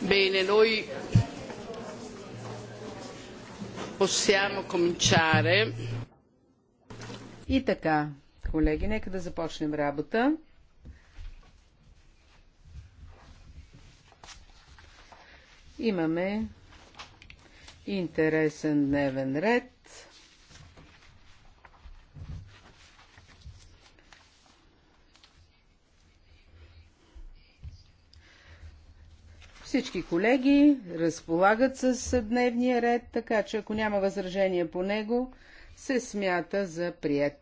Bene, noi possiamo cominciare. И така, колеги, нека да започнем работа. Имаме интересен дневен ред. Всички колеги разполагат с дневния ред, така че ако няма възражение по него, се смята за прият.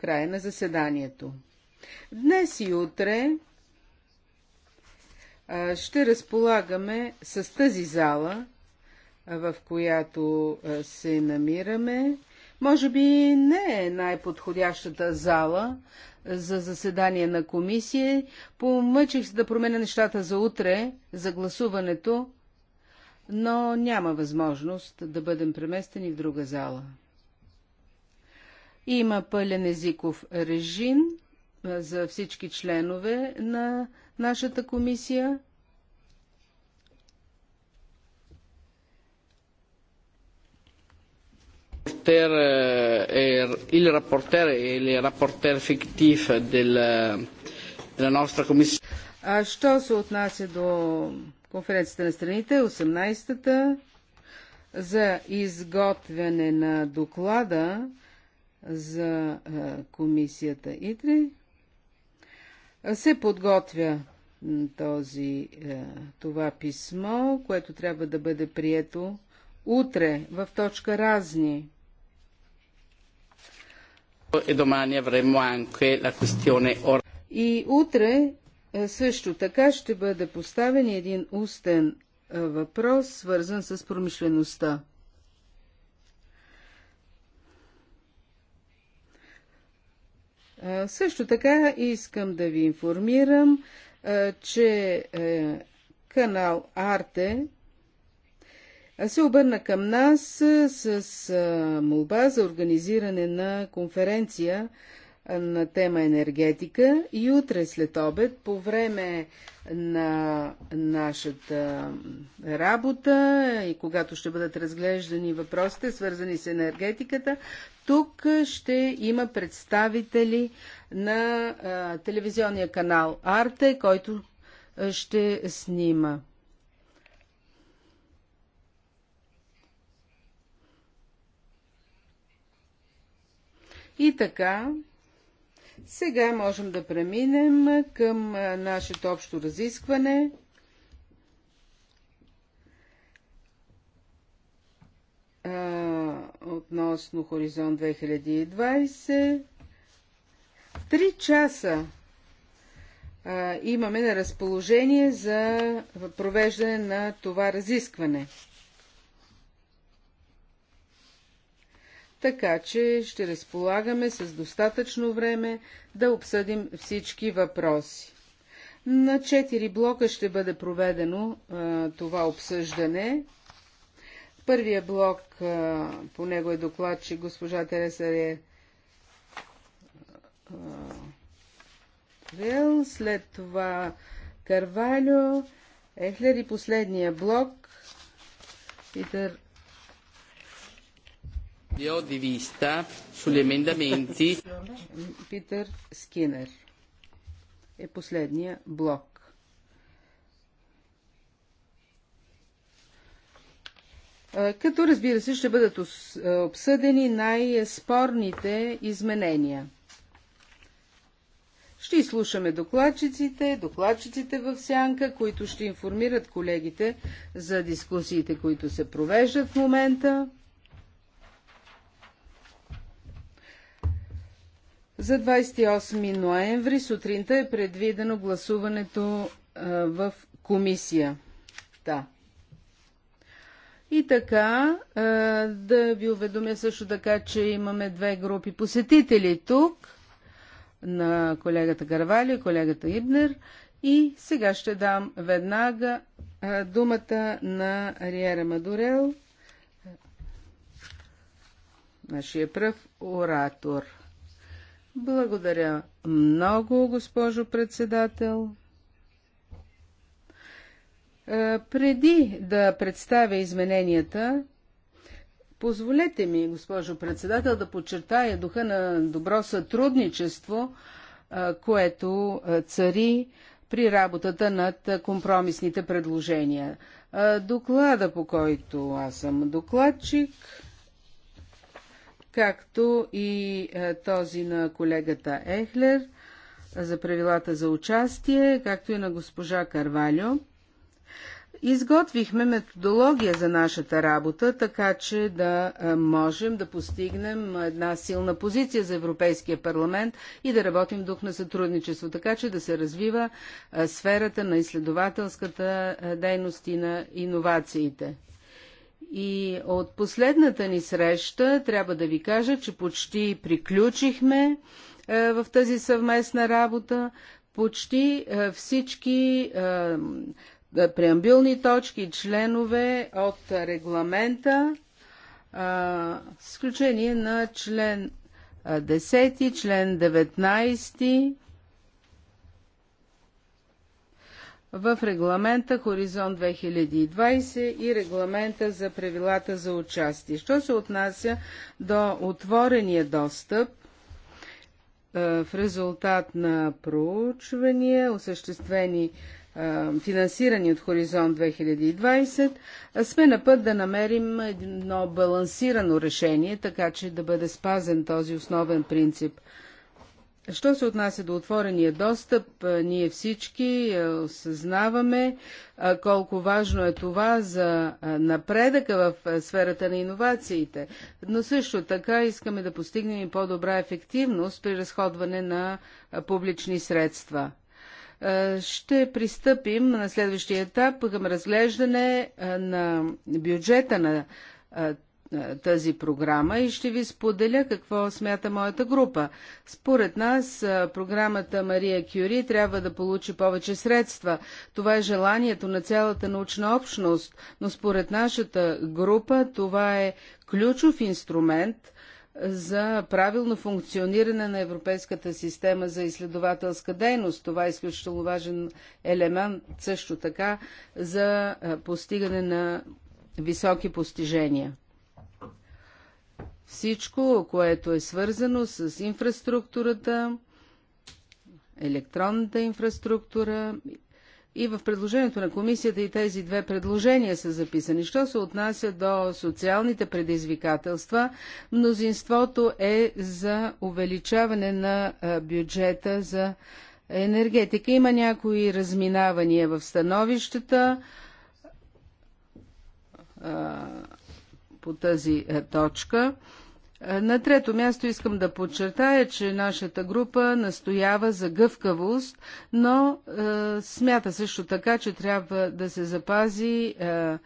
Края на заседанието. Днес и утре ще разполагаме с тази зала, в която се намираме. Може би не е най-подходящата зала, за заседание на комисия. Помъчих се да променя нещата за утре, за гласуването, но няма възможност да бъдем преместени в друга зала. Има пълен езиков режим за всички членове на нашата комисия. rapporteur, euh, il rapporteur euh, А що се отнася до конференцията на страните, 18-та, за изготвяне на доклада за комисията ИТРИ, се подготвя този, е, това писмо, което трябва да бъде прието утре в точка разни. E и утре е, също така ще бъде поставен един устен е, въпрос, свързан с промишлеността. Е, също така искам да ви информирам, че канал Арте се обърна към нас с молба за организиране на конференция на тема енергетика и утре след обед по време на нашата работа и когато ще бъдат разглеждани въпросите, свързани с енергетиката, тук ще има представители на а, телевизионния канал Арте, който ще снима. И така, сега можем да преминем към нашето общо разискване. А, относно Хоризонт 2020. Три часа а, имаме на разположение за провеждане на това разискване. така че ще разполагаме с достатъчно време да обсъдим всички въпроси. На четири блока ще бъде проведено а, това обсъждане. Първия блок, а, по него е доклад, че госпожа Тереса е Рел, след това Карвалю, Ехлер и последния блок Питър Io di vista sugli emendamenti. Скинер е последния блок. Като разбира се, ще бъдат обсъдени най-спорните изменения. Ще изслушаме докладчиците, докладчиците в сянка, които ще информират колегите за дискусиите, които се провеждат в момента. За 28 ноември сутринта е предвидено гласуването в комисия. Да. И така, да ви уведомя също така, че имаме две групи посетители тук на колегата Гарвали, колегата Ибнер. И сега ще дам веднага думата на Ариера Мадурел, нашия пръв оратор. Благодаря много, госпожо председател. Е, преди да представя измененията, позволете ми, госпожо председател, да подчертая духа на добро сътрудничество, е, което е, цари при работата над компромисните предложения. Доклада, по който аз съм докладчик, както и е, този на колегата Ехлер е, за правилата за участие, както и на госпожа Карвалю. Изготвихме методология за нашата работа, така че да е, можем да постигнем една силна позиция за Европейския парламент и да работим в дух на сътрудничество, така че да се развива сферата на изследователската дейност и на иновациите. И от последната ни среща трябва да ви кажа, че почти приключихме е, в тази съвместна работа. Почти е, всички е, преамбилни точки, членове от регламента, с изключение на член 10, член 19 в регламента Хоризонт 2020 и регламента за правилата за участие. Що се отнася до отворения достъп, е, в резултат на проучвания, осъществени, е, финансирани от Хоризонт 2020, сме на път да намерим едно балансирано решение, така че да бъде спазен този основен принцип – Що се отнася до отворения достъп, ние всички осъзнаваме колко важно е това за напредъка в сферата на иновациите, но също така искаме да постигнем и по-добра ефективност при разходване на публични средства. Ще пристъпим на следващия етап към разглеждане на бюджета на е, тази програма и ще ви споделя какво смята моята група. Според нас е, програмата Мария Кюри трябва да получи повече средства. Това е желанието на цялата научна общност, но според нашата група това е ключов инструмент за правилно функциониране на Европейската система за изследователска дейност. Това е изключително важен елемент също така за е, постигане на високи постижения всичко, което е свързано с инфраструктурата, електронната инфраструктура. И в предложението на комисията и тези две предложения са записани. Що се отнася до социалните предизвикателства, мнозинството е за увеличаване на бюджета за енергетика. Има някои разминавания в становищата по тази точка. Е, на трето място искам да подчертая, че нашата група настоява за гъвкавост, но е, смята също така, че трябва да се запази е,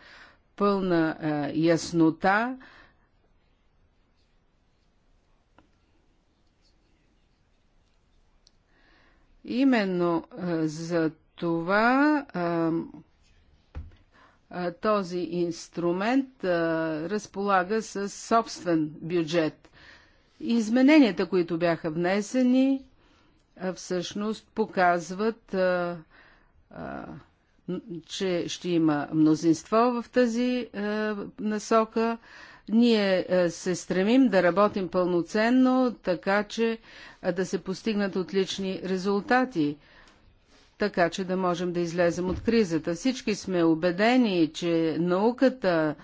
пълна е, яснота. Именно е, за това. Е, този инструмент разполага с собствен бюджет. Измененията, които бяха внесени, всъщност показват, че ще има мнозинство в тази насока. Ние се стремим да работим пълноценно, така че да се постигнат отлични резултати така че да можем да излезем от кризата. Всички сме убедени, че науката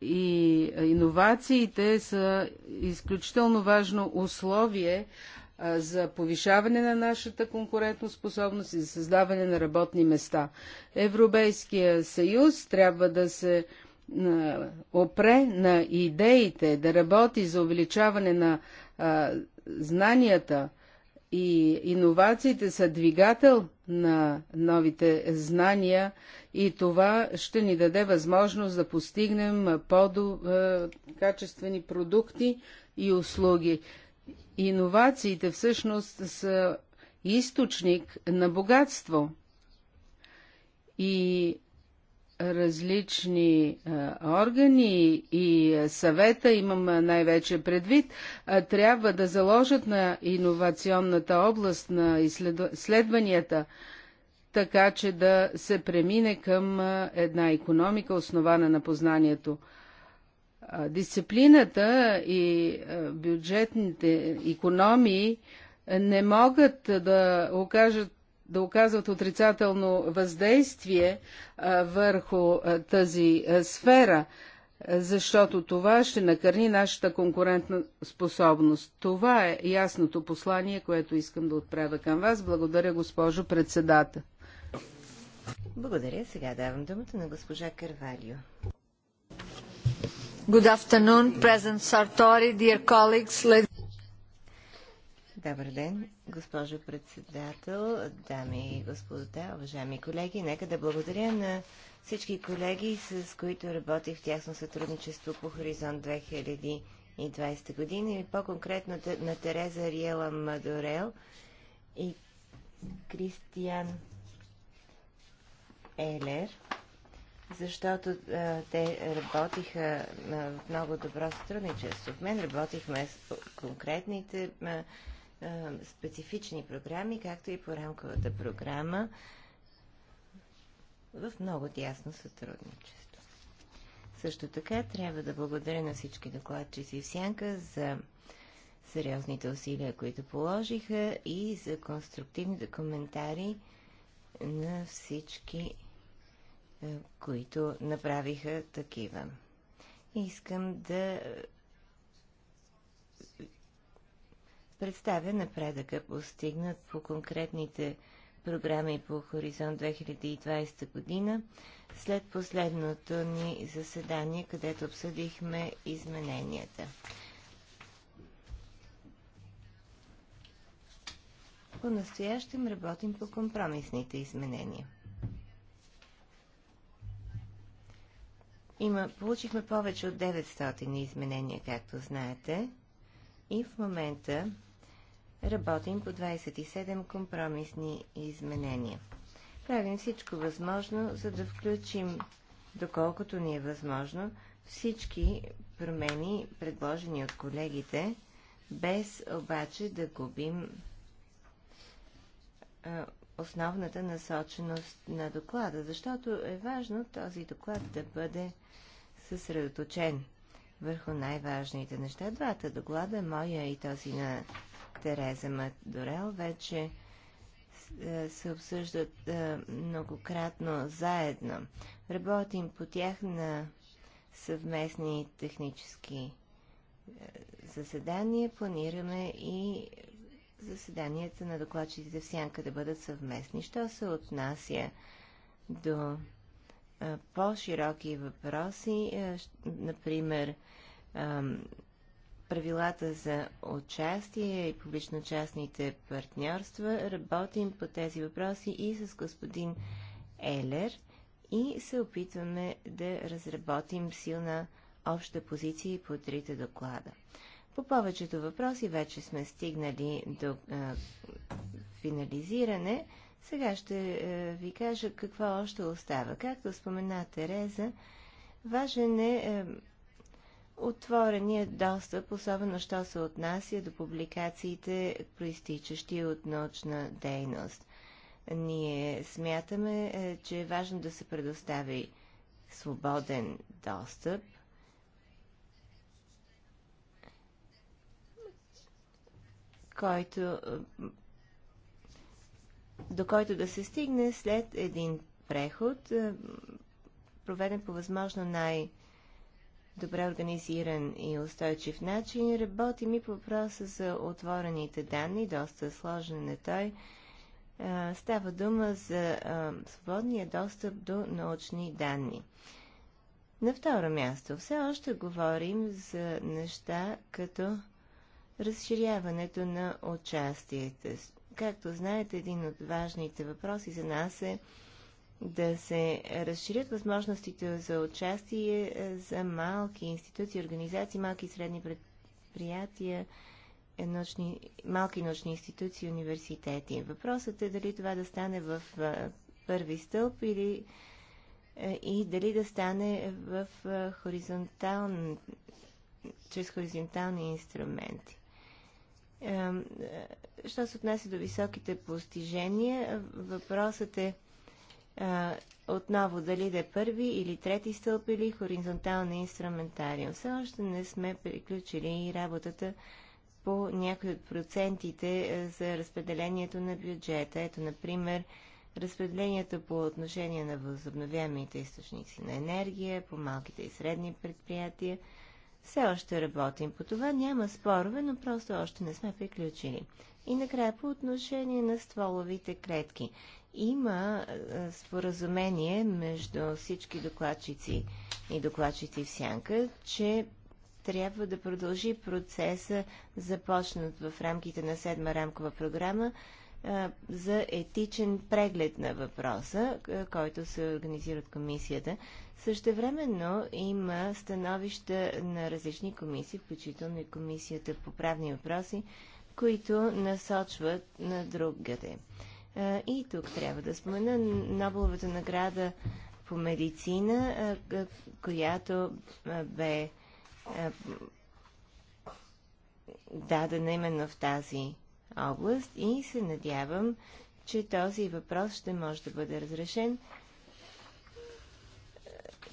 и иновациите са изключително важно условие за повишаване на нашата конкурентоспособност и за създаване на работни места. Европейския съюз трябва да се опре на идеите, да работи за увеличаване на знанията, и иновациите са двигател на новите знания и това ще ни даде възможност да постигнем по-качествени продукти и услуги. Иновациите всъщност са източник на богатство. И различни органи и съвета, имам най-вече предвид, трябва да заложат на иновационната област на изследванията, така че да се премине към една економика, основана на познанието. Дисциплината и бюджетните економии не могат да окажат да оказват отрицателно въздействие върху тази сфера, защото това ще накърни нашата конкурентна способност. Това е ясното послание, което искам да отправя към вас. Благодаря, госпожо председател. Благодаря. Сега давам думата на госпожа Карвалио. Good afternoon, President Sartori, dear colleagues, ladies Добър ден, госпожо председател, дами и господа, уважаеми колеги. Нека да благодаря на всички колеги, с които работих в тясно сътрудничество по Хоризонт 2020 година и по-конкретно на Тереза Риела Мадорел и Кристиан Елер, защото а, те работиха а, в много добро сътрудничество. В мен работихме с конкретните а, специфични програми, както и по рамковата програма в много тясно сътрудничество. Също така трябва да благодаря на всички докладчици в Сянка за сериозните усилия, които положиха и за конструктивните коментари на всички, които направиха такива. Искам да представя напредъка, постигнат по конкретните програми по Хоризонт 2020 година след последното ни заседание, където обсъдихме измененията. По-настоящем работим по компромисните изменения. Има, получихме повече от 900 изменения, както знаете, и в момента Работим по 27 компромисни изменения. Правим всичко възможно, за да включим, доколкото ни е възможно, всички промени, предложени от колегите, без обаче да губим основната насоченост на доклада, защото е важно този доклад да бъде съсредоточен върху най-важните неща. Двата доклада, моя и този на Тереза Мадорел вече е, се обсъждат е, многократно заедно. Работим по тях на съвместни технически е, заседания. Планираме и заседанията на докладчиците в Сянка да бъдат съвместни. Що се отнася до по-широки въпроси, например, правилата за участие и публично-частните партньорства. Работим по тези въпроси и с господин Елер и се опитваме да разработим силна обща позиция и по трите доклада. По повечето въпроси вече сме стигнали до а, финализиране. Сега ще а, ви кажа какво още остава. Както спомена Тереза, важен е а, отворения достъп, особено що се отнася до публикациите, проистичащи от научна дейност. Ние смятаме, е, че е важно да се предостави свободен достъп който, е, до който да се стигне след един преход, е, проведен по възможно най- добре организиран и устойчив начин. Работим и по въпроса за отворените данни, доста сложен е той. Става дума за свободния достъп до научни данни. На второ място, все още говорим за неща като разширяването на участието. Както знаете, един от важните въпроси за нас е да се разширят възможностите за участие е, за малки институции, организации, малки и средни предприятия, е, научни, малки научни институции, университети. Въпросът е дали това да стане в е, първи стълб или и дали да стане в хоризонтален, чрез хоризонтални инструменти. Що се отнася до високите постижения, въпросът е отново дали да е първи или трети стълб или хоризонтална инструментариум. Все още не сме приключили работата по някои от процентите за разпределението на бюджета. Ето, например, разпределението по отношение на възобновяемите източници на енергия, по малките и средни предприятия. Все още работим по това, няма спорове, но просто още не сме приключили. И накрая по отношение на стволовите клетки има споразумение между всички докладчици и докладчици в сянка, че трябва да продължи процеса, започнат в рамките на седма рамкова програма, за етичен преглед на въпроса, който се организира от комисията. Същевременно има становища на различни комисии, включително и комисията по правни въпроси, които насочват на другите. И тук трябва да спомена Нобеловата награда по медицина, която бе дадена именно в тази област и се надявам, че този въпрос ще може да бъде разрешен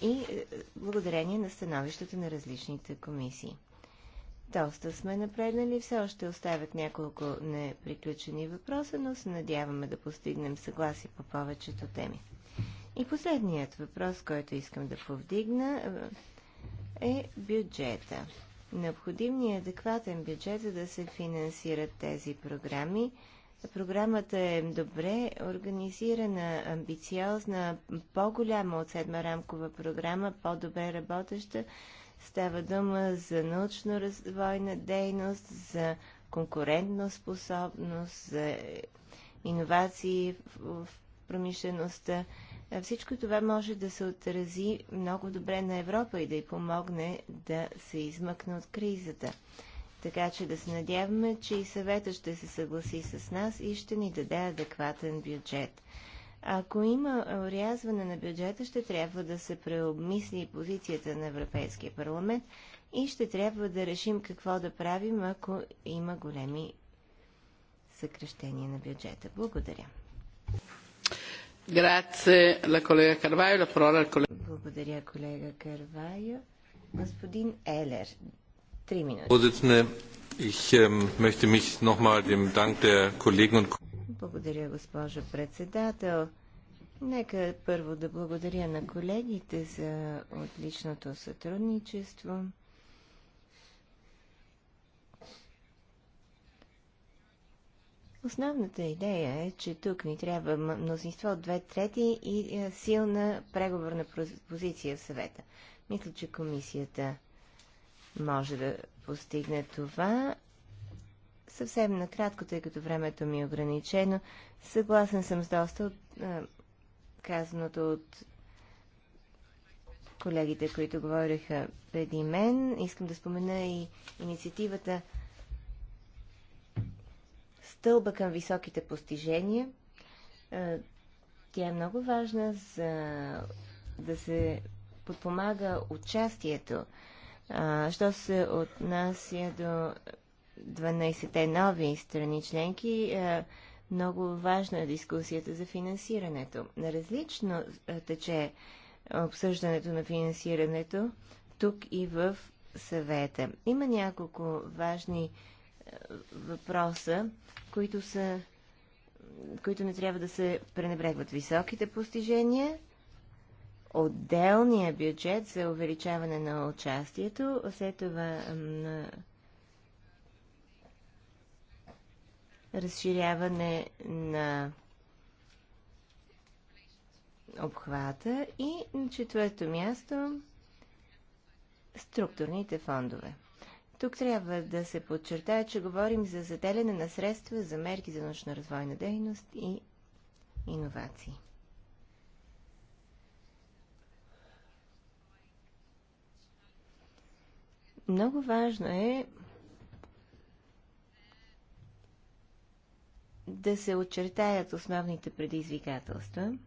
и благодарение на становищата на различните комисии. Доста сме напреднали, все още оставят няколко неприключени въпроса, но се надяваме да постигнем съгласие по повечето теми. И последният въпрос, който искам да повдигна, е бюджета. Необходим ни е адекватен бюджет, за да се финансират тези програми. Програмата е добре организирана, амбициозна, по-голяма от седма рамкова програма, по-добре работеща Става дума за научно-развойна дейност, за конкурентна способност, за иновации в промишлеността. Всичко това може да се отрази много добре на Европа и да й помогне да се измъкне от кризата. Така че да се надяваме, че и съвета ще се съгласи с нас и ще ни даде адекватен бюджет. Ако има урязване на бюджета, ще трябва да се преобмисли позицията на Европейския парламент и ще трябва да решим какво да правим, ако има големи съкръщения на бюджета. Благодаря. Благодаря, колега Карвайо. Господин Елер, три минути. Благодаря, госпожо председател. Нека първо да благодаря на колегите за отличното сътрудничество. Основната идея е, че тук ни трябва мнозинство от две трети и е, силна преговорна позиция в съвета. Мисля, че комисията може да постигне това, Съвсем накратко, тъй като времето ми е ограничено, съгласен съм с доста от казаното от колегите, които говориха преди мен. Искам да спомена и инициативата Стълба към високите постижения. тя е много важна за да се подпомага участието. А, що се отнася до 12-те нови страни членки, е, много важна е дискусията за финансирането. Различно е, тече обсъждането на финансирането тук и в съвета. Има няколко важни е, въпроса, които са които не трябва да се пренебрегват. Високите постижения, отделния бюджет за увеличаване на участието, след това на разширяване на обхвата и на четвърто място структурните фондове. Тук трябва да се подчертая, че говорим за заделяне на средства за мерки за научно-развойна дейност и иновации. Много важно е да се очертаят основните предизвикателства.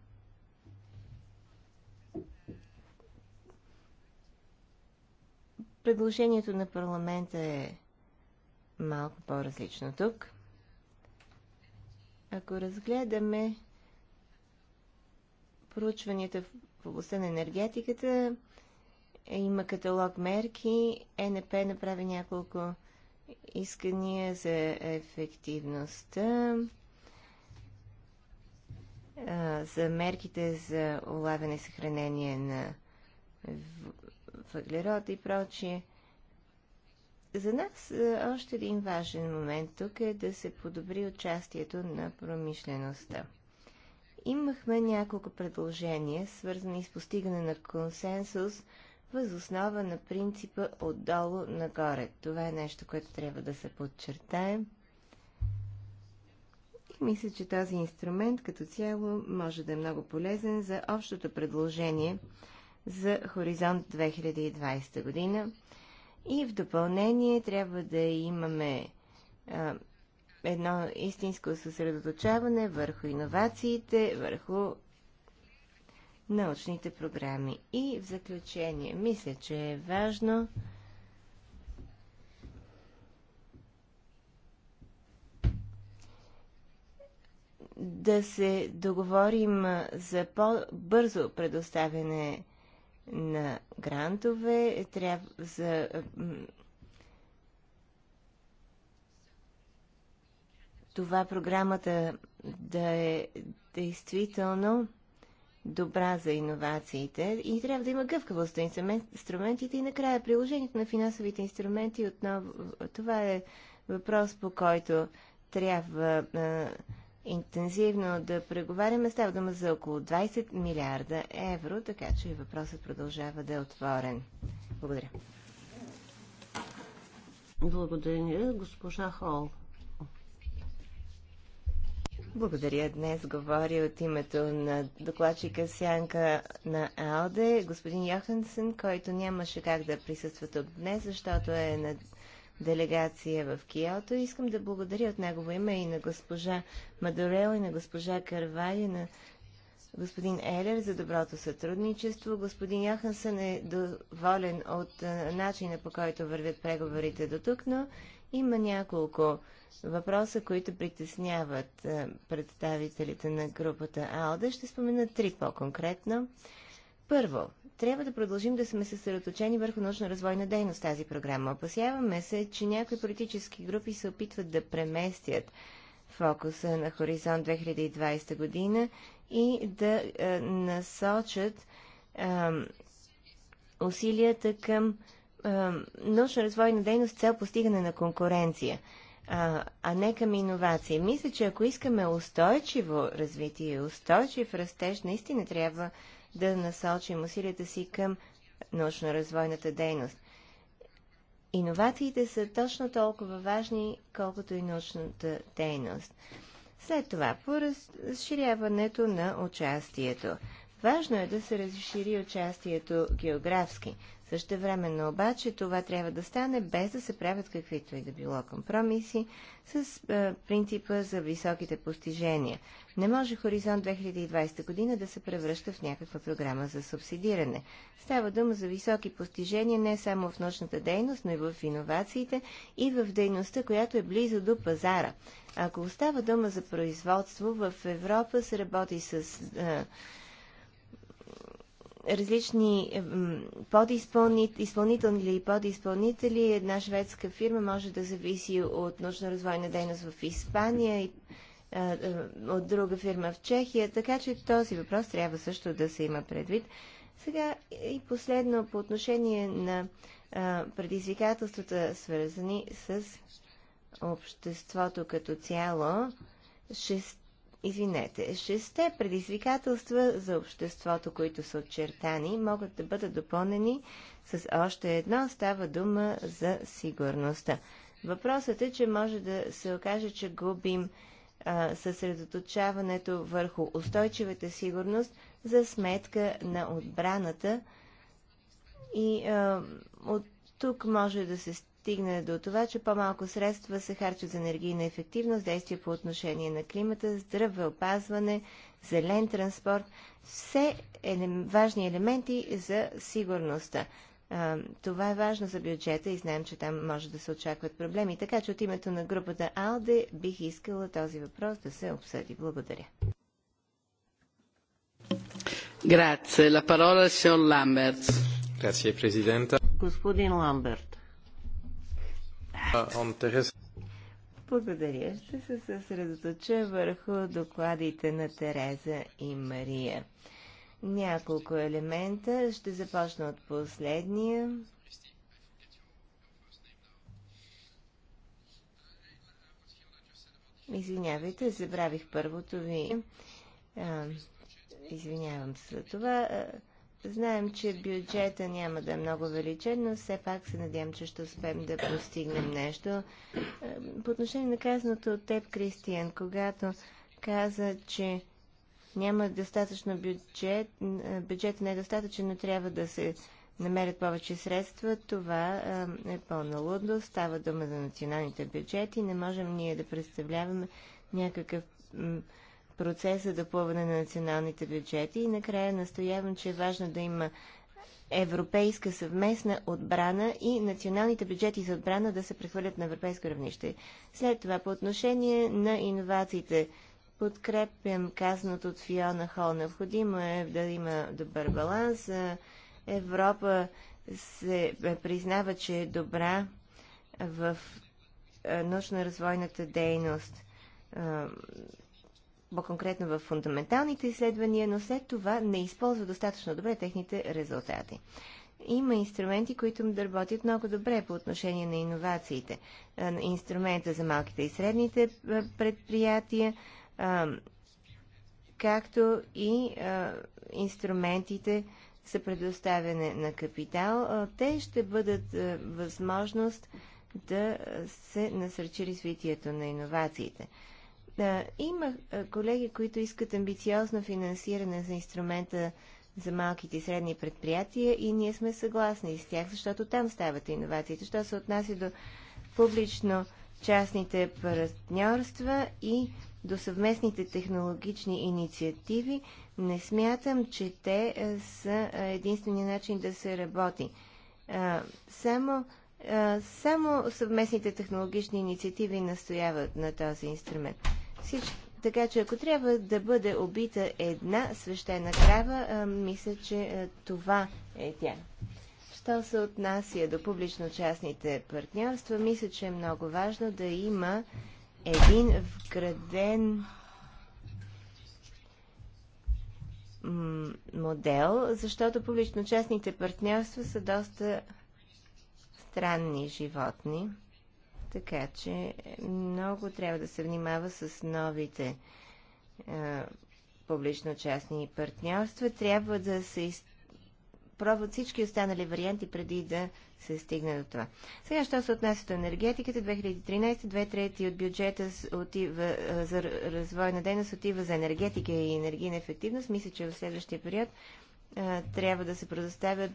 Предложението на парламента е малко по-различно тук. Ако разгледаме проучванията в областта на енергетиката, е, има каталог мерки, ЕНП направи няколко искания за ефективността, за мерките за улавяне и съхранение на въглерод и прочие. За нас още един важен момент тук е да се подобри участието на промишлеността. Имахме няколко предложения, свързани с постигане на консенсус – възоснова на принципа отдолу нагоре. Това е нещо, което трябва да се подчертае. И мисля, че този инструмент като цяло може да е много полезен за общото предложение за Хоризонт 2020 година. И в допълнение трябва да имаме а, едно истинско съсредоточаване върху иновациите, върху научните програми. И в заключение, мисля, че е важно да се договорим за по-бързо предоставяне на грантове, трябва за това програмата да е действително добра за иновациите и трябва да има гъвкавост на инструментите и накрая приложението на финансовите инструменти отново. Това е въпрос, по който трябва а, интензивно да преговаряме. Става дума за около 20 милиарда евро, така че въпросът продължава да е отворен. Благодаря. Благодаря, госпожа Хол. Благодаря. Днес говори от името на докладчика Сянка на Алде. господин Йохансен, който нямаше как да присъства тук днес, защото е на делегация в Киото. Искам да благодаря от негово име и на госпожа Мадорел, и на госпожа Карвай, и на господин Елер за доброто сътрудничество. Господин Йохансен е доволен от начина по който вървят преговорите до тук, но има няколко въпроса, които притесняват е, представителите на групата АЛДА. Ще спомена три по-конкретно. Първо, трябва да продължим да сме съсредоточени върху научно-развойна дейност тази програма. Опасяваме се, че някои политически групи се опитват да преместят фокуса на Хоризонт 2020 година и да е, насочат е, усилията към е, научно-развойна дейност с цел постигане на конкуренция а, а не към иновации. Мисля, че ако искаме устойчиво развитие устойчив растеж, наистина трябва да насочим усилията си към научно-развойната дейност. Иновациите са точно толкова важни, колкото и научната дейност. След това, по разширяването на участието. Важно е да се разшири участието географски. Същевременно обаче това трябва да стане без да се правят каквито и да било компромиси с е, принципа за високите постижения. Не може Хоризонт 2020 година да се превръща в някаква програма за субсидиране. Става дума за високи постижения не само в научната дейност, но и в иновациите и в дейността, която е близо до пазара. Ако остава дума за производство, в Европа се работи с е, различни подизпълнители, изпълнителни или подизпълнители. Една шведска фирма може да зависи от научно-развойна дейност в Испания и от друга фирма в Чехия, така че този въпрос трябва също да се има предвид. Сега и последно по отношение на предизвикателствата, свързани с обществото като цяло. Шест Извинете, шесте предизвикателства за обществото, които са отчертани, могат да бъдат допълнени с още едно. Става дума за сигурността. Въпросът е, че може да се окаже, че губим а, съсредоточаването върху устойчивата сигурност за сметка на отбраната и а, от тук може да се стигне до това, че по-малко средства се харчат за енергийна ефективност, действия по отношение на климата, здравеопазване, зелен транспорт, все елем, важни елементи за сигурността. това е важно за бюджета и знаем, че там може да се очакват проблеми. Така че от името на групата АЛДЕ бих искала този въпрос да се обсъди. Благодаря. Grazie. La parola al signor Lamberts. Grazie, Presidente. Господин Ламберт. Благодаря. Ще се съсредоточа върху докладите на Тереза и Мария. Няколко елемента. Ще започна от последния. Извинявайте, забравих първото ви. А, извинявам се за това. Знаем, че бюджета няма да е много величен, но все пак се надявам, че ще успеем да постигнем нещо. Е, по отношение на казаното от теб, Кристиан, когато каза, че няма достатъчно бюджет, е, бюджет не е достатъчен, но трябва да се намерят повече средства, това е, е пълна лудост. Става дума за националните бюджети. Не можем ние да представляваме някакъв процеса допълване на националните бюджети и накрая настоявам, че е важно да има европейска съвместна отбрана и националните бюджети за отбрана да се прехвърлят на европейско равнище. След това по отношение на иновациите. Подкрепям казаното от Фиона Хол. Необходимо е да има добър баланс. Европа се признава, че е добра в е, научно-развойната дейност по-конкретно в фундаменталните изследвания, но след това не използва достатъчно добре техните резултати. Има инструменти, които да работят много добре по отношение на иновациите. Инструмента за малките и средните предприятия, както и инструментите за предоставяне на капитал, те ще бъдат възможност да се насърчи развитието на иновациите. Да, има колеги, които искат амбициозно финансиране за инструмента за малките и средни предприятия и ние сме съгласни с тях, защото там стават иновациите. Що се отнася до публично-частните партньорства и до съвместните технологични инициативи, не смятам, че те са единствения начин да се работи. Само, само съвместните технологични инициативи настояват на този инструмент. Всичко, така че ако трябва да бъде убита една свещена крава, мисля, че това е тя. Що се отнася до публично-частните партньорства, мисля, че е много важно да има един вграден модел, защото публично-частните партньорства са доста странни животни. Така че много трябва да се внимава с новите е, публично-частни партньорства. Трябва да се из... пробват всички останали варианти преди да се стигне до това. Сега, що се отнася до енергетиката, 2013 две трети от бюджета отива, е, за развойна дейност отива за енергетика и енергийна ефективност. Мисля, че в следващия период а, е, трябва да се предоставят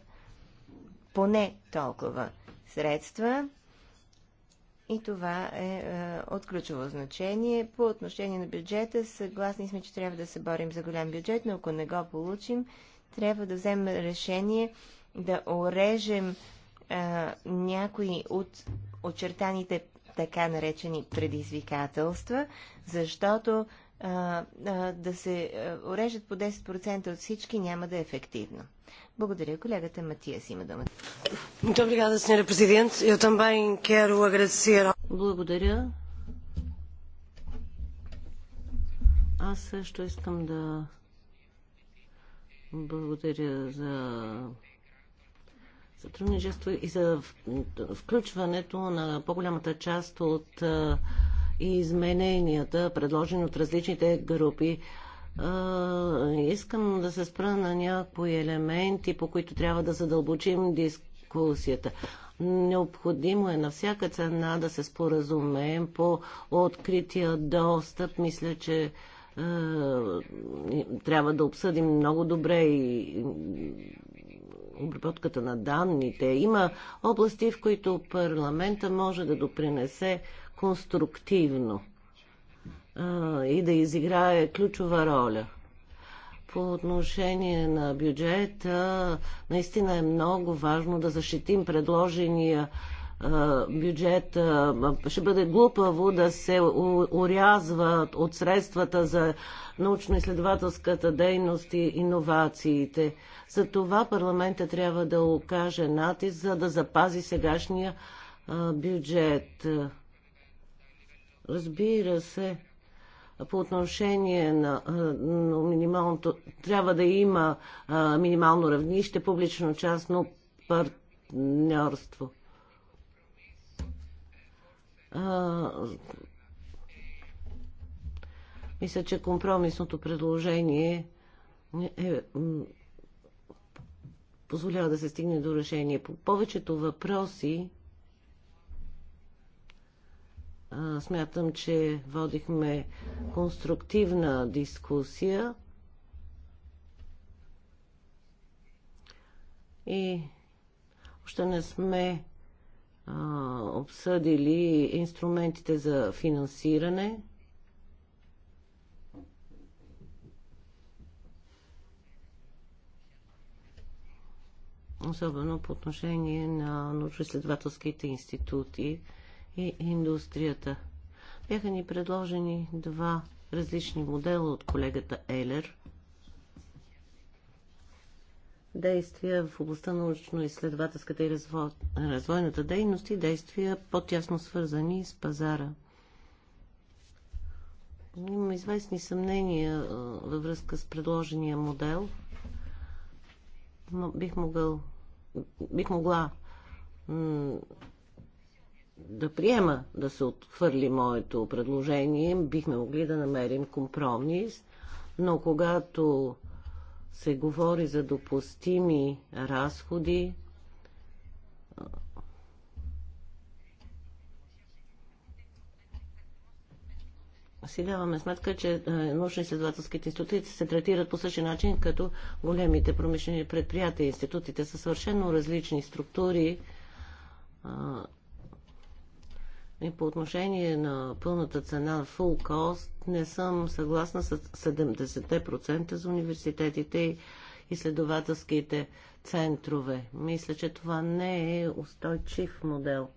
поне толкова средства и това е, е, от ключово значение. По отношение на бюджета, съгласни сме, че трябва да се борим за голям бюджет, но ако не го получим, трябва да вземем решение да орежем а, е, някои от очертаните така наречени предизвикателства, защото а, е, а, да се орежат по 10% от всички няма да е ефективно. Благодаря. Колегата Матиас има думата. Благодаря. Аз също искам да благодаря за сътрудничество и за включването на по-голямата част от измененията, предложени от различните групи искам да се спра на някои елементи, по които трябва да задълбочим дискусията. Необходимо е на всяка цена да се споразумеем по открития достъп. Мисля, че трябва да обсъдим много добре и обработката на данните. Има области, в които парламента може да допринесе конструктивно и да изиграе ключова роля. По отношение на бюджета, наистина е много важно да защитим предложения бюджет. Ще бъде глупаво да се урязва от средствата за научно-изследователската дейност и иновациите. За това парламента трябва да окаже натиск, за да запази сегашния бюджет. Разбира се по отношение на, на минималното, трябва да има а, минимално равнище, публично-частно партньорство. А, мисля, че компромисното предложение е, позволява да се стигне до решение. По повечето въпроси Смятам, че водихме конструктивна дискусия и още не сме а, обсъдили инструментите за финансиране. Особено по отношение на научно-изследователските институти и индустрията. Бяха ни предложени два различни модела от колегата Елер. Действия в областта на научно-изследователската и развой... развойната дейност и действия по-тясно свързани с пазара. Имам известни съмнения във връзка с предложения модел. Бих могъл бих могла да приема да се отхвърли моето предложение, бихме могли да намерим компромис, но когато се говори за допустими разходи, си даваме сметка, че е, научно-изследователските институти се третират по същия начин, като големите промишлени предприятия. Институтите са съвършено различни структури, и по отношение на пълната цена, full cost, не съм съгласна с 70% за университетите и изследователските центрове. Мисля, че това не е устойчив модел.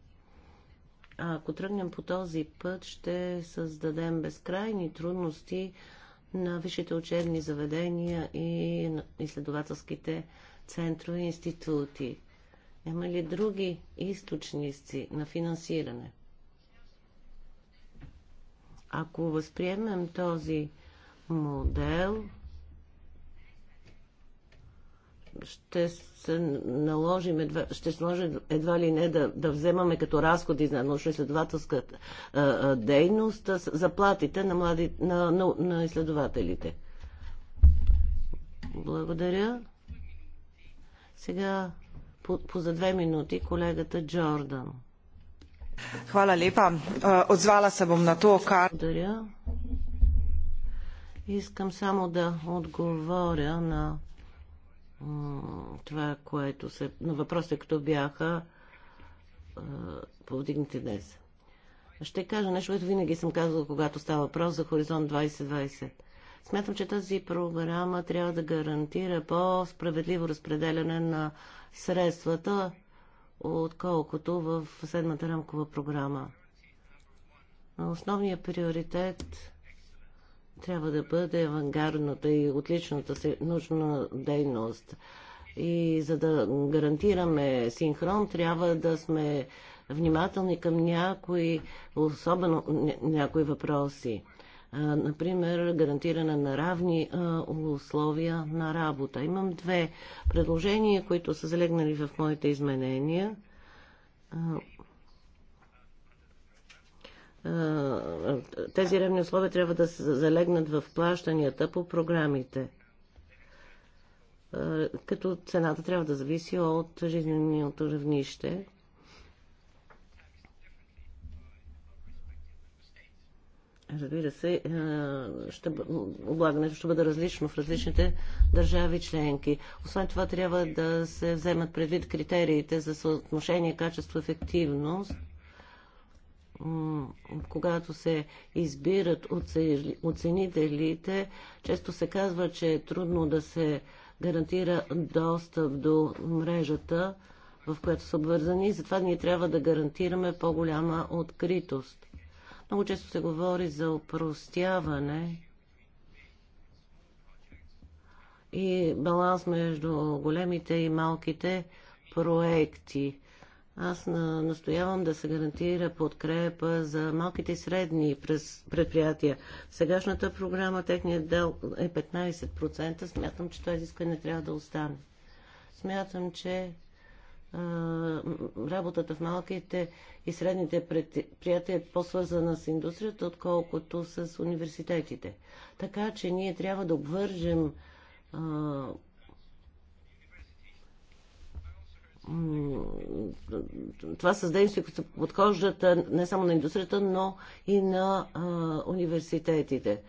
А ако тръгнем по този път, ще създадем безкрайни трудности на висшите учебни заведения и изследователските центрове и институти. Няма ли други източници на финансиране? Ако възприемем този модел, ще се наложим едва, ще сложим едва ли не да, да вземаме като разходи за научно-изследователска дейност заплатите на, млади, на, на, на изследователите. Благодаря. Сега по, по за две минути колегата Джордан. Хвала лепа. Отзвала се бом на то, кар... Благодаря. Искам само да отговоря на това, което се... на въпроса, като бяха повдигнати днес. Ще кажа нещо, което винаги съм казвала, когато става въпрос за Хоризонт 2020. Смятам, че тази програма трябва да гарантира по-справедливо разпределяне на средствата отколкото в седмата рамкова програма. Основният приоритет трябва да бъде авангардната и отличната нужна дейност. И за да гарантираме синхрон, трябва да сме внимателни към някои, особено някои въпроси например, гарантиране на равни условия на работа. Имам две предложения, които са залегнали в моите изменения. Тези равни условия трябва да се залегнат в плащанията по програмите като цената трябва да зависи от жизненото равнище. Разбира се, е, ще, облагането ще бъде различно в различните държави членки. Освен това, трябва да се вземат предвид критериите за съотношение качество-ефективност, когато се избират оценителите, често се казва, че е трудно да се гарантира достъп до мрежата, в която са обвързани, затова ние трябва да гарантираме по-голяма откритост. Много често се говори за опростяване и баланс между големите и малките проекти. Аз настоявам да се гарантира подкрепа за малките и средни предприятия. В сегашната програма техният дел е 15%. Смятам, че това изискване трябва да остане. Смятам, че работата в малките и средните предприятия е по-свързана с индустрията, отколкото с университетите. Така че ние трябва да обвържем това са дейности, които подхождат не само на индустрията, но и на а, университетите.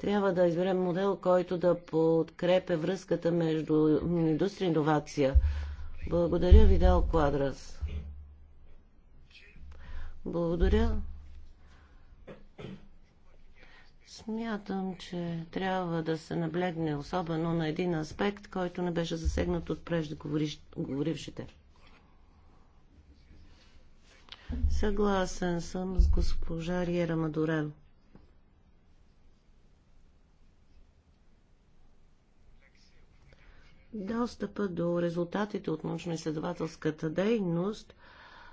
Трябва да изберем модел, който да подкрепя връзката между индустрия и иновация. Благодаря ви, Дел Квадрас. Благодаря. Смятам, че трябва да се наблегне особено на един аспект, който не беше засегнат от преждеговорившите. Съгласен съм с госпожа Риера Мадорел. Достъпа до резултатите от научно-изследователската дейност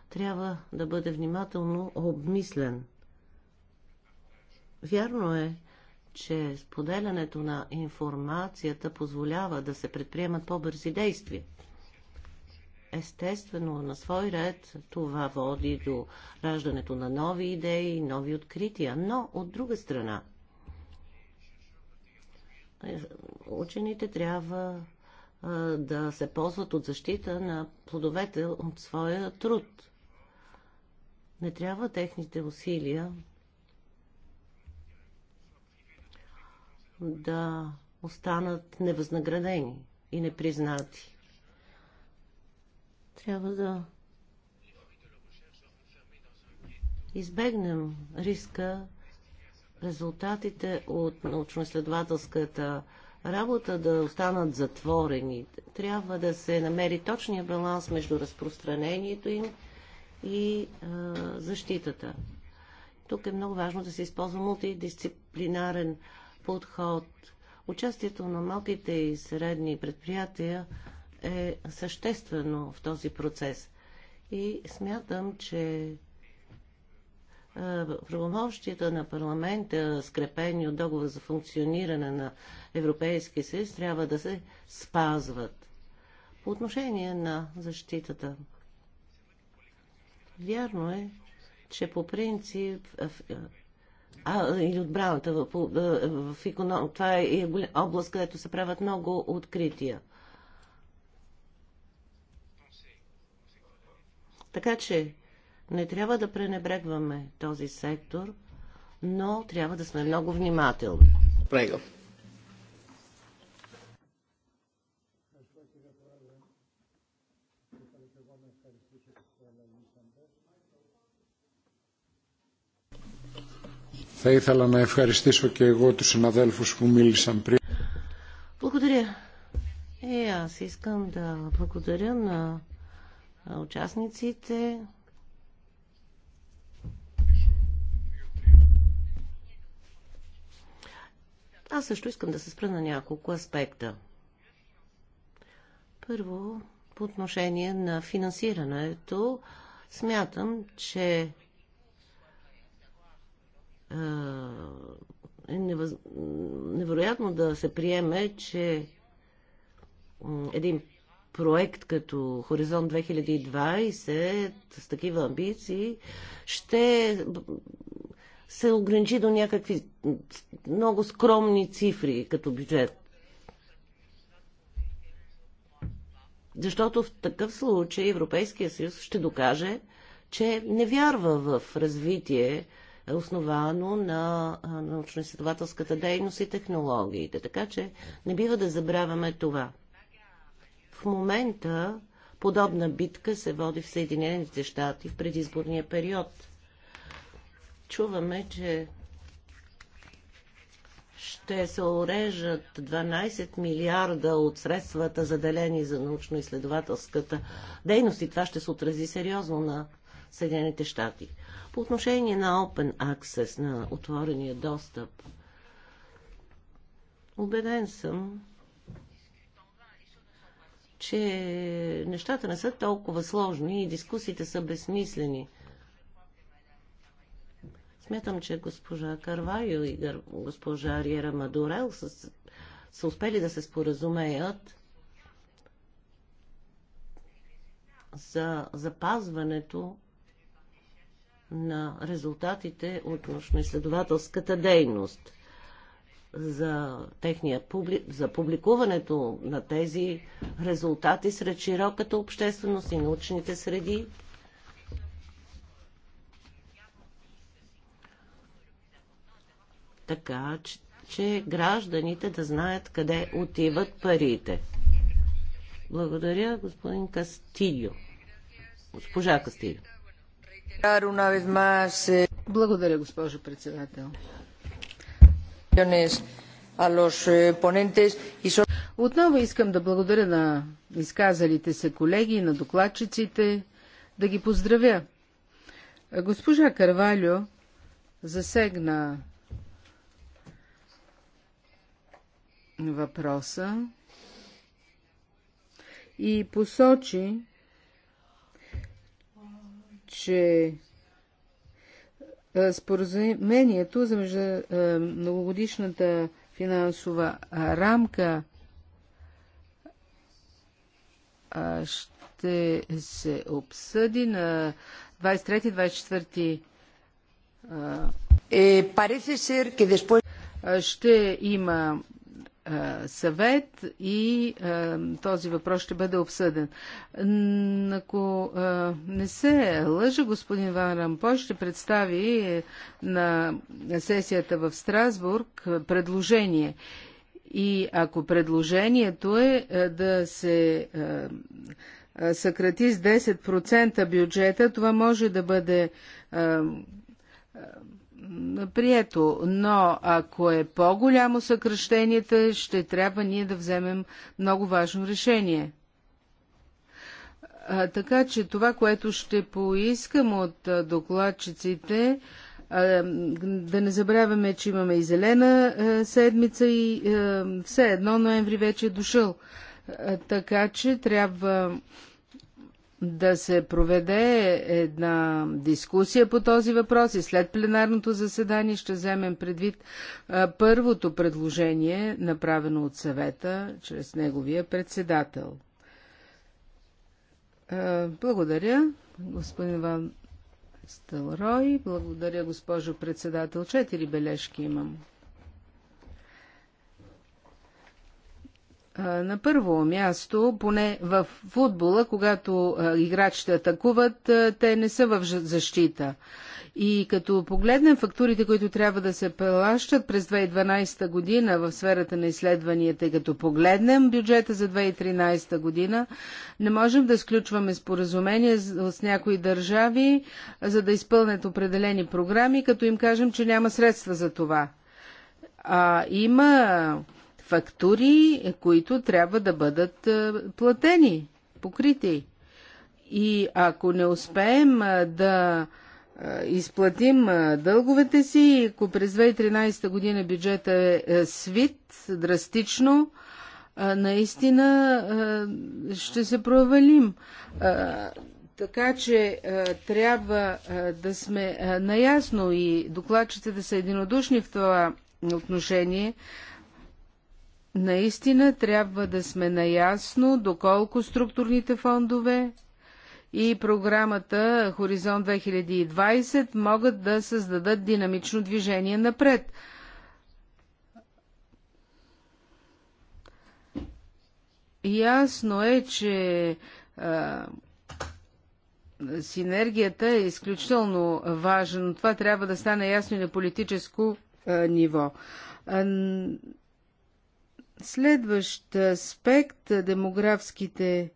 трябва да бъде внимателно обмислен. Вярно е, че споделянето на информацията позволява да се предприемат по-бързи действия. Естествено, на свой ред това води до раждането на нови идеи, нови открития, но от друга страна, е, учените трябва да се ползват от защита на плодовете от своя труд. Не трябва техните усилия да останат невъзнаградени и непризнати. Трябва да избегнем риска резултатите от научно-изследователската работа да останат затворени. Трябва да се намери точния баланс между разпространението им и а, защитата. Тук е много важно да се използва мултидисциплинарен подход. Участието на малките и средни предприятия е съществено в този процес. И смятам, че правомощията на парламента, скрепени от договор за функциониране на Европейския съюз, трябва да се спазват. По отношение на защитата. Вярно е, че по принцип а, или отбраната в, в, в економ... това е, е област, където се правят много открития. Така че не трябва да пренебрегваме този сектор, но трябва да сме много внимателни. Прего. Θα ήθελα να ευχαριστήσω και εγώ τους συναδέλφους που μίλησαν πριν. Благодаря. Е, аз искам да благодаря на участниците, Аз също искам да се спра на няколко аспекта. Първо, по отношение на финансирането, смятам, че е, невъз... невероятно да се приеме, че един проект като Хоризонт 2020 с такива амбиции ще се ограничи до някакви много скромни цифри като бюджет. Защото в такъв случай Европейския съюз ще докаже, че не вярва в развитие, основано на научно-изследователската дейност и технологиите. Така че не бива да забравяме това. В момента подобна битка се води в Съединените щати в предизборния период. Чуваме, че ще се орежат 12 милиарда от средствата заделени за научно-изследователската дейност и това ще се отрази сериозно на Съединените щати. По отношение на Open Access, на отворения достъп, убеден съм, че нещата не са толкова сложни и дискусиите са безсмислени. Смятам, че госпожа Карвайо и госпожа Ариера Мадурел са, са успели да се споразумеят за запазването на резултатите от научно-изследователската дейност, за, техния, публи... за публикуването на тези резултати сред широката общественост и научните среди така че, че гражданите да знаят къде отиват парите. Благодаря, господин Кастильо. Госпожа Кастильо. Благодаря, госпожо председател. Отново искам да благодаря на изказалите се колеги, на докладчиците, да ги поздравя. Госпожа Карвалю засегна въпроса и посочи, че споразумението за многогодишната финансова рамка ще се обсъди на 23-24 е, Ще има съвет и е, този въпрос ще бъде обсъден. Ако е, не се лъжа, господин Ван Рампой ще представи е, на сесията в Страсбург предложение. И ако предложението е да се съкрати с 10% бюджета, това може да бъде прието, но ако е по-голямо съкръщенията, ще трябва ние да вземем много важно решение. А, така че това, което ще поискам от а, докладчиците, а, да не забравяме, че имаме и зелена седмица и все едно ноември вече е дошъл. Така че трябва да се проведе една дискусия по този въпрос и след пленарното заседание ще вземем предвид първото предложение, направено от съвета чрез неговия председател. Благодаря, господин Ван Стълрой. Благодаря, госпожо председател. Четири бележки имам. На първо място, поне в футбола, когато играчите атакуват, те не са в защита. И като погледнем фактурите, които трябва да се плащат през 2012 година в сферата на изследванията и като погледнем бюджета за 2013 година, не можем да сключваме споразумения с някои държави, за да изпълнят определени програми, като им кажем, че няма средства за това. А, има фактури, които трябва да бъдат е, платени, покрити. И ако не успеем е, да е, изплатим дълговете си, ако през 2013 година бюджета е свит драстично, наистина ще се провалим. Така че трябва да сме наясно и докладчите да са единодушни в това отношение, наистина трябва да сме наясно доколко структурните фондове и програмата Хоризонт 2020 могат да създадат динамично движение напред. Ясно е, че а, синергията е изключително важна. Това трябва да стане ясно и на политическо а, ниво. А, Следващ аспект демографските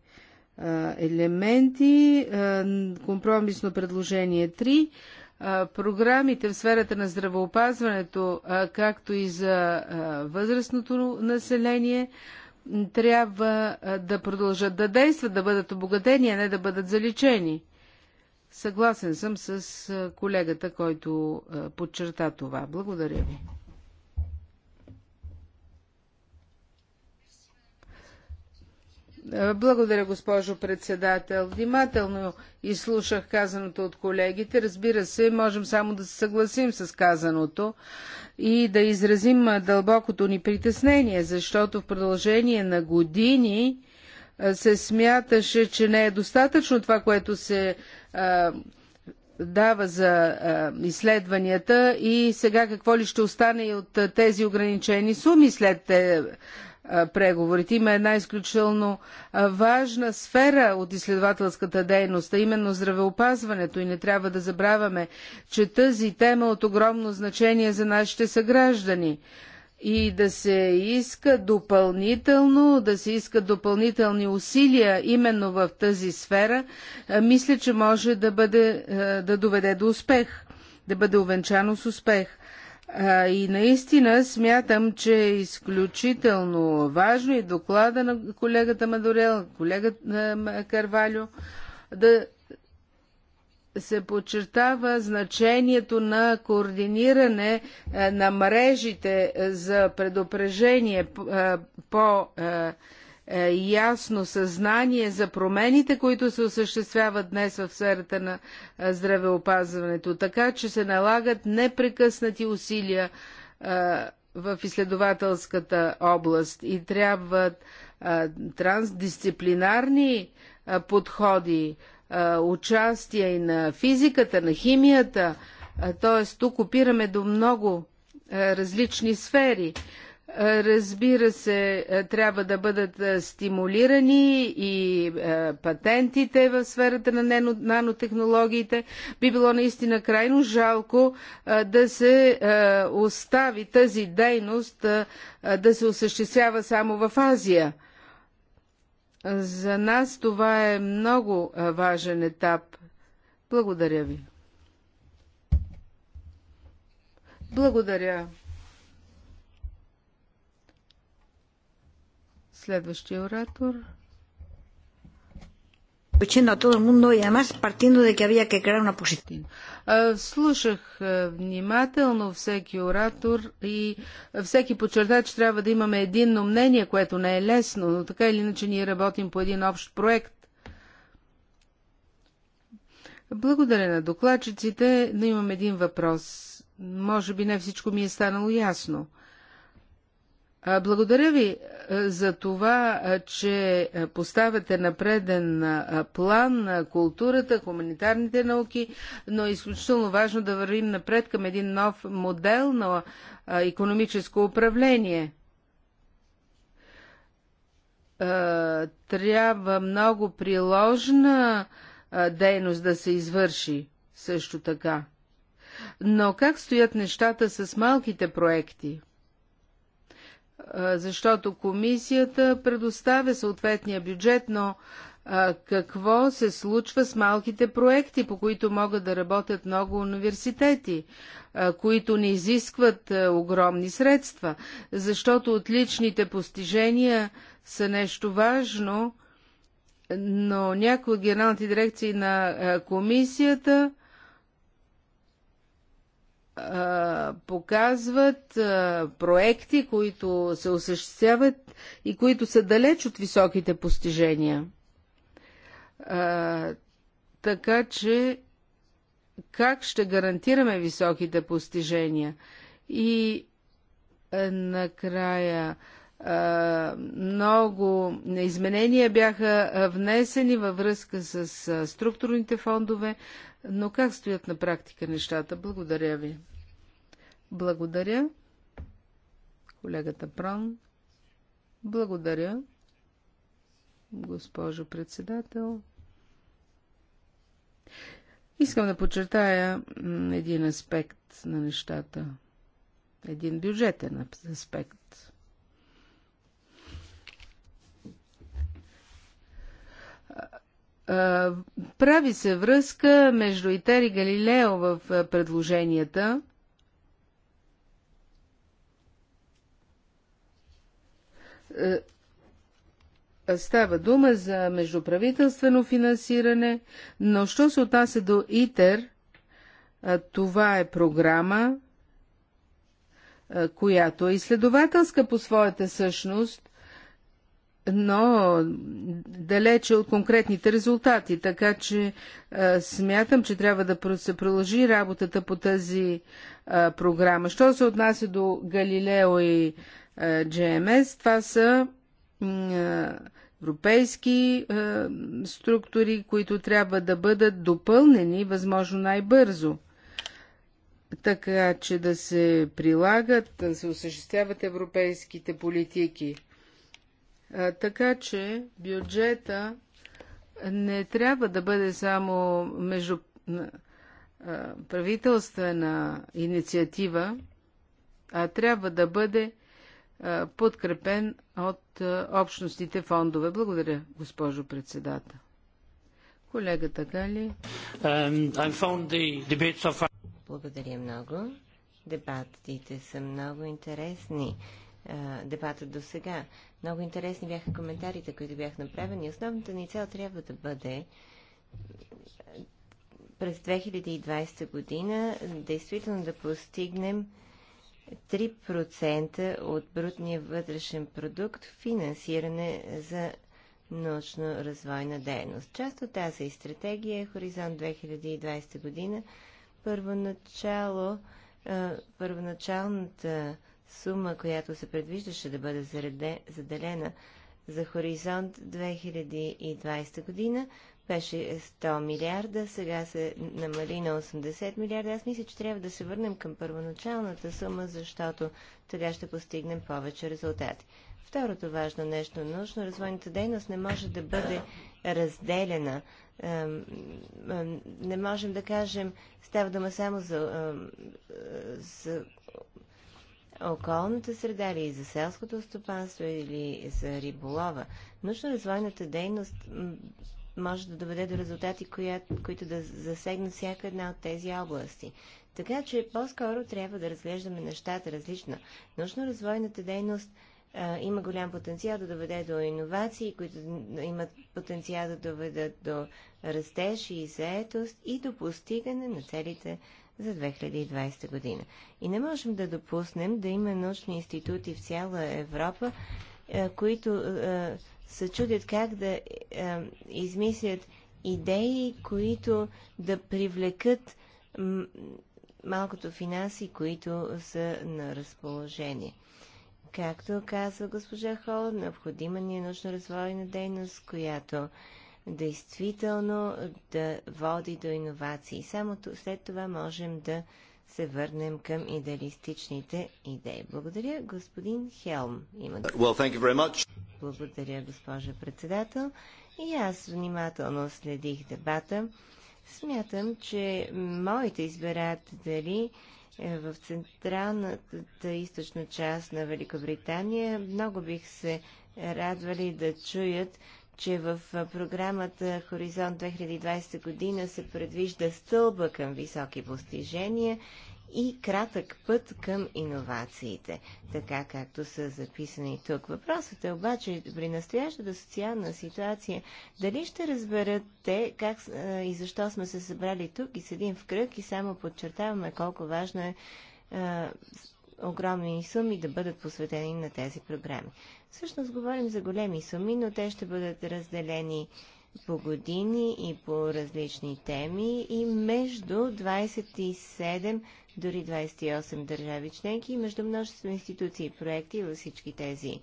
елементи, компромисно предложение 3 програмите в сферата на здравеопазването, както и за възрастното население, трябва да продължат да действат, да бъдат обогатени, а не да бъдат заличени. Съгласен съм с колегата, който подчерта това. Благодаря ви. Е, благодаря, госпожо председател. Внимателно изслушах казаното от колегите. Разбира се, можем само да се съгласим с казаното и да изразим дълбокото ни притеснение, защото в продължение на години е, се смяташе, че не е достатъчно това, което се а, е, дава за а, изследванията и сега какво ли ще остане и от тези ограничени суми след те, преговорите. Има една изключително важна сфера от изследователската дейност, а именно здравеопазването. И не трябва да забравяме, че тази тема е от огромно значение за нашите съграждани. И да се иска допълнително, да се искат допълнителни усилия именно в тази сфера, мисля, че може да, бъде, да доведе до успех, да бъде увенчано с успех. И наистина смятам, че е изключително важно и доклада на колегата Мадорел, колегата Карвалю, да се подчертава значението на координиране на мрежите за предупреждение по е, ясно съзнание за промените, които се осъществяват днес в сферата на е, здравеопазването, така че се налагат непрекъснати усилия е, в изследователската област и трябват трансдисциплинарни подходи, участие и на физиката, на химията, т.е. тук опираме до много различни сфери. Разбира се, е, трябва да бъдат е, стимулирани и е, патентите в сферата на нанотехнологиите. Би било наистина крайно жалко да се остави тази дейност да се осъществява само в Азия. За нас това е много важен етап. Благодаря ви. Благодаря. Следващия оратор. Слушах внимателно всеки оратор и всеки подчерта, че трябва да имаме единно мнение, което не е лесно, но така или иначе ние работим по един общ проект. Благодаря на докладчиците, но имам един въпрос. Може би не всичко ми е станало ясно. Благодаря ви за това, че поставяте на преден план културата, хуманитарните науки, но е изключително важно да вървим напред към един нов модел на економическо управление. Трябва много приложна дейност да се извърши също така. Но как стоят нещата с малките проекти? защото комисията предоставя съответния бюджет, но какво се случва с малките проекти, по които могат да работят много университети, които не изискват огромни средства, защото отличните постижения са нещо важно, но някои от генералните дирекции на комисията показват проекти, които се осъществяват и които са далеч от високите постижения. така че как ще гарантираме високите постижения? И накрая много изменения бяха внесени във връзка с структурните фондове, но как стоят на практика нещата? Благодаря ви. Благодаря. Колегата Прон. Благодаря. Госпожо председател. Искам да подчертая един аспект на нещата. Един бюджетен аспект. Прави се връзка между Итер и Галилео в предложенията. Става дума за междуправителствено финансиране, но що се отнася до ИТЕР, това е програма, която е изследователска по своята същност но далече от конкретните резултати, така че а, е, смятам, че трябва да се продължи работата по тази а, е, програма. Що се отнася до Галилео и а, е, GMS, това са европейски структури, които трябва да бъдат допълнени възможно най-бързо така че да се прилагат, да се осъществяват европейските политики. Така че бюджета не трябва да бъде само между правителствена инициатива, а трябва да бъде подкрепен от общностите фондове. Благодаря, госпожо председател. Колегата Гали. Um, Благодаря много. Дебатите са много интересни дебата до сега. Много интересни бяха коментарите, които бяха направени. Основната ни цел трябва да бъде през 2020 година действително да постигнем 3% от брутния вътрешен продукт финансиране за научно-развойна дейност. Част от тази стратегия е Хоризонт 2020 година. Първоначало, първоначалната сума, която се предвиждаше да бъде заделена за хоризонт 2020 година, беше 100 милиарда, сега се намали на 80 милиарда. Аз мисля, че трябва да се върнем към първоначалната сума, защото така ще постигнем повече резултати. Второто важно нещо, научно-развойната дейност не може да бъде разделена. Не можем да кажем, става дума само за, за околната среда или за селското стопанство или за риболова. Научно-развойната е дейност може да доведе до резултати, които да засегнат всяка една от тези области. Така че по-скоро трябва да разглеждаме нещата различно. Научно-развойната дейност а, има голям потенциал да доведе до иновации, които имат потенциал да доведат до растеж и заетост и до постигане на целите за 2020 година. И не можем да допуснем да има научни институти в цяла Европа, е, които е, се чудят как да е, измислят идеи, които да привлекат малкото финанси, които са на разположение. Както казва госпожа Хол, необходима ни е научно-развойна дейност, която действително да води до иновации. Само след това можем да се върнем към идеалистичните идеи. Благодаря, господин Хелм. Има... Well, thank you very much. Благодаря, госпожа председател. И аз внимателно следих дебата. Смятам, че моите избиратели е, в централната източна част на Великобритания много бих се радвали да чуят че в програмата Хоризонт 2020 година се предвижда стълба към високи постижения и кратък път към иновациите, така както са записани тук. Въпросът е обаче при настоящата социална ситуация, дали ще разберат те как и защо сме се събрали тук и седим в кръг и само подчертаваме колко важно е огромни суми да бъдат посветени на тези програми. Всъщност говорим за големи суми, но те ще бъдат разделени по години и по различни теми и между 27, дори 28 държави членки и между множество институции и проекти във всички тези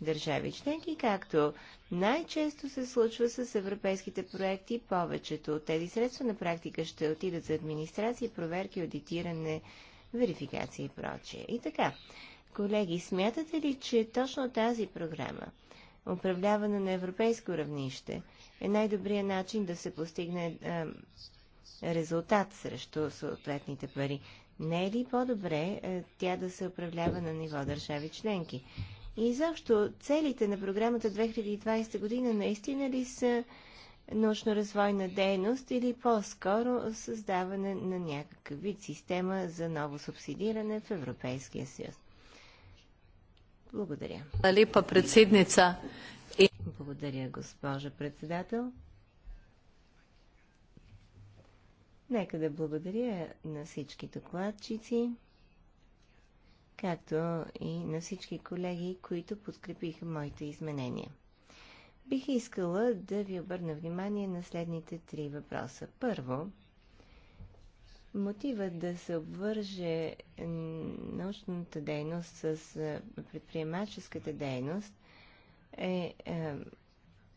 държави членки, както най-често се случва с европейските проекти, повечето от тези средства на практика ще отидат за администрация, проверки, аудитиране, верификация и прочее. И така, колеги, смятате ли, че точно тази програма, управлявана на европейско равнище, е най-добрият начин да се постигне а, резултат срещу съответните пари? Не е ли по-добре тя да се управлява на ниво държави членки? И защо целите на програмата 2020 година наистина ли са научно-развойна дейност или по-скоро създаване на някакъв вид система за ново субсидиране в Европейския съюз. Благодаря. Лепа председница. Благодаря, госпожа председател. Нека да благодаря на всички докладчици, както и на всички колеги, които подкрепиха моите изменения бих искала да ви обърна внимание на следните три въпроса. Първо, мотивът да се обвърже научната дейност с предприемаческата дейност е, е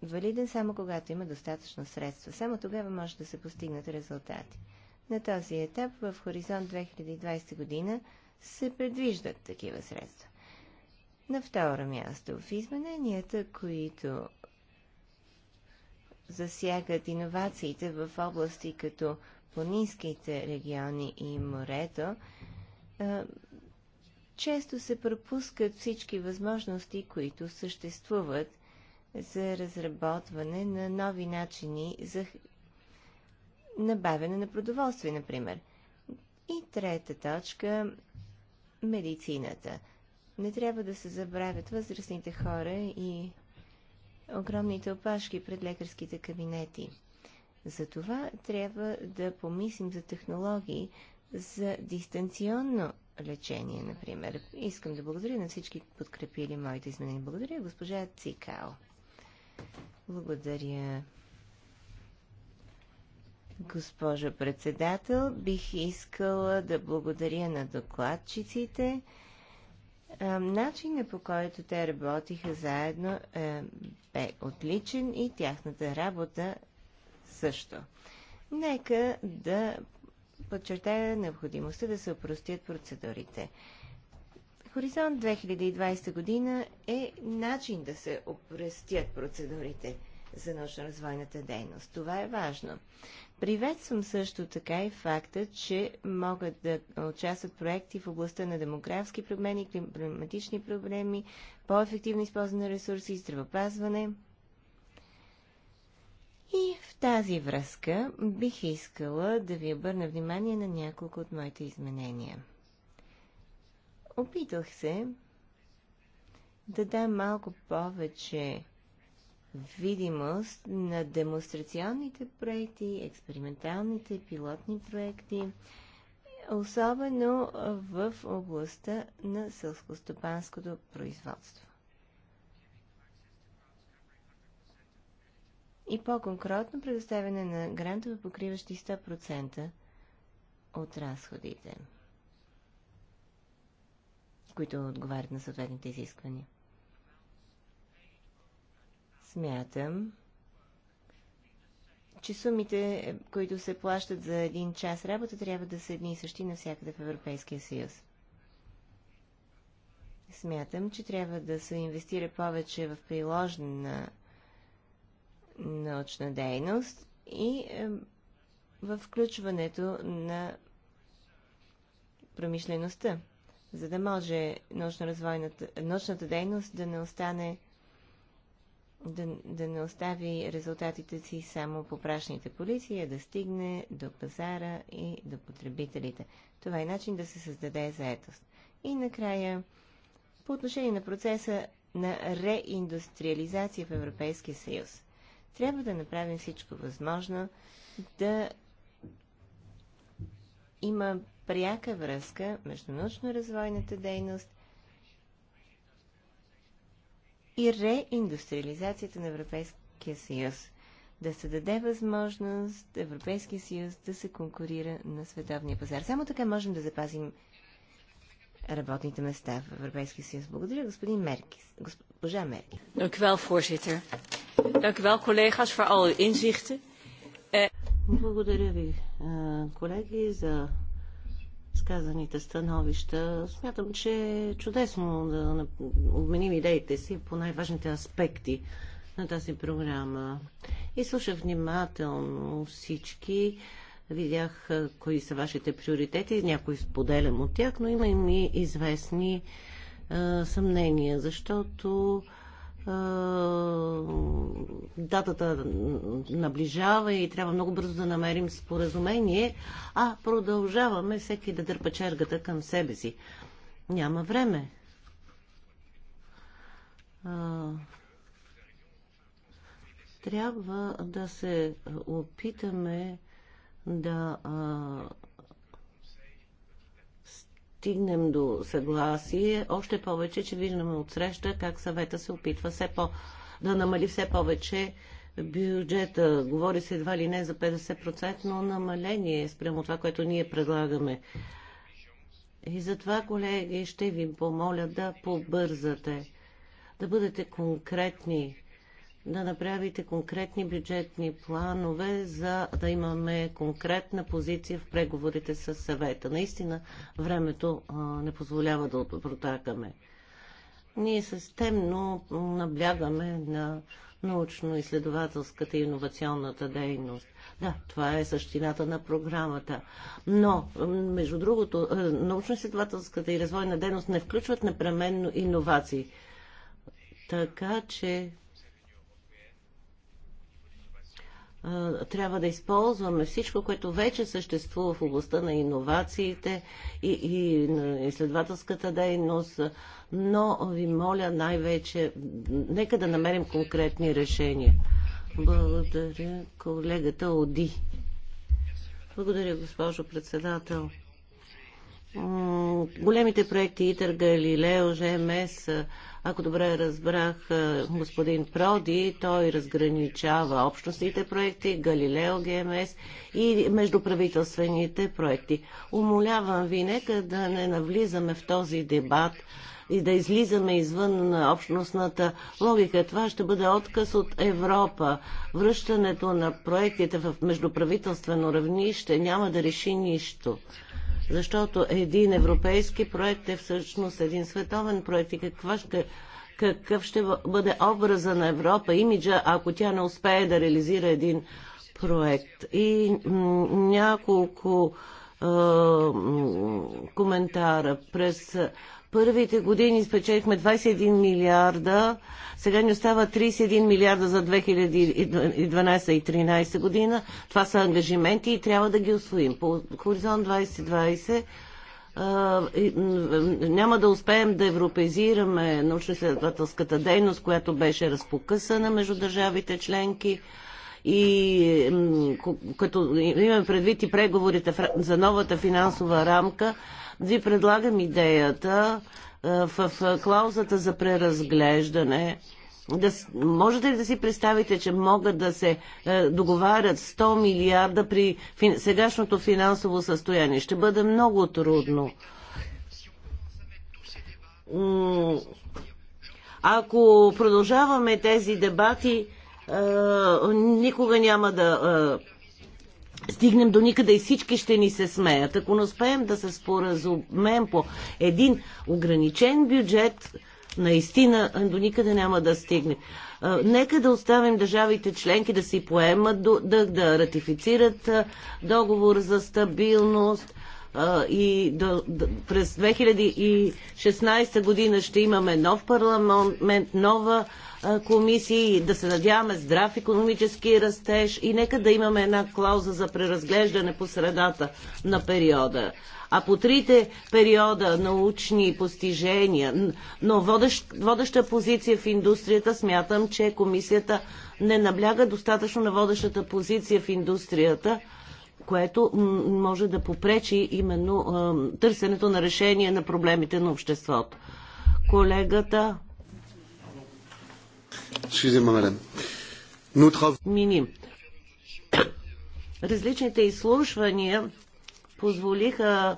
валиден само когато има достатъчно средства. Само тогава може да се постигнат резултати. На този етап в Хоризонт 2020 година се предвиждат такива средства. На второ място, в измененията, които засягат иновациите в области като планинските региони и морето, често се пропускат всички възможности, които съществуват за разработване на нови начини за набавяне на продоволствие, например. И трета точка – медицината. Не трябва да се забравят възрастните хора и огромните опашки пред лекарските кабинети. Затова трябва да помислим за технологии за дистанционно лечение, например. Искам да благодаря на всички подкрепили моите изменения. Благодаря, госпожа Цикао. Благодаря, госпожа председател. Бих искала да благодаря на докладчиците. Е, Начинът по който те работиха заедно е, бе отличен и тяхната работа също. Нека да подчертая необходимостта да се опростят процедурите. Хоризонт 2020 година е начин да се опростят процедурите за научно-развойната дейност. Това е важно. Приветствам също така и факта, че могат да участват проекти в областта на демографски проблеми, климатични проблеми, по-ефективно използване на ресурси и здравопазване. И в тази връзка бих искала да ви обърна внимание на няколко от моите изменения. Опитах се да дам малко повече видимост на демонстрационните проекти, експерименталните пилотни проекти, особено в областта на сълскостопанското производство. И по-конкретно предоставяне на грантове, покриващи 100% от разходите, които отговарят на съответните изисквания смятам, че сумите, които се плащат за един час работа, трябва да са едни и същи навсякъде в Европейския съюз. Смятам, че трябва да се инвестира повече в приложна научна дейност и е, в включването на промишлеността, за да може научно научната дейност да не остане да, да не остави резултатите си само по прашните полиции, а да стигне до пазара и до потребителите. Това е начин да се създаде заетост. И накрая, по отношение на процеса на реиндустриализация в Европейския съюз. Трябва да направим всичко възможно да има пряка връзка между научно-развойната дейност и реиндустриализацията на Европейския съюз. Да се даде възможност Европейския съюз да се конкурира на световния пазар. Само така можем да запазим работните места в Европейския съюз. Благодаря, господин Меркис. Госпожа Меркис. Dank u wel, voorzitter. Dank u wel, collega's, voor alle inzichten. Eh, Благодаря ви, колеги, за изказаните становища. Смятам, че е чудесно да обменим идеите си по най-важните аспекти на тази програма. И слушах внимателно всички. Видях кои са вашите приоритети, някои споделям от тях, но има и известни е, съмнения, защото датата наближава и трябва много бързо да намерим споразумение, а продължаваме всеки да дърпа чергата към себе си. Няма време. трябва да се опитаме да стигнем до съгласие, още повече, че виждаме от среща как съвета се опитва все по, да намали все повече бюджета. Говори се едва ли не за 50%, но намаление спрямо това, което ние предлагаме. И затова, колеги, ще ви помоля да побързате, да бъдете конкретни да направите конкретни бюджетни планове, за да имаме конкретна позиция в преговорите с съвета. Наистина времето а, не позволява да протакаме. Ние системно наблягаме на научно-изследователската и иновационната дейност. Да, това е същината на програмата. Но, между другото, е, научно-изследователската и развойна дейност не включват непременно иновации. Така че трябва да използваме всичко, което вече съществува в областта на иновациите и, и на изследователската дейност, но ви моля най-вече, нека да намерим конкретни решения. Благодаря колегата Оди. Благодаря, госпожо председател големите проекти ИТЕР, Галилео, ЖМС, ако добре разбрах господин Проди, той разграничава общностните проекти, Галилео, ГМС и междуправителствените проекти. Умолявам ви, нека да не навлизаме в този дебат и да излизаме извън на общностната логика. Това ще бъде отказ от Европа. Връщането на проектите в междуправителствено равнище няма да реши нищо. Защото един европейски проект е всъщност един световен проект и каква ще, какъв ще бъде образа на Европа, имиджа, ако тя не успее да реализира един проект. И няколко е, коментара през първите години спечелихме 21 милиарда, сега ни остава 31 милиарда за 2012 и 2013 година. Това са ангажименти и трябва да ги освоим. По хоризонт 2020 няма да успеем да европезираме научно-изследователската дейност, която беше разпокъсана между държавите членки. И като имаме предвид и преговорите за новата финансова рамка, ви предлагам идеята в клаузата за преразглеждане. Да, можете ли да си представите, че могат да се договарят 100 милиарда при сегашното финансово състояние? Ще бъде много трудно ако продължаваме тези дебати, никога няма да стигнем до никъде и всички ще ни се смеят. Ако не успеем да се споразумеем по един ограничен бюджет, наистина до никъде няма да стигне. Нека да оставим държавите членки да си поемат, да, да ратифицират договор за стабилност, и до, до, през 2016 година ще имаме нов парламент, нова комисия и да се надяваме здрав економически растеж и нека да имаме една клауза за преразглеждане по средата на периода. А по трите периода научни постижения, но водещ, водеща позиция в индустрията, смятам, че комисията не набляга достатъчно на водещата позиция в индустрията, което може да попречи именно търсенето на решение на проблемите на обществото. Колегата. Миним. Различните изслушвания позволиха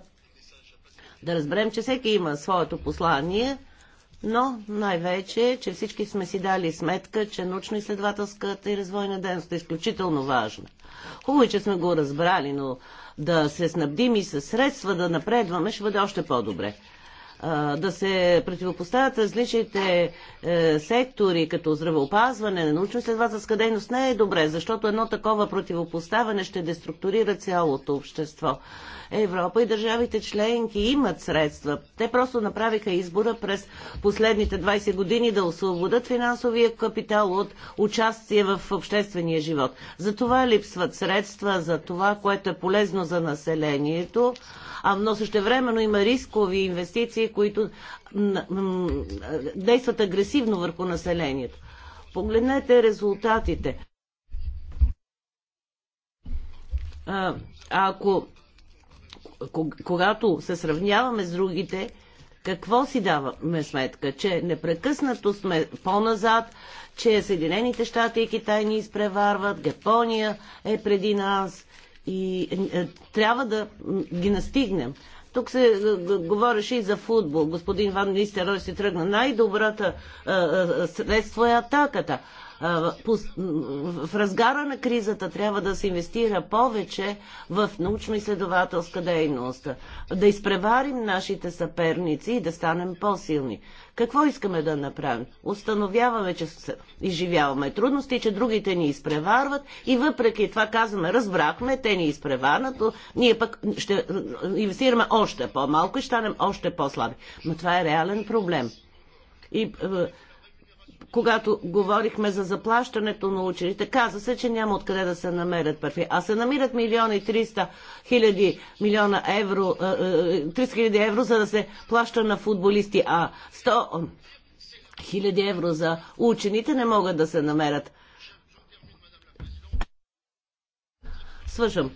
да разберем, че всеки има своето послание но най-вече, че всички сме си дали сметка, че научно-изследователската и развойна дейност е изключително важна. Хубаво е, че сме го разбрали, но да се снабдим и със средства да напредваме, ще бъде още по-добре. Да се противопоставят различните е, сектори, като здравеопазване, научно-изследователска дейност, не е добре, защото едно такова противопоставане ще деструктурира цялото общество. Европа и държавите членки имат средства. Те просто направиха избора през последните 20 години да освободят финансовия капитал от участие в обществения живот. За това липсват средства, за това, което е полезно за населението, а но времено има рискови инвестиции, които действат агресивно върху населението. Погледнете резултатите. А, ако когато се сравняваме с другите, какво си даваме сметка? Че непрекъснато сме по-назад, че Съединените щати и Китай ни изпреварват, Япония е преди нас и е, трябва да ги настигнем. Тук се е, говореше и за футбол. Господин Ван Нистерой се тръгна. Най-добрата е, е, средство е атаката в разгара на кризата трябва да се инвестира повече в научно-изследователска дейност, да изпреварим нашите съперници и да станем по-силни. Какво искаме да направим? Установяваме, че изживяваме трудности, че другите ни изпреварват и въпреки това казваме, разбрахме, те ни изпреварват, ние пък ще инвестираме още по-малко и ще станем още по-слаби. Но това е реален проблем. И е, когато говорихме за заплащането на учените, каза се, че няма откъде да се намерят пари. А се намират милиони и 300 хиляди милиона евро, 300 е, е, е, хиляди евро, за да се плаща на футболисти, а 100 хиляди евро за учените не могат да се намерят. Свършвам.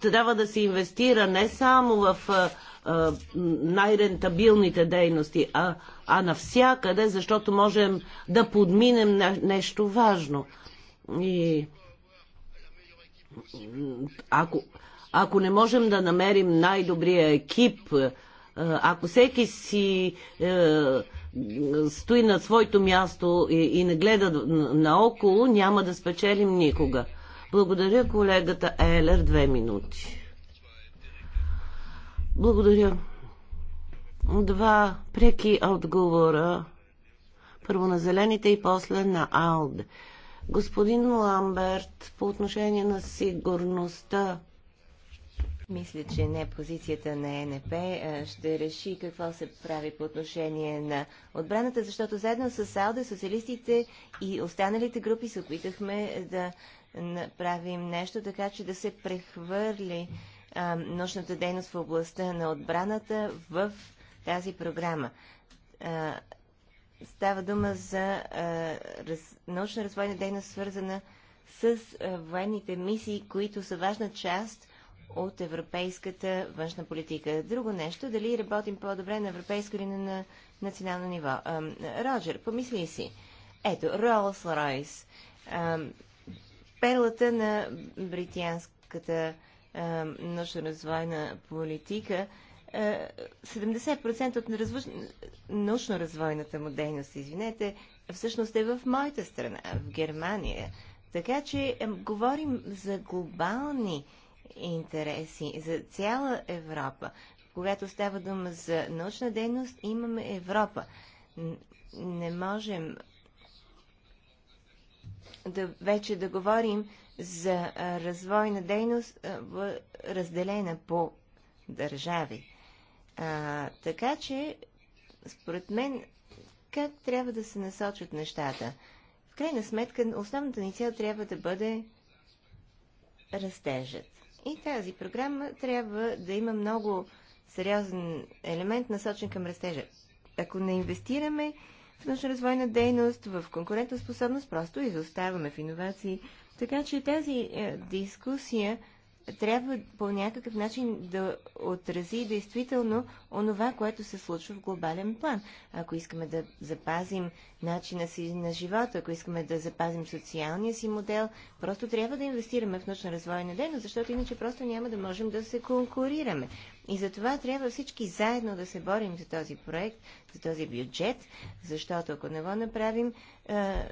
Трябва да се инвестира не само в най-рентабилните дейности, а а навсякъде, защото можем да подминем нещо важно. И ако, ако не можем да намерим най-добрия екип, е, ако всеки си е, стои на своето място и, и не гледа наоколо, няма да спечелим никога. Благодаря колегата Елер, две минути. Благодаря. Два преки отговора. Първо на зелените и после на Алд. Господин Ламберт, по отношение на сигурността. Мисля, че не позицията на ЕНП ще реши какво се прави по отношение на отбраната, защото заедно с Алда, социалистите и останалите групи се опитахме да направим нещо, така че да се прехвърли а, нощната дейност в областта на отбраната в тази програма. А, става дума за раз, научно-развойна дейност, свързана с а, военните мисии, които са важна част от европейската външна политика. Друго нещо, дали работим по-добре на европейско или на национално ниво. А, Роджер, помисли си. Ето, Ролс Ройс, перлата на британската научно-развойна политика – 70% е, от научно-развойната му дейност, извинете, всъщност е в моята страна, в Германия. Така че е, говорим за глобални интереси, за цяла Европа. Когато става дума за научна дейност, имаме Европа. Не можем да вече да говорим за развойна дейност, разделена по държави. А, така че, според мен, как трябва да се насочат нещата? В крайна сметка, основната ни цел трябва да бъде растежът. И тази програма трябва да има много сериозен елемент, насочен към растежа. Ако не инвестираме в научно-развойна дейност, в конкурентоспособност, просто изоставаме в иновации. Така че тази е, дискусия трябва по някакъв начин да отрази действително онова, което се случва в глобален план. Ако искаме да запазим начина си на живота, ако искаме да запазим социалния си модел, просто трябва да инвестираме в научна развойна дейност, защото иначе просто няма да можем да се конкурираме. И за това трябва всички заедно да се борим за този проект, за този бюджет, защото ако не го направим, е,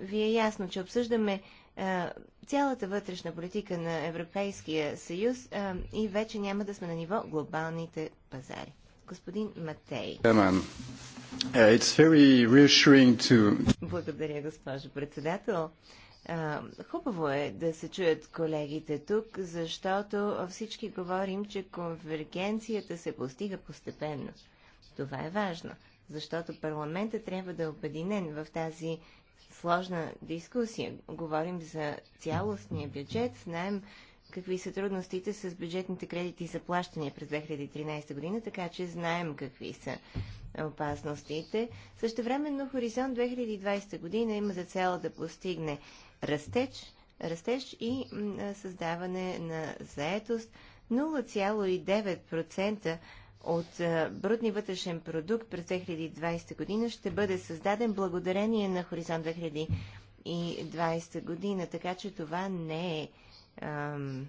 ви е ясно, че обсъждаме е, цялата вътрешна политика на Европейския съюз е, и вече няма да сме на ниво глобалните пазари. Господин Матей. Е, to... Благодаря, госпожо председател. Хубаво е да се чуят колегите тук, защото всички говорим, че конвергенцията се постига постепенно. Това е важно, защото парламентът трябва да е обединен в тази сложна дискусия. Говорим за цялостния бюджет. Знаем какви са трудностите с бюджетните кредити за плащания през 2013 година, така че знаем какви са опасностите. Също времено Хоризонт 2020 година има за цел да постигне растеж, растеж и създаване на заетост 0,9% от е, брутни вътрешен продукт през 2020 година ще бъде създаден благодарение на Хоризонт 2020 година, така че това не е ам,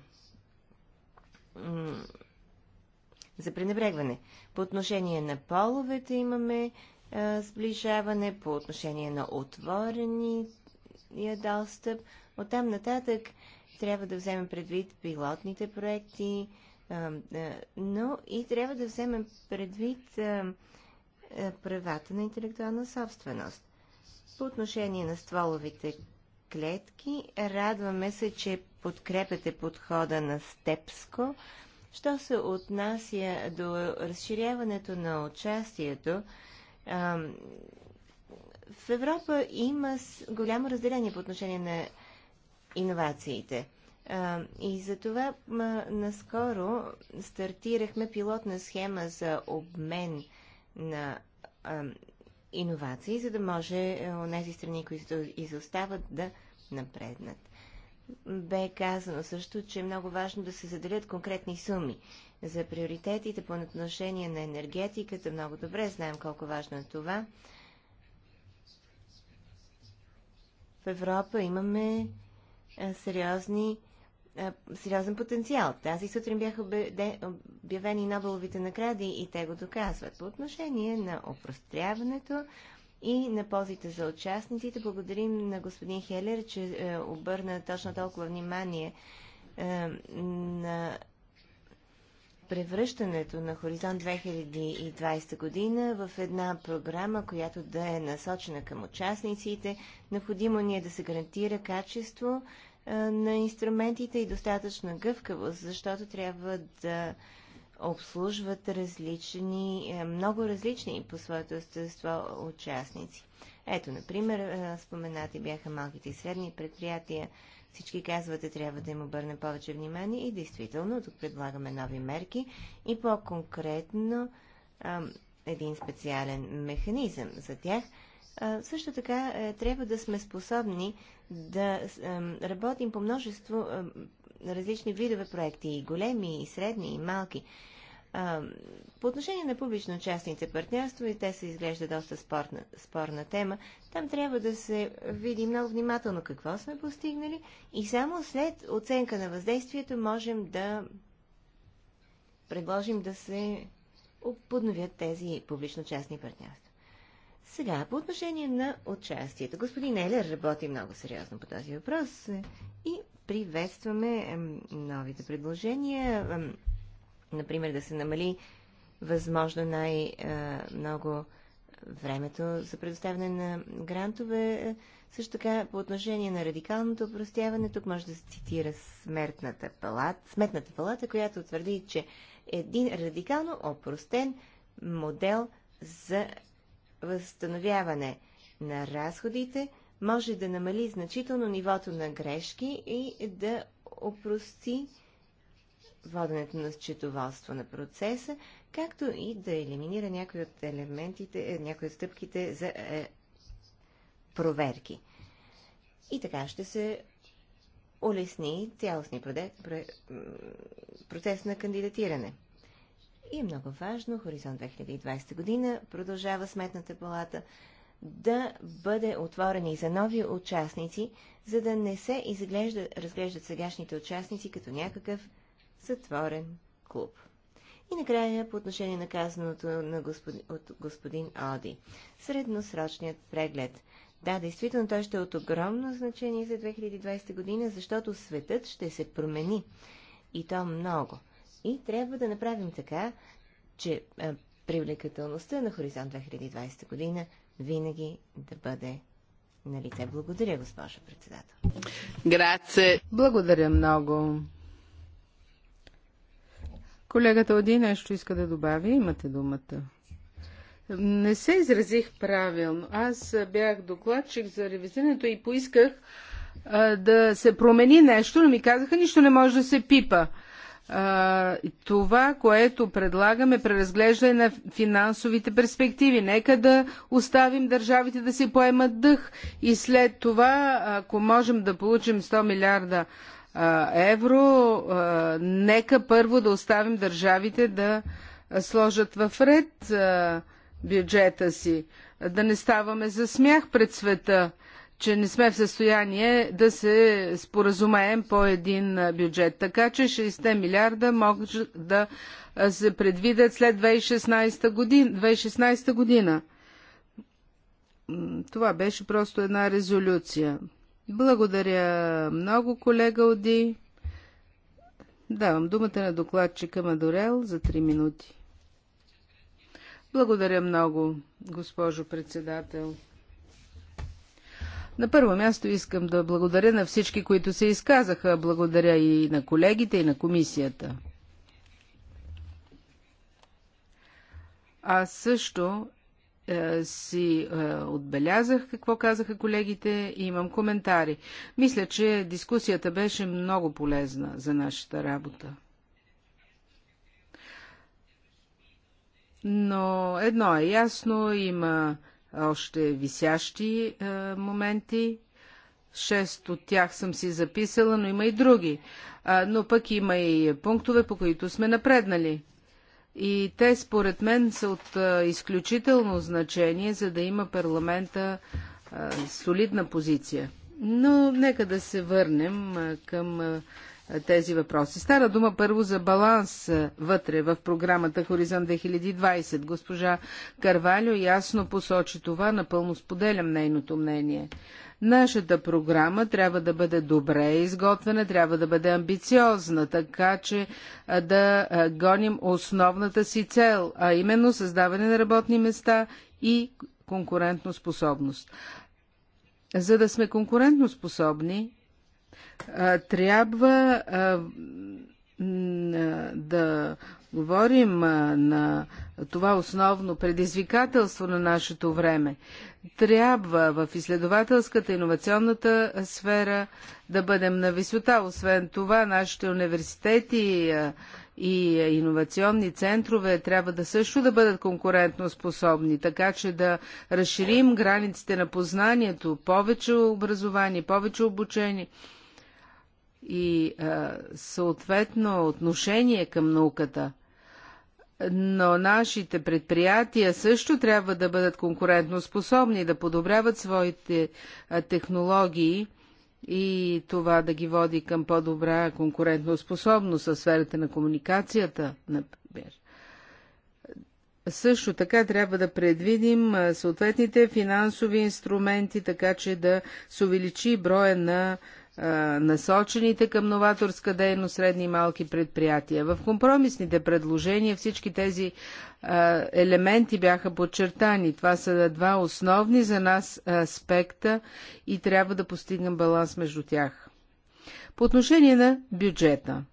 за пренебрегване. По отношение на половете имаме а, е, сближаване, по отношение на отворения достъп. Оттам нататък трябва да вземем предвид пилотните проекти, е, но и трябва да вземем предвид е, е, правата на интелектуална собственост. По отношение на стволовите клетки, радваме се, че подкрепяте подхода на Степско. Що се отнася до разширяването на участието, в Европа има голямо разделение по отношение на иновациите. И за това наскоро стартирахме пилотна схема за обмен на иновации, за да може тези е, страни, които изостават, да напреднат. Бе казано също, че е много важно да се заделят конкретни суми за приоритетите по отношение на енергетиката. Много добре знаем колко важно е това. В Европа имаме сериозни е, сериозен потенциал. Тази сутрин бяха обявени Нобеловите награди и те го доказват. По отношение на опростряването и на ползите за участниците, благодарим на господин Хелер, че е, обърна точно толкова внимание е, на превръщането на Хоризонт 2020 година в една програма, която да е насочена към участниците. Необходимо ни е да се гарантира качество, на инструментите и достатъчна гъвкавост, защото трябва да обслужват различни, много различни по своето естество участници. Ето, например, споменати бяха малките и средни предприятия. Всички казвате, трябва да им обърне повече внимание и действително, тук предлагаме нови мерки и по-конкретно един специален механизъм за тях – също така е, трябва да сме способни да работим по множество различни видове проекти, и големи, и средни, и малки. По отношение на публично-частните партньорства, и те се изглежда доста спорна, спорна тема, там трябва да се види много внимателно какво сме постигнали и само след оценка на въздействието можем да предложим да се подновят тези публично-частни партньорства. Сега, по отношение на участието. Господин Елер работи много сериозно по този въпрос е, и приветстваме е, новите предложения. Е, например, да се намали възможно най-много времето за предоставяне на грантове. Също така, по отношение на радикалното опростяване, тук може да се цитира Сметната палата, сметната палата, която твърди, че един радикално опростен модел за възстановяване на разходите може да намали значително нивото на грешки и да опрости воденето на счетоводство на процеса, както и да елиминира някои от елементите, е, някои от стъпките за е, проверки. И така ще се улесни цялостния процес на кандидатиране. И е много важно Хоризонт 2020 година продължава сметната палата да бъде отворена и за нови участници, за да не се изглежда, разглеждат сегашните участници като някакъв затворен клуб. И накрая по отношение на казаното на господи, от господин Оди. Средносрочният преглед. Да, действително той ще е от огромно значение за 2020 година, защото светът ще се промени. И то много. И трябва да направим така, че е, привлекателността на Хоризонт 2020 година винаги да бъде на лице. Благодаря, госпожа председател. Грация. Благодаря много. Колегата Оди нещо иска да добави. Имате думата. Не се изразих правилно. Аз бях докладчик за ревизирането и поисках а, да се промени нещо, но ми казаха, нищо не може да се пипа това, което предлагаме, е преразглеждане на финансовите перспективи. Нека да оставим държавите да си поемат дъх и след това, ако можем да получим 100 милиарда евро, нека първо да оставим държавите да сложат в ред бюджета си, да не ставаме за смях пред света че не сме в състояние да се споразумеем по един бюджет. Така че 60 милиарда могат да се предвидят след 2016 година. 2016 година. Това беше просто една резолюция. Благодаря много, колега Оди. Давам думата на докладчика Мадорел за 3 минути. Благодаря много, госпожо председател. На първо място искам да благодаря на всички, които се изказаха. Благодаря и на колегите, и на комисията. Аз също е, си е, отбелязах какво казаха колегите и имам коментари. Мисля, че дискусията беше много полезна за нашата работа. Но едно е ясно, има още висящи е, моменти. Шест от тях съм си записала, но има и други. А, но пък има и пунктове, по които сме напреднали. И те, според мен, са от а, е, изключително значение, за да има парламента а, е, солидна позиция. Но нека да се върнем а, към тези въпроси. Стара дума първо за баланс е, вътре в програмата Хоризонт 2020. Госпожа Карвалю ясно посочи това, напълно споделям нейното мнение. Нашата програма трябва да бъде добре изготвена, трябва да бъде амбициозна, така че е, да е, гоним основната си цел, а именно създаване на работни места и способност. За да сме способни, трябва да говорим на това основно предизвикателство на нашето време. Трябва в изследователската иновационната сфера да бъдем на висота. Освен това, нашите университети и иновационни центрове трябва да също да бъдат конкурентно способни, така че да разширим границите на познанието, повече образование, повече обучение – и а, съответно отношение към науката. Но нашите предприятия също трябва да бъдат конкурентно способни, да подобряват своите а, технологии и това да ги води към по-добра конкурентно способност в сферата на комуникацията, например. Също така трябва да предвидим съответните финансови инструменти, така че да се увеличи броя на насочените към новаторска дейност средни и малки предприятия. В компромисните предложения всички тези елементи бяха подчертани. Това са два основни за нас аспекта и трябва да постигнем баланс между тях. По отношение на бюджета.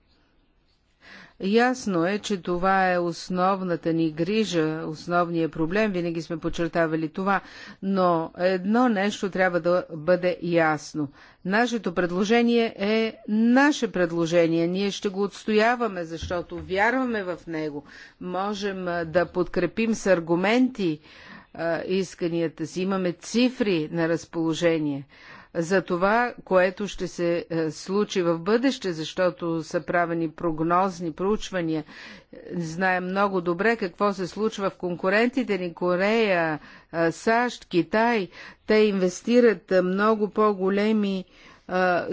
Ясно е, че това е основната ни грижа, основният проблем, винаги сме подчертавали това, но едно нещо трябва да бъде ясно. Нашето предложение е наше предложение, ние ще го отстояваме, защото вярваме в него, можем да подкрепим с аргументи исканията си, имаме цифри на разположение за това, което ще се е, случи в бъдеще, защото са правени прогнозни проучвания. Знаем много добре какво се случва в конкурентите ни Корея, е, САЩ, Китай. Те инвестират е, много по-големи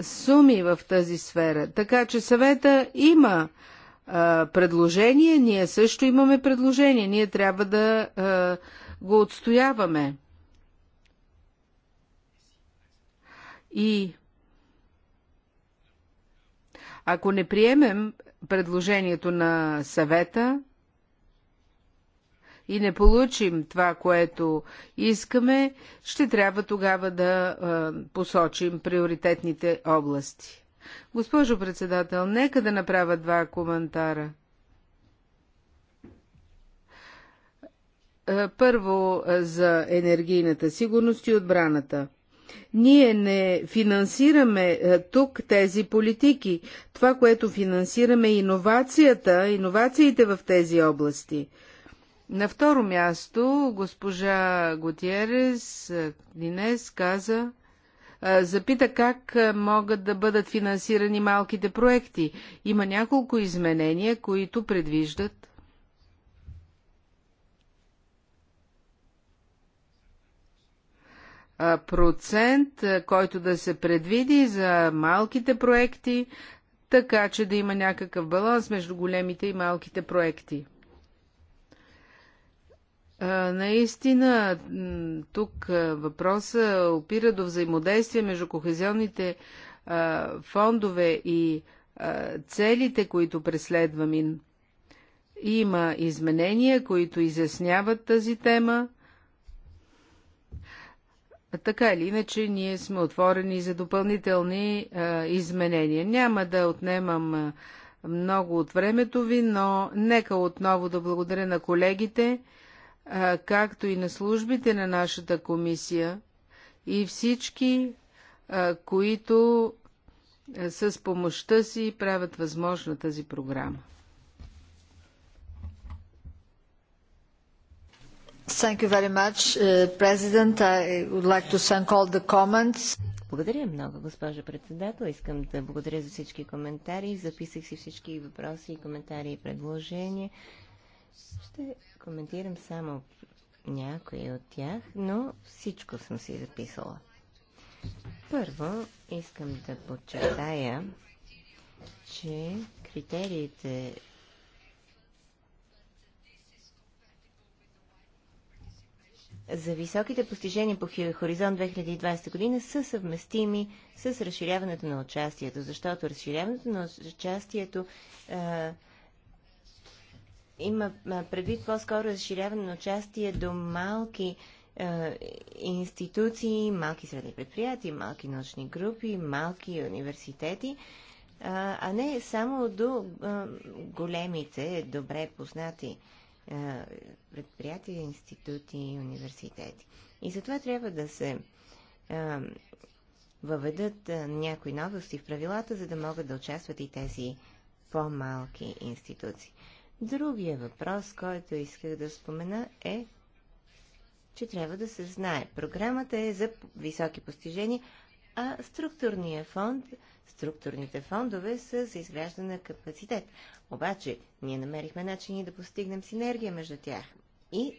суми в тази сфера. Така че съвета има предложение, ние също имаме предложение, ние трябва да го отстояваме. И ако не приемем предложението на съвета и не получим това, което искаме, ще трябва тогава да посочим приоритетните области. Госпожо председател, нека да направя два коментара. Първо за енергийната сигурност и отбраната. Ние не финансираме е, тук тези политики. Това, което финансираме е иновацията, иновациите в тези области. На второ място госпожа Готиерес Динес е, каза, е, запита как могат да бъдат финансирани малките проекти. Има няколко изменения, които предвиждат процент, който да се предвиди за малките проекти, така че да има някакъв баланс между големите и малките проекти. Наистина, тук въпроса опира до взаимодействие между кохезионните фондове и целите, които преследваме. Има изменения, които изясняват тази тема така или иначе, ние сме отворени за допълнителни а, изменения. Няма да отнемам а, много от времето ви, но нека отново да благодаря на колегите, а, както и на службите на нашата комисия и всички, а, които а, с помощта си правят възможна тази програма. Thank you very much, uh, President. I would like to thank all the comments. Благодаря много, госпожо председател. Искам да благодаря за всички коментари. Записах си всички въпроси, коментари и предложения. Ще коментирам само някои от тях, но всичко съм си записала. Първо, искам да подчертая, че критериите за високите постижения по Хоризонт 2020 година са съвместими с разширяването на участието, защото разширяването на участието а, има предвид по-скоро разширяване на участие до малки а, институции, малки средни предприятия, малки научни групи, малки университети, а, а не само до а, големите, добре познати е, предприятия, институти и университети. И затова трябва да се е, въведат е, някои новости в правилата, за да могат да участват и тези по-малки институции. Другия въпрос, който исках да спомена е, че трябва да се знае. Програмата е за високи постижения, а структурния фонд структурните фондове са за изграждане на капацитет. Обаче, ние намерихме начини да постигнем синергия между тях и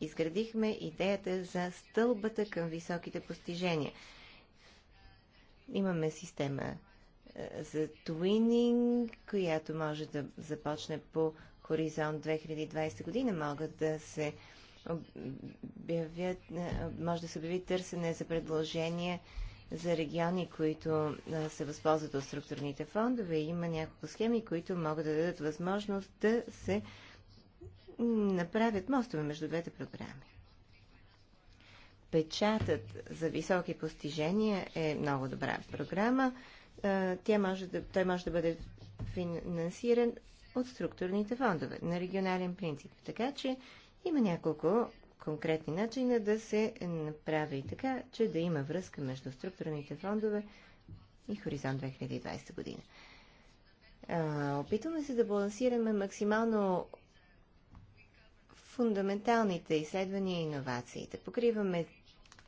изградихме идеята за стълбата към високите постижения. Имаме система е, за твининг, която може да започне по хоризонт 2020 година. Могат да се обявят, е, може да се обяви търсене за предложения за региони, които се възползват от структурните фондове. Има няколко схеми, които могат да дадат възможност да се направят мостове между двете програми. Печатът за високи постижения е много добра програма. Тя може да, той може да бъде финансиран от структурните фондове на регионален принцип. Така че има няколко конкретни начина да се направи така, че да има връзка между структурните фондове и Хоризонт 2020 година. Опитваме се да балансираме максимално фундаменталните изследвания и иновациите. Покриваме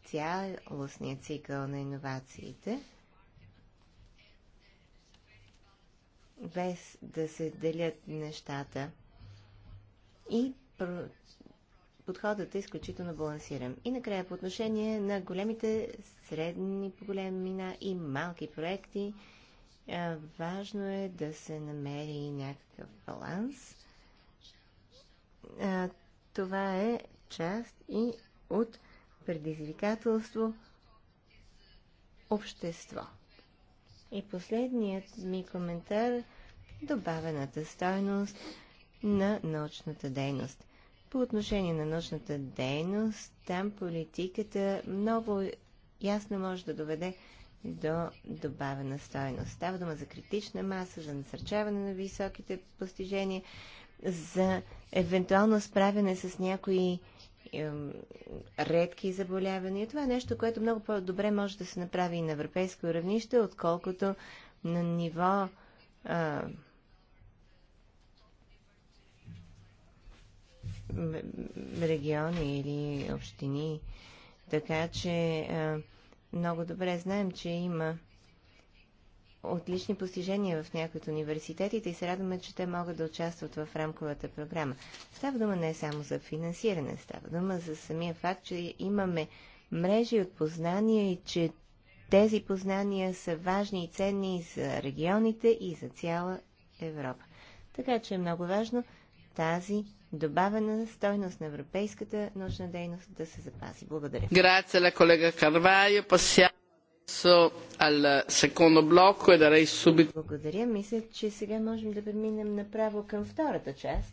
цялостния цикъл на иновациите, без да се делят нещата. И подходът е изключително балансиран. И накрая по отношение на големите, средни по големина и малки проекти, важно е да се намери някакъв баланс. Това е част и от предизвикателство общество. И последният ми коментар добавената стойност на научната дейност. По отношение на научната дейност, там политиката много ясно може да доведе до добавена стойност. Става дума за критична маса, за насърчаване на високите постижения, за евентуално справяне с някои ем, редки заболявания. Това е нещо, което много по-добре може да се направи и на европейско равнище, отколкото на ниво региони или общини. Така че много добре знаем, че има отлични постижения в някои от университетите и се радваме, че те могат да участват в рамковата програма. Става дума не само за финансиране, става дума за самия факт, че имаме мрежи от познания и че тези познания са важни и ценни за регионите и за цяла Европа. Така че е много важно тази добавена стойност на европейската научна дейност да се запази. Благодаря. Grazie alla collega Carvaio. Passiamo al secondo blocco e darei subito. Благодаря. Мисля, че сега можем да преминем направо към втората част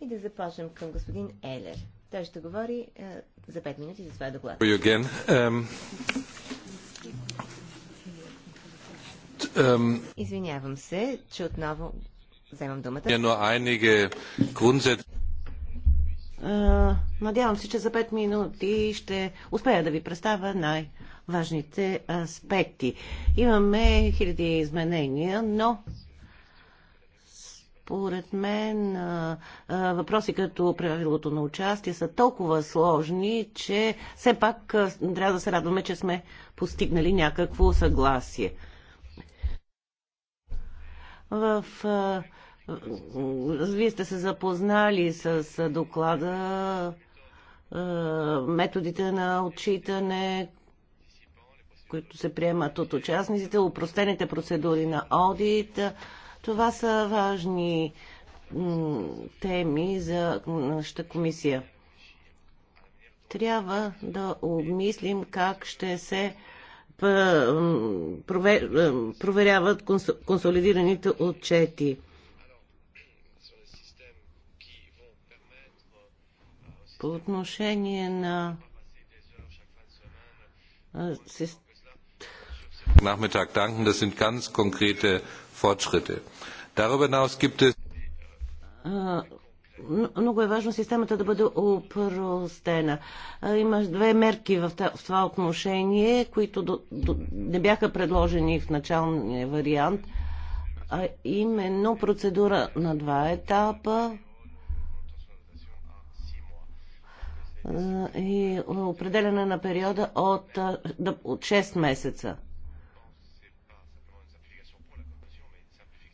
и да започнем към господин Елер. Той ще говори е, за 5 минути за своя доклад. Извинявам се, че отново вземам думата. Надявам се, че за 5 минути ще успея да ви представя най-важните аспекти. Имаме хиляди изменения, но според мен въпроси като правилото на участие са толкова сложни, че все пак трябва да се радваме, че сме постигнали някакво съгласие. В вие сте се запознали с доклада, методите на отчитане, които се приемат от участниците, упростените процедури на аудит, Това са важни теми за нашата комисия. Трябва да обмислим как ще се проверяват консолидираните отчети. По отношение на Nachmittag danken. Das sind ganz konkrete Fortschritte. Darüber hinaus gibt es много е важно системата да бъде упростена. Има две мерки в това отношение, които до, не бяха предложени в началния вариант, а именно процедура на два етапа и определяне на периода от, от 6 месеца.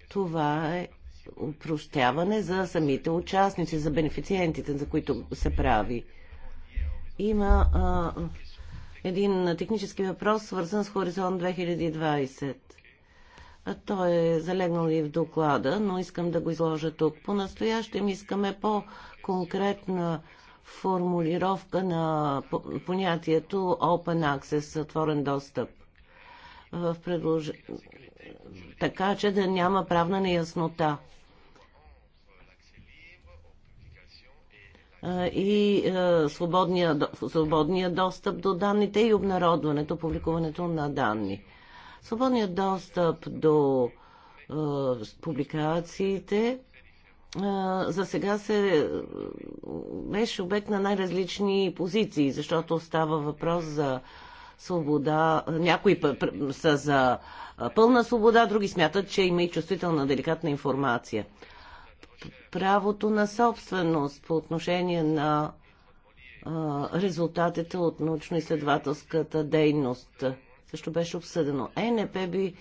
Това е упростяване за самите участници, за бенефициентите, за които се прави. Има а, един технически въпрос, свързан с Хоризонт 2020. А той е залегнал и в доклада, но искам да го изложа тук. По-настоящем искаме по-конкретна формулировка на понятието Open Access, отворен достъп. В предлож... Така че да няма правна неяснота. и свободния, свободния достъп до данните и обнародването, публикуването на данни. Свободният достъп до публикациите за сега се беше обект на най-различни позиции, защото става въпрос за свобода. Някои са за пълна свобода, други смятат, че има и чувствителна, деликатна информация. Правото на собственост по отношение на резултатите от научно-изследователската дейност също беше обсъдено. ЕНП би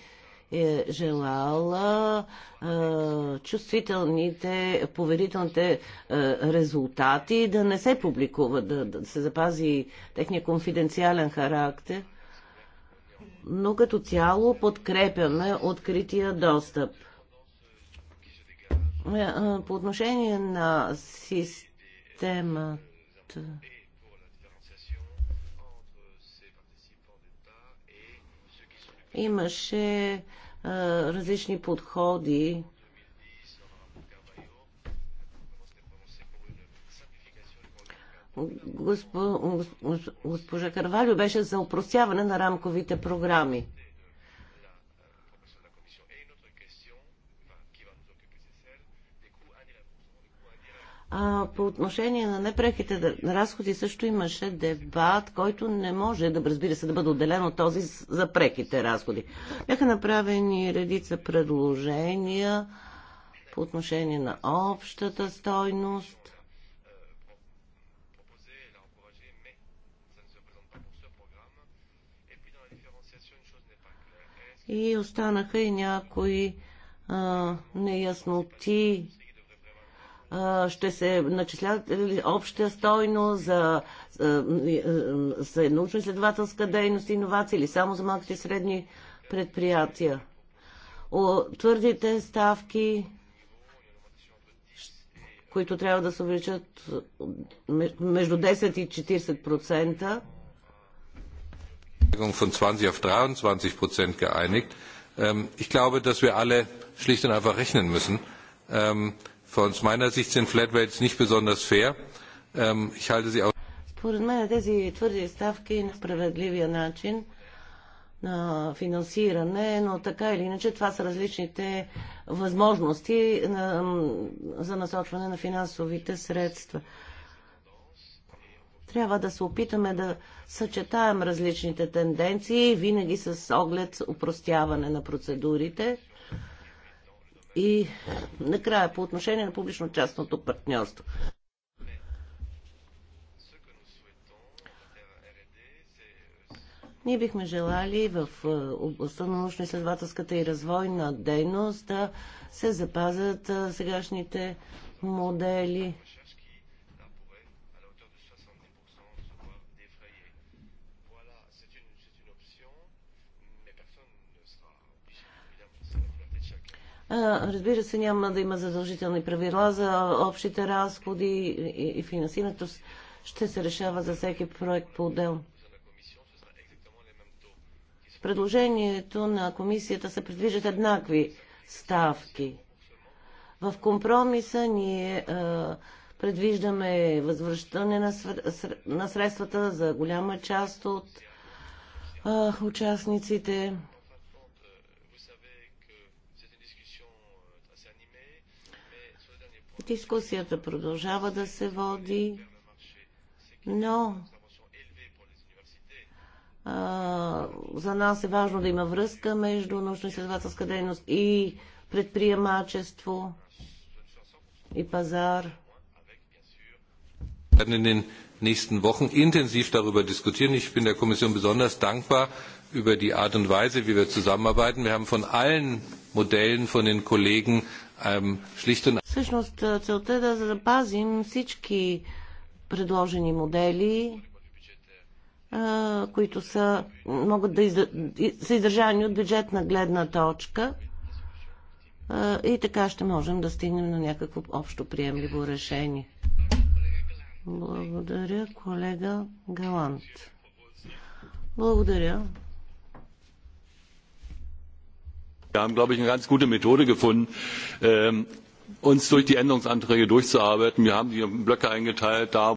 е желала е, чувствителните, поверителните е, резултати да не се публикуват, да, да се запази техния конфиденциален характер. Но като цяло подкрепяме открития достъп. Е, по отношение на системата Имаше а, различни подходи. Госпо, госпожа Карвалю беше за упростяване на рамковите програми. А, по отношение на непреките разходи също имаше дебат, който не може да, разбира се, да бъде отделен от този за преките разходи. Бяха направени редица предложения по отношение на общата стойност. И останаха и някои а, неясноти ще се начислява нали, обща стойност за, за научно-изследователска дейност и иновация или само за малките и средни предприятия. О, твърдите ставки, които трябва да се увеличат между 10 и 40%. Von 20 auf 23 Prozent geeinigt. Ähm, ich glaube, dass wir alle schlicht und einfach rechnen müssen ähm, Von meiner Sicht sind Flatrates nicht besonders fair. Ähm, ich halte sie според мен тези твърди ставки е на справедливия начин на финансиране, но така или иначе това са различните възможности на, за насочване на финансовите средства. Трябва да се опитаме да съчетаем различните тенденции, винаги с оглед упростяване на процедурите – и накрая по отношение на публично-частното партньорство. Ние бихме желали в е, областта на научно-изследователската и развойна дейност да се запазят е, сегашните модели Разбира се, няма да има задължителни правила за общите разходи и финансирането ще се решава за всеки проект по отдел. предложението на комисията се предвиждат еднакви ставки. В компромиса ние предвиждаме възвръщане на, средствата за голяма част от а, участниците. Дискусията продължава да се води, но а, за нас е важно да има връзка между научно-изследователска дейност и предприемачество и пазар nächsten Wochen intensiv darüber diskutieren. Ich bin der Kommission besonders dankbar über die Art und Weise, wie wir zusammenarbeiten. Wir haben von allen Modellen von den Kollegen schlicht und Всъщност целта е предложени модели, които са, могат да са издържани от бюджетна гледна точка и така ще можем да стигнем на някакво общо приемливо решение. Благодаря, колега Галант. Благодаря. Wir haben, glaube ich, eine ganz gute Methode gefunden, ähm, uns durch die Änderungsanträge durchzuarbeiten. Wir haben die Blöcke eingeteilt. Da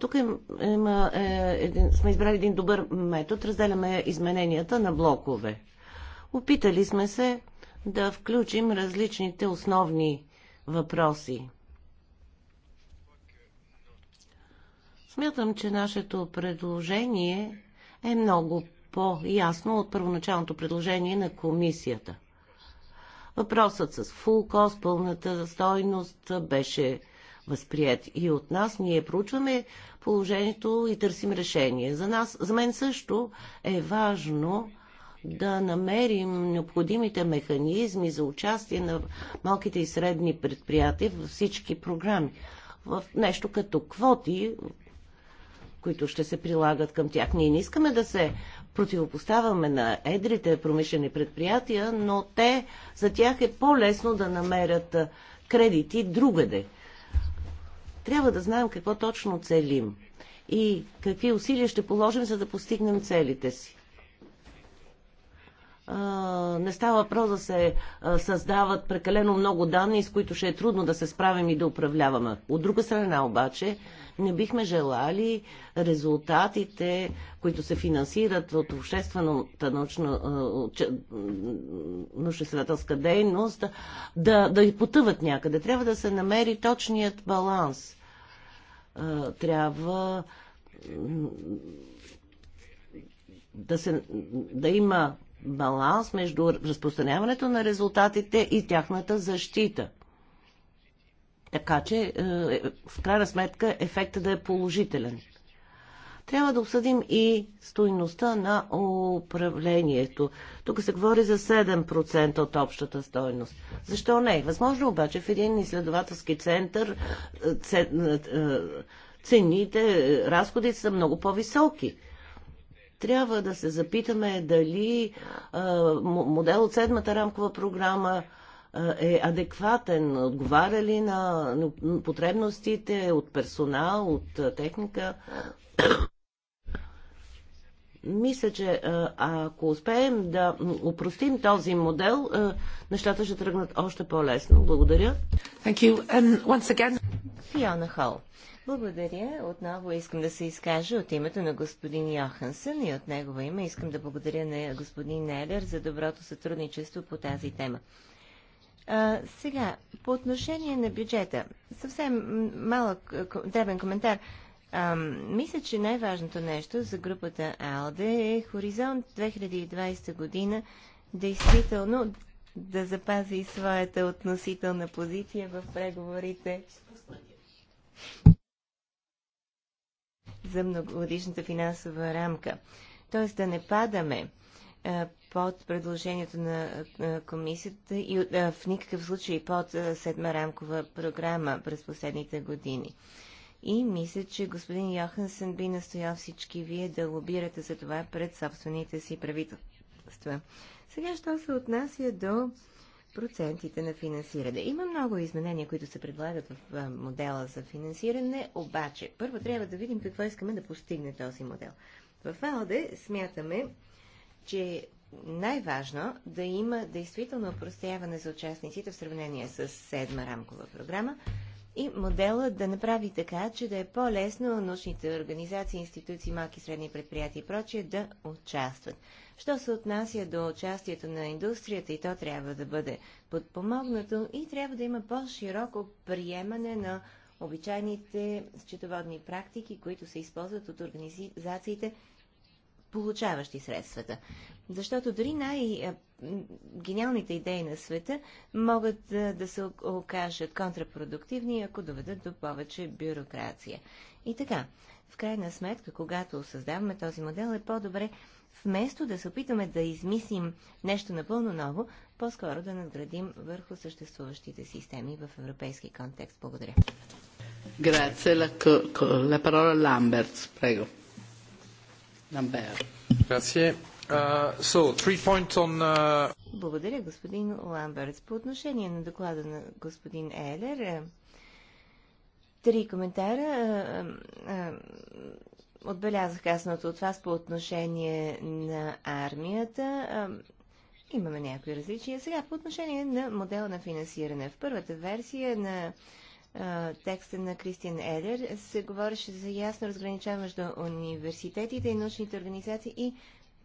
тук има, е, един, сме избрали един добър метод. Разделяме измененията на блокове. Опитали сме се да включим различните основни въпроси Смятам, че нашето предложение е много по-ясно от първоначалното предложение на комисията. Въпросът с фул кост, пълната стойност беше възприят и от нас. Ние проучваме положението и търсим решение. За нас, за мен също е важно да намерим необходимите механизми за участие на малките и средни предприятия във всички програми. В нещо като квоти, които ще се прилагат към тях. Ние не искаме да се противопоставяме на едрите промишлени предприятия, но те, за тях е по-лесно да намерят кредити другаде. Трябва да знаем какво точно целим и какви усилия ще положим, за да постигнем целите си. Не става въпрос да се създават прекалено много данни, с които ще е трудно да се справим и да управляваме. От друга страна обаче, не бихме желали резултатите, които се финансират от обществената научно-изследователска дейност, да, да потъват някъде. Трябва да се намери точният баланс. Трябва да, се, да има баланс между разпространяването на резултатите и тяхната защита. Така че, е, в крайна сметка, ефектът да е положителен. Трябва да обсъдим и стойността на управлението. Тук се говори за 7% от общата стойност. Защо не? Възможно обаче в един изследователски център е, е, цените, разходи са много по-високи трябва да се запитаме дали модел от седмата рамкова програма е адекватен, отговаря ли на потребностите от персонал, от техника. Мисля, че ако успеем да упростим този модел, нещата ще тръгнат още по-лесно. Благодаря. Thank um, Фиона Хол. Благодаря. Отново искам да се изкажа от името на господин Йохансен и от негова име искам да благодаря на господин Нелер за доброто сътрудничество по тази тема. А, сега, по отношение на бюджета, съвсем малък дребен коментар. А, мисля, че най-важното нещо за групата АЛДЕ е Хоризонт 2020 година действително да запази своята относителна позиция в преговорите за многогодишната финансова рамка. Тоест да не падаме под предложението на комисията и в никакъв случай под седма рамкова програма през последните години. И мисля, че господин Йохансен би настоял всички вие да лобирате за това пред собствените си правителства. Сега, що се отнася до процентите на финансиране. Има много изменения, които се предлагат в модела за финансиране, обаче първо трябва да видим какво искаме да постигне този модел. В АОДЕ смятаме, че най-важно да има действително опростяване за участниците в сравнение с седма рамкова програма и модела да направи така, че да е по-лесно научните организации, институции, малки, средни предприятия и прочие да участват. Що се отнася до участието на индустрията и то трябва да бъде подпомогнато и трябва да има по-широко приемане на обичайните счетоводни практики, които се използват от организациите, получаващи средствата. Защото дори най-гениалните идеи на света могат да се окажат контрапродуктивни, ако доведат до повече бюрокрация. И така, в крайна сметка, когато създаваме този модел, е по-добре вместо да се опитаме да измислим нещо напълно ново, по-скоро да надградим върху съществуващите системи в европейски контекст. Благодаря. Grazie. La, la parola Lamberts, prego. Ламбер. Uh, uh, Благодаря, господин Ламберт. По отношение на доклада на господин Елер, е, три коментара. Е, е, отбелязах казаното от вас по отношение на армията. Имаме някои различия. Сега по отношение на модел на финансиране. В първата версия на текста на Кристиан Елер се говореше за ясно разграничаване между университетите и научните организации и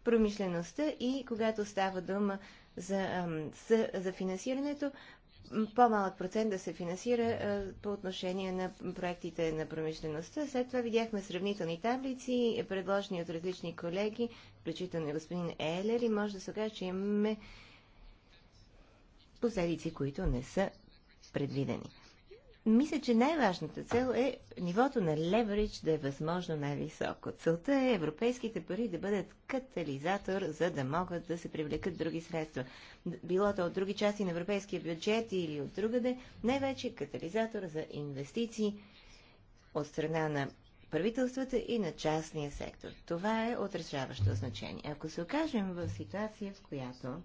промишлеността и когато става дума за, за, за финансирането, по-малък процент да се финансира а, по отношение на проектите на промишлеността. След това видяхме сравнителни таблици, предложени от различни колеги, включително и господин Елер, и може да се каже, че имаме последици, които не са предвидени. Мисля, че най-важната цел е нивото на леверидж да е възможно най-високо. Целта е европейските пари да бъдат катализатор, за да могат да се привлекат други средства. Било то от други части на европейския бюджет или от другаде, най-вече катализатор за инвестиции от страна на правителствата и на частния сектор. Това е отрешаващо значение. Ако се окажем в ситуация, в която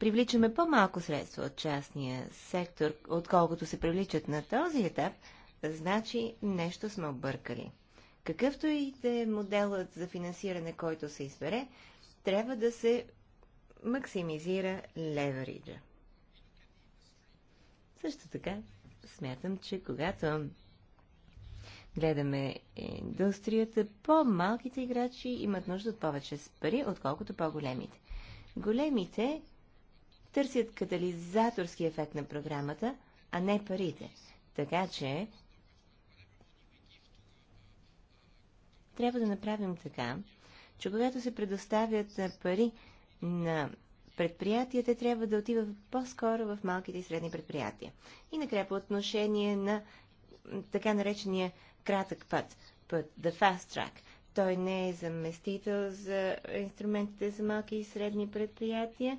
привличаме по-малко средства от частния сектор, отколкото се привличат на този етап, значи нещо сме объркали. Какъвто и да е моделът за финансиране, който се избере, трябва да се максимизира левериджа. Също така, смятам, че когато гледаме индустрията, по-малките играчи имат нужда от повече пари, отколкото по-големите. Големите търсят катализаторски ефект на програмата, а не парите. Така че трябва да направим така, че когато се предоставят пари на предприятията, трябва да отива по-скоро в малките и средни предприятия. И накрая по отношение на така наречения кратък път, път the fast track. Той не е заместител за инструментите за малки и средни предприятия,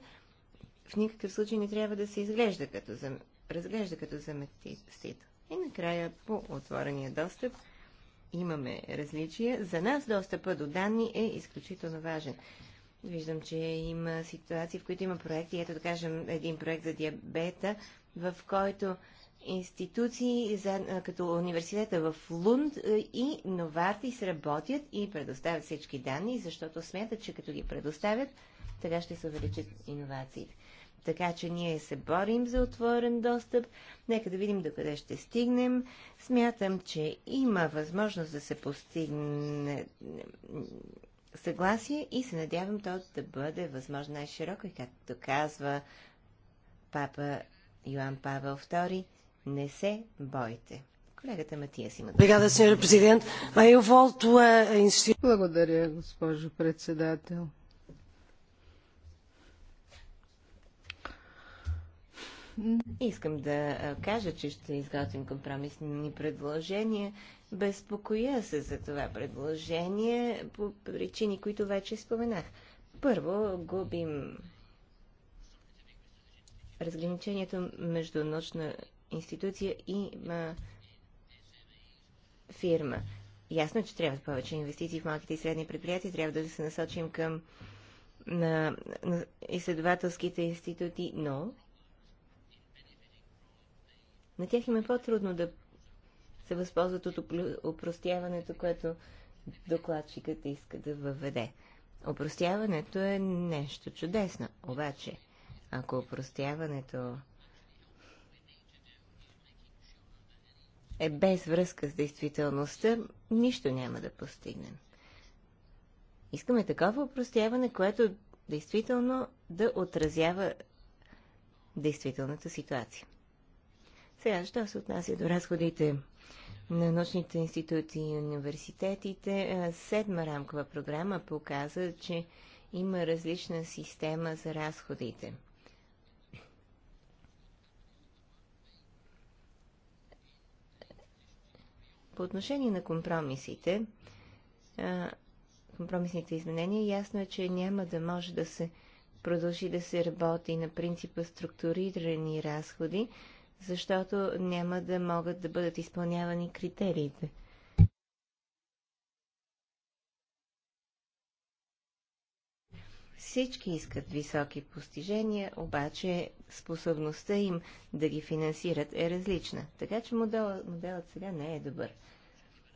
в никакъв случай не трябва да се изглежда като зам... разглежда като заместител. И накрая по отворения достъп имаме различия. За нас достъпа до данни е изключително важен. Виждам, че има ситуации, в които има проекти. Ето да кажем един проект за диабета, в който институции като университета в Лунд и Новартис работят и предоставят всички данни, защото смятат, че като ги предоставят, така ще се увеличат иновациите. Така че ние се борим за отворен достъп. Нека да видим докъде ще стигнем. Смятам, че има възможност да се постигне съгласие и се надявам то да бъде възможно най-широко и както казва папа Йоан Павел II, не се бойте. Колегата Матия си има Благодаря, госпожо председател. Искам да кажа, че ще изготвим компромисни предложения. Безпокоя се за това предложение по причини, които вече споменах. Първо, губим разграничението между научна институция и ма, фирма. Ясно е, че трябва повече инвестиции в малките и средни предприятия, трябва да се насочим към на, на изследователските институти, но на тях им е по-трудно да се възползват от опростяването, което докладчикът иска да въведе. Опростяването е нещо чудесно, обаче ако опростяването е без връзка с действителността, нищо няма да постигнем. Искаме такова опростяване, което действително да отразява действителната ситуация. Сега, що се отнася до разходите на научните институти и университетите, седма рамкова програма показа, че има различна система за разходите. По отношение на компромисите, компромисните изменения, ясно е, че няма да може да се продължи да се работи на принципа структурирани разходи, защото няма да могат да бъдат изпълнявани критериите. Всички искат високи постижения, обаче способността им да ги финансират е различна, така че моделът, моделът сега не е добър.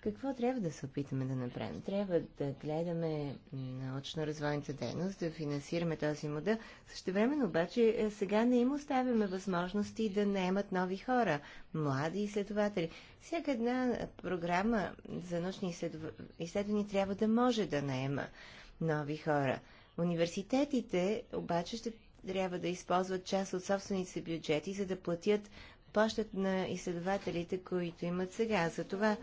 Какво трябва да се опитаме да направим? Трябва да гледаме научно-развойната дейност, да финансираме този модел. време, обаче е, сега не им оставяме възможности да наемат нови хора, млади изследователи. Всяка една програма за научни изследвания трябва да може да наема нови хора. Университетите обаче ще трябва да използват част от собствените си бюджети, за да платят плащат на изследователите, които имат сега. Затова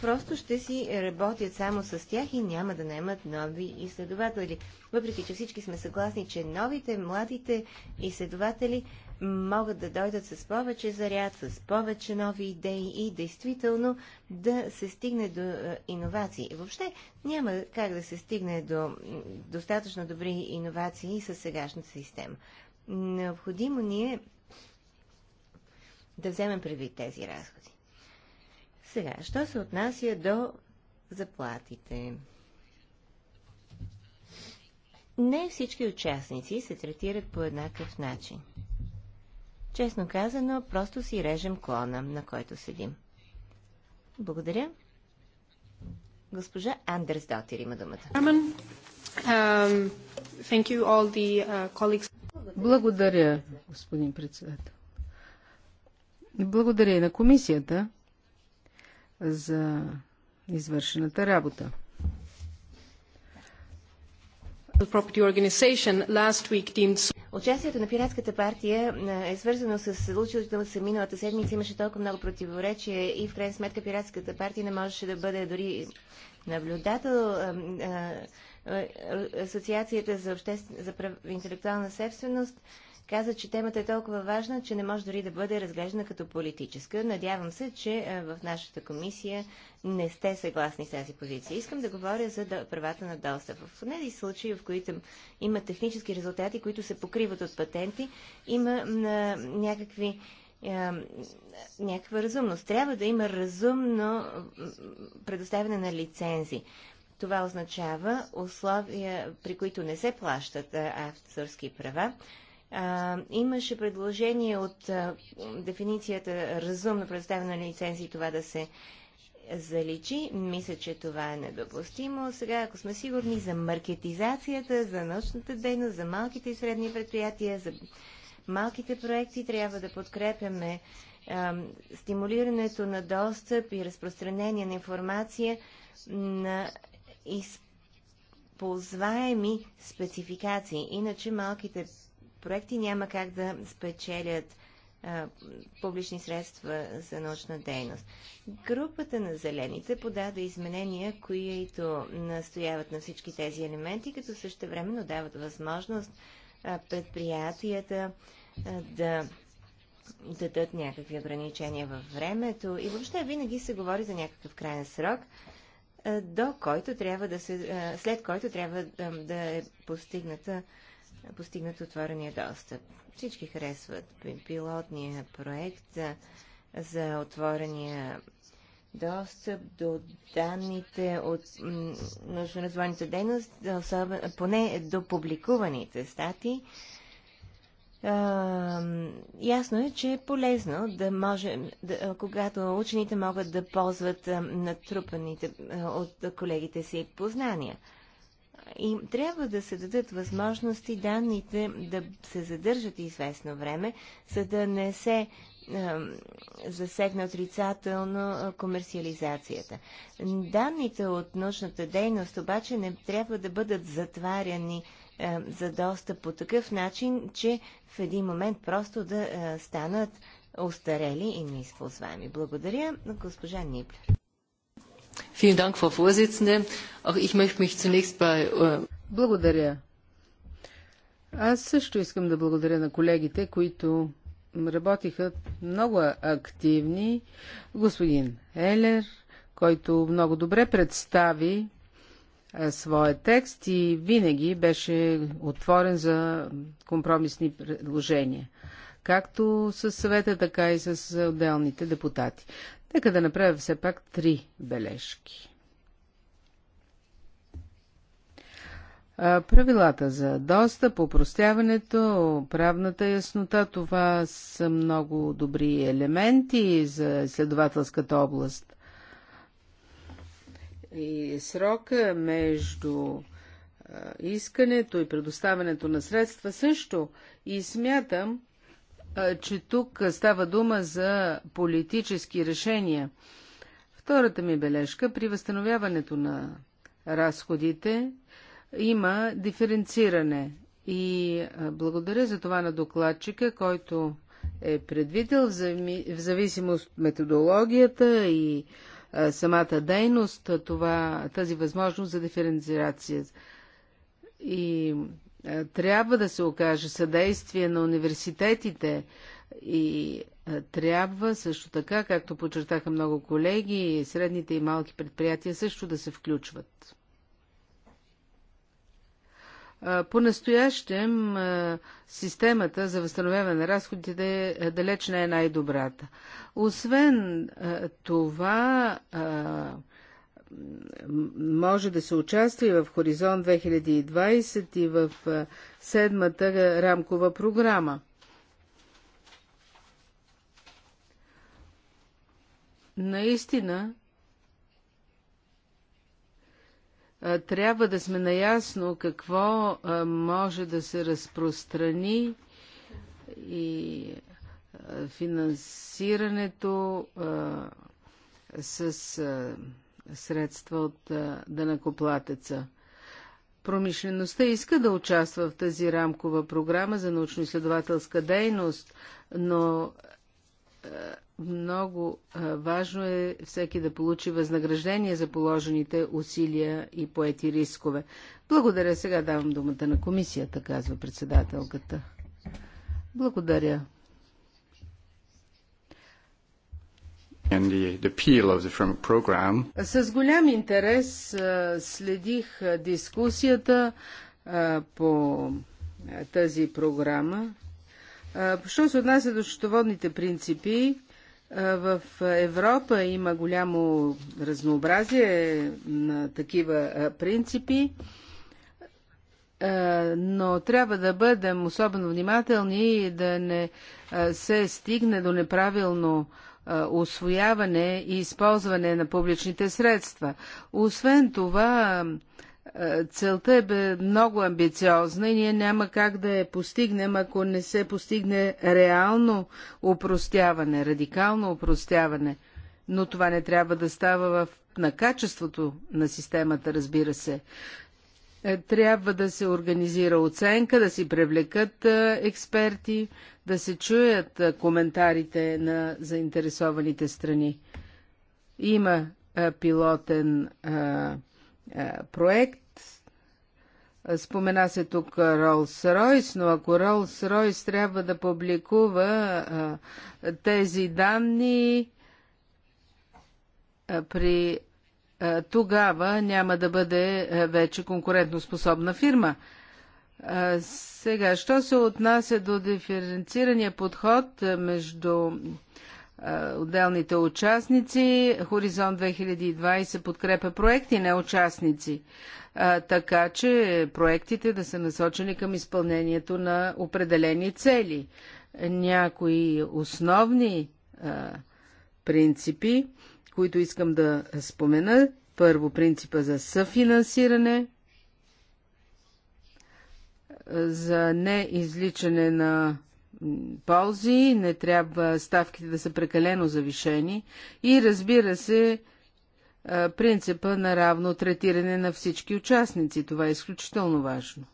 просто ще си работят само с тях и няма да наемат нови изследователи. Въпреки, че всички сме съгласни, че новите, младите изследователи могат да дойдат с повече заряд, с повече нови идеи и действително да се стигне до е, иновации. Въобще няма как да се стигне до достатъчно добри иновации с сегашната система. Необходимо ни е да вземем предвид тези разходи. Сега, що се отнася до заплатите? Не всички участници се третират по еднакъв начин. Честно казано, просто си режем клона, на който седим. Благодаря. Госпожа Андерс Дотир има думата. Um, uh, Благодаря, господин председател. Благодаря и на комисията за извършената работа. Участието на пиратската партия е свързано с случилото се миналата седмица. Имаше толкова много противоречия и в крайна сметка пиратската партия не можеше да бъде дори наблюдател. Асоциацията за, обществ... за интелектуална собственост каза, че темата е толкова важна, че не може дори да бъде разглеждана като политическа. Надявам се, че в нашата комисия не сте съгласни с тази позиция. Искам да говоря за правата на достъп. В тези случаи, в които има технически резултати, които се покриват от патенти, има някакви някаква разумност. Трябва да има разумно предоставяне на лицензи. Това означава условия, при които не се плащат авторски права, а, имаше предложение от а, дефиницията разумно представена лицензия това да се заличи. Мисля, че това е недопустимо. Сега, ако сме сигурни за маркетизацията, за научната дейност, за малките и средни предприятия, за малките проекти, трябва да подкрепяме а, стимулирането на достъп и разпространение на информация на използваеми спецификации. Иначе малките проекти няма как да спечелят а, публични средства за научна дейност. Групата на зелените подаде изменения, които настояват на всички тези елементи, като същевременно дават възможност а, предприятията а, да дадат някакви ограничения във времето и въобще винаги се говори за някакъв крайен срок, до който трябва да се, след който трябва да е постигната е постигнат отворения достъп. Всички харесват пилотния проект за отворения достъп до данните от научно-развойната дейност, особено, поне до публикуваните стати. А, ясно е, че е полезно да може, да, когато учените могат да ползват натрупаните от колегите си познания им трябва да се дадат възможности данните да се задържат известно време, за да не се засегна отрицателно комерциализацията. Данните от научната дейност обаче не трябва да бъдат затваряни за достъп по такъв начин, че в един момент просто да станат устарели и неизползваеми. Благодаря, госпожа Ниблер. Äh, благодаря. Аз също искам да благодаря на колегите, които работиха много активни. Господин Елер, който много добре представи е, своя текст и винаги беше отворен за компромисни предложения, както с съвета, така и с отделните депутати. Нека да направя все пак три бележки. Правилата за достъп, упростяването, правната яснота, това са много добри елементи за изследователската област. И срока между искането и предоставянето на средства също. И смятам, че тук става дума за политически решения. Втората ми бележка при възстановяването на разходите има диференциране и благодаря за това на докладчика, който е предвидел в зависимост от методологията и самата дейност това, тази възможност за диференциация. И е, трябва да се окаже съдействие на университетите и е, трябва също така, както подчертаха много колеги, средните и малки предприятия също да се включват. Е, по-настоящем системата за възстановяване на разходите далеч не е най-добрата. Освен това, може да се участва и в Хоризонт 2020 и в седмата рамкова програма. Наистина, трябва да сме наясно какво може да се разпространи и финансирането с средства от дънакоплатеца. Промишлеността иска да участва в тази рамкова програма за научно-изследователска дейност, но много важно е всеки да получи възнаграждение за положените усилия и поети рискове. Благодаря. Сега давам думата на комисията, казва председателката. Благодаря. С голям интерес следих дискусията по тази програма. Що се отнася до счетоводните принципи, в Европа има голямо разнообразие на такива принципи, но трябва да бъдем особено внимателни и да не се стигне до неправилно освояване и използване на публичните средства. Освен това, целта е много амбициозна и ние няма как да я постигнем, ако не се постигне реално упростяване, радикално упростяване. Но това не трябва да става в, на качеството на системата, разбира се. Е, трябва да се организира оценка, да си привлекат е, експерти, да се чуят е, коментарите на заинтересованите страни. Има пилотен проект. Спомена се тук Ролс-Ройс, но ако Ролс-Ройс трябва да публикува тези данни при е, тогава няма да бъде е, вече конкурентоспособна фирма. Е, сега, що се отнася до диференцирания подход между отделните участници, Хоризонт 2020 подкрепя проекти, на участници, така че проектите да са насочени към изпълнението на определени цели. Някои основни принципи които искам да спомена. Първо принципа за съфинансиране, за неизличане на ползи, не трябва ставките да са прекалено завишени и разбира се принципа на равно третиране на всички участници. Това е изключително важно.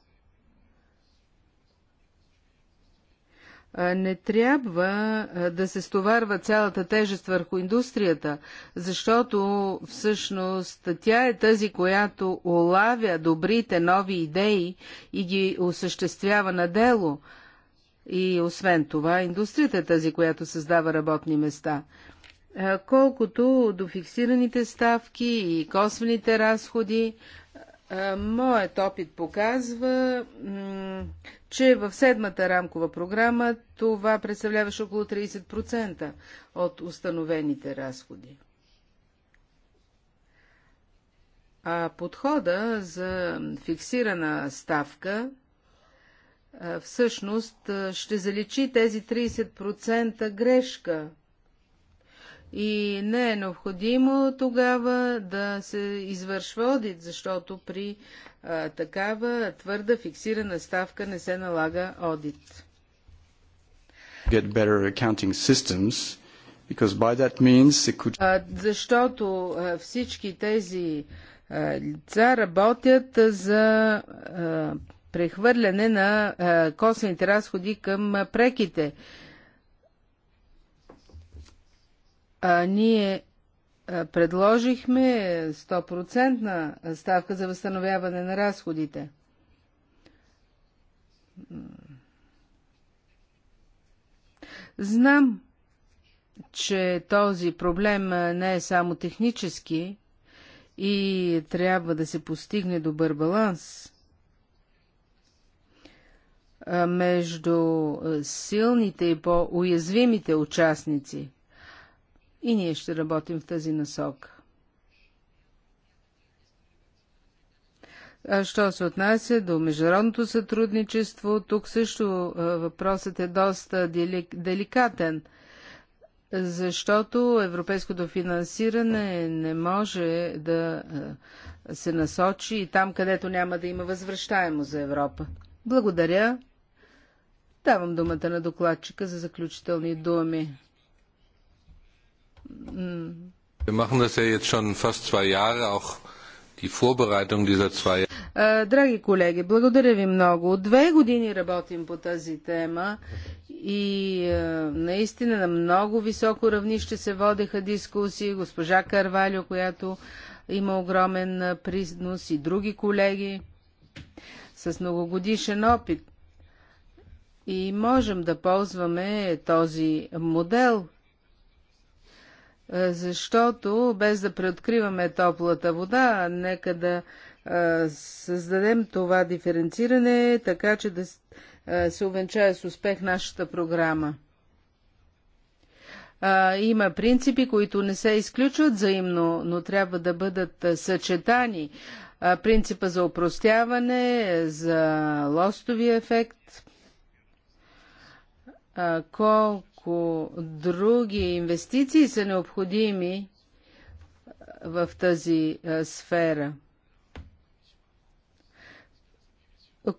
не трябва да се стоварва цялата тежест върху индустрията, защото всъщност тя е тази, която улавя добрите нови идеи и ги осъществява на дело. И освен това, индустрията е тази, която създава работни места. Колкото до фиксираните ставки и косвените разходи, Моят опит показва, че в седмата рамкова програма това представляваше около 30% от установените разходи. А подхода за фиксирана ставка всъщност ще заличи тези 30% грешка – и не е необходимо тогава да се извършва одит, защото при а, такава твърда фиксирана ставка не се налага одит. Systems, could... а, защото а, всички тези лица работят за прехвърляне на косвените разходи към преките А, ние предложихме 100% ставка за възстановяване на разходите. Знам, че този проблем не е само технически и трябва да се постигне добър баланс между силните и по-уязвимите участници – и ние ще работим в тази насока. А що се отнася до международното сътрудничество, тук също въпросът е доста деликатен, защото европейското финансиране не може да се насочи и там, където няма да има възвръщаемо за Европа. Благодаря. Давам думата на докладчика за заключителни думи. Wir machen das ja jetzt schon fast zwei Jahre, auch die Vorbereitung dieser zwei Jahre. Е, драги колеги, благодаря ви много. От две години работим по тази тема и е, наистина на много високо равнище се водеха дискусии. Госпожа Карвалю, която има огромен е, признос и други колеги с многогодишен опит. И можем да ползваме този модел, е, защото без да преоткриваме топлата вода, нека да е, създадем това диференциране, така че да е, се увенчае с успех нашата програма. Има принципи, които не се изключват взаимно, но трябва да бъдат съчетани. Принципа за упростяване, за лостовия ефект, колко ако други инвестиции са необходими в тази сфера.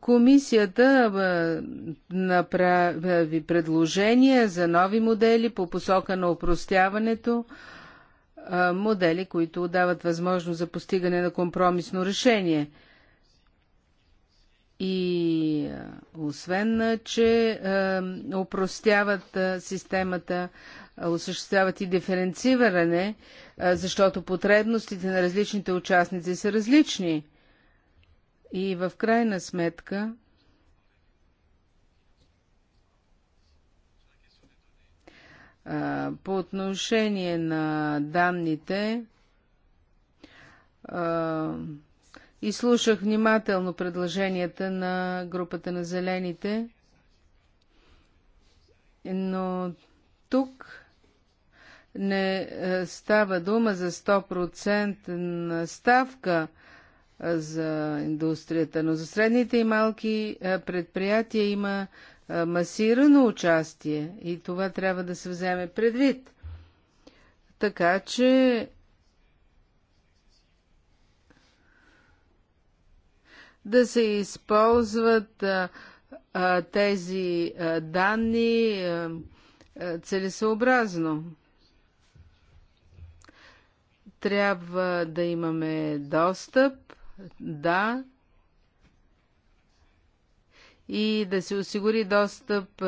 Комисията направи предложения за нови модели по посока на упростяването, модели, които дават възможност за постигане на компромисно решение – и освен, че опростяват системата, осъществяват и диференциране, защото потребностите на различните участници са различни. И в крайна сметка по отношение на данните, и слушах внимателно предложенията на групата на зелените, но тук не е, става дума за 100% ставка е, за индустрията, но за средните и малки е, предприятия има масирано участие и това трябва да се вземе предвид. Така че да се използват а, а, тези а, данни а, целесообразно. Трябва да имаме достъп, да, и да се осигури достъп,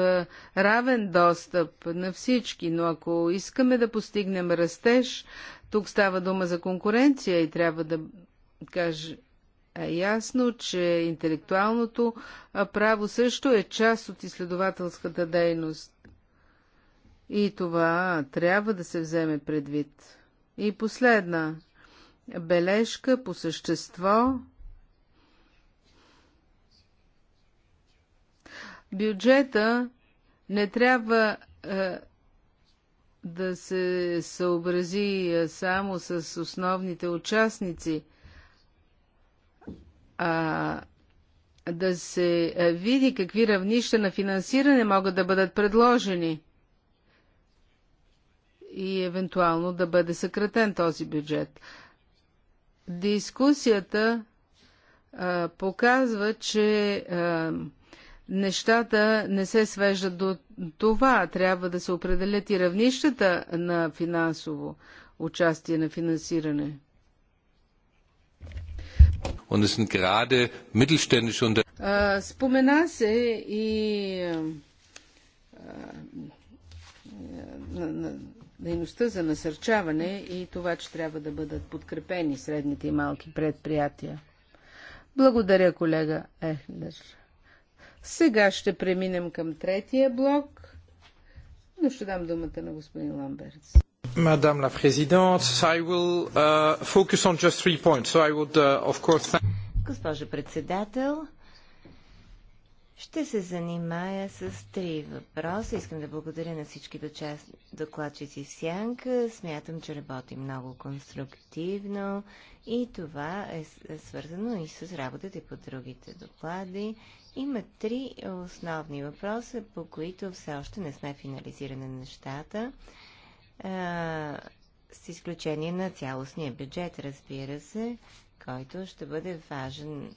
равен достъп на всички, но ако искаме да постигнем растеж, тук става дума за конкуренция и трябва да каже, е ясно, че интелектуалното право също е част от изследователската дейност. И това трябва да се вземе предвид. И последна бележка по същество. Бюджета не трябва е, да се съобрази само с основните участници – а, да се види какви равнища на финансиране могат да бъдат предложени и евентуално да бъде съкратен този бюджет. Дискусията а, показва, че а, нещата не се свеждат до това. Трябва да се определят и равнищата на финансово участие на финансиране. Und es sind gerade mittelständische Unternehmen. Спомена се и дейността за насърчаване и това, че трябва да бъдат подкрепени средните и малки предприятия. Благодаря, колега Ехлер. Сега ще преминем към третия блок, но ще дам думата на господин Ламберц. Madame la Présidente, I will uh, focus on just three points. So I would, uh, of course, thank... Госпожо председател, ще се занимая с три въпроса. Искам да благодаря на всички докладчици в Сянка. Смятам, че работи много конструктивно и това е, е свързано и с работата и по другите доклади. Има три основни въпроса, по които все още не сме финализирани нещата с изключение на цялостния бюджет, разбира се, който ще бъде важен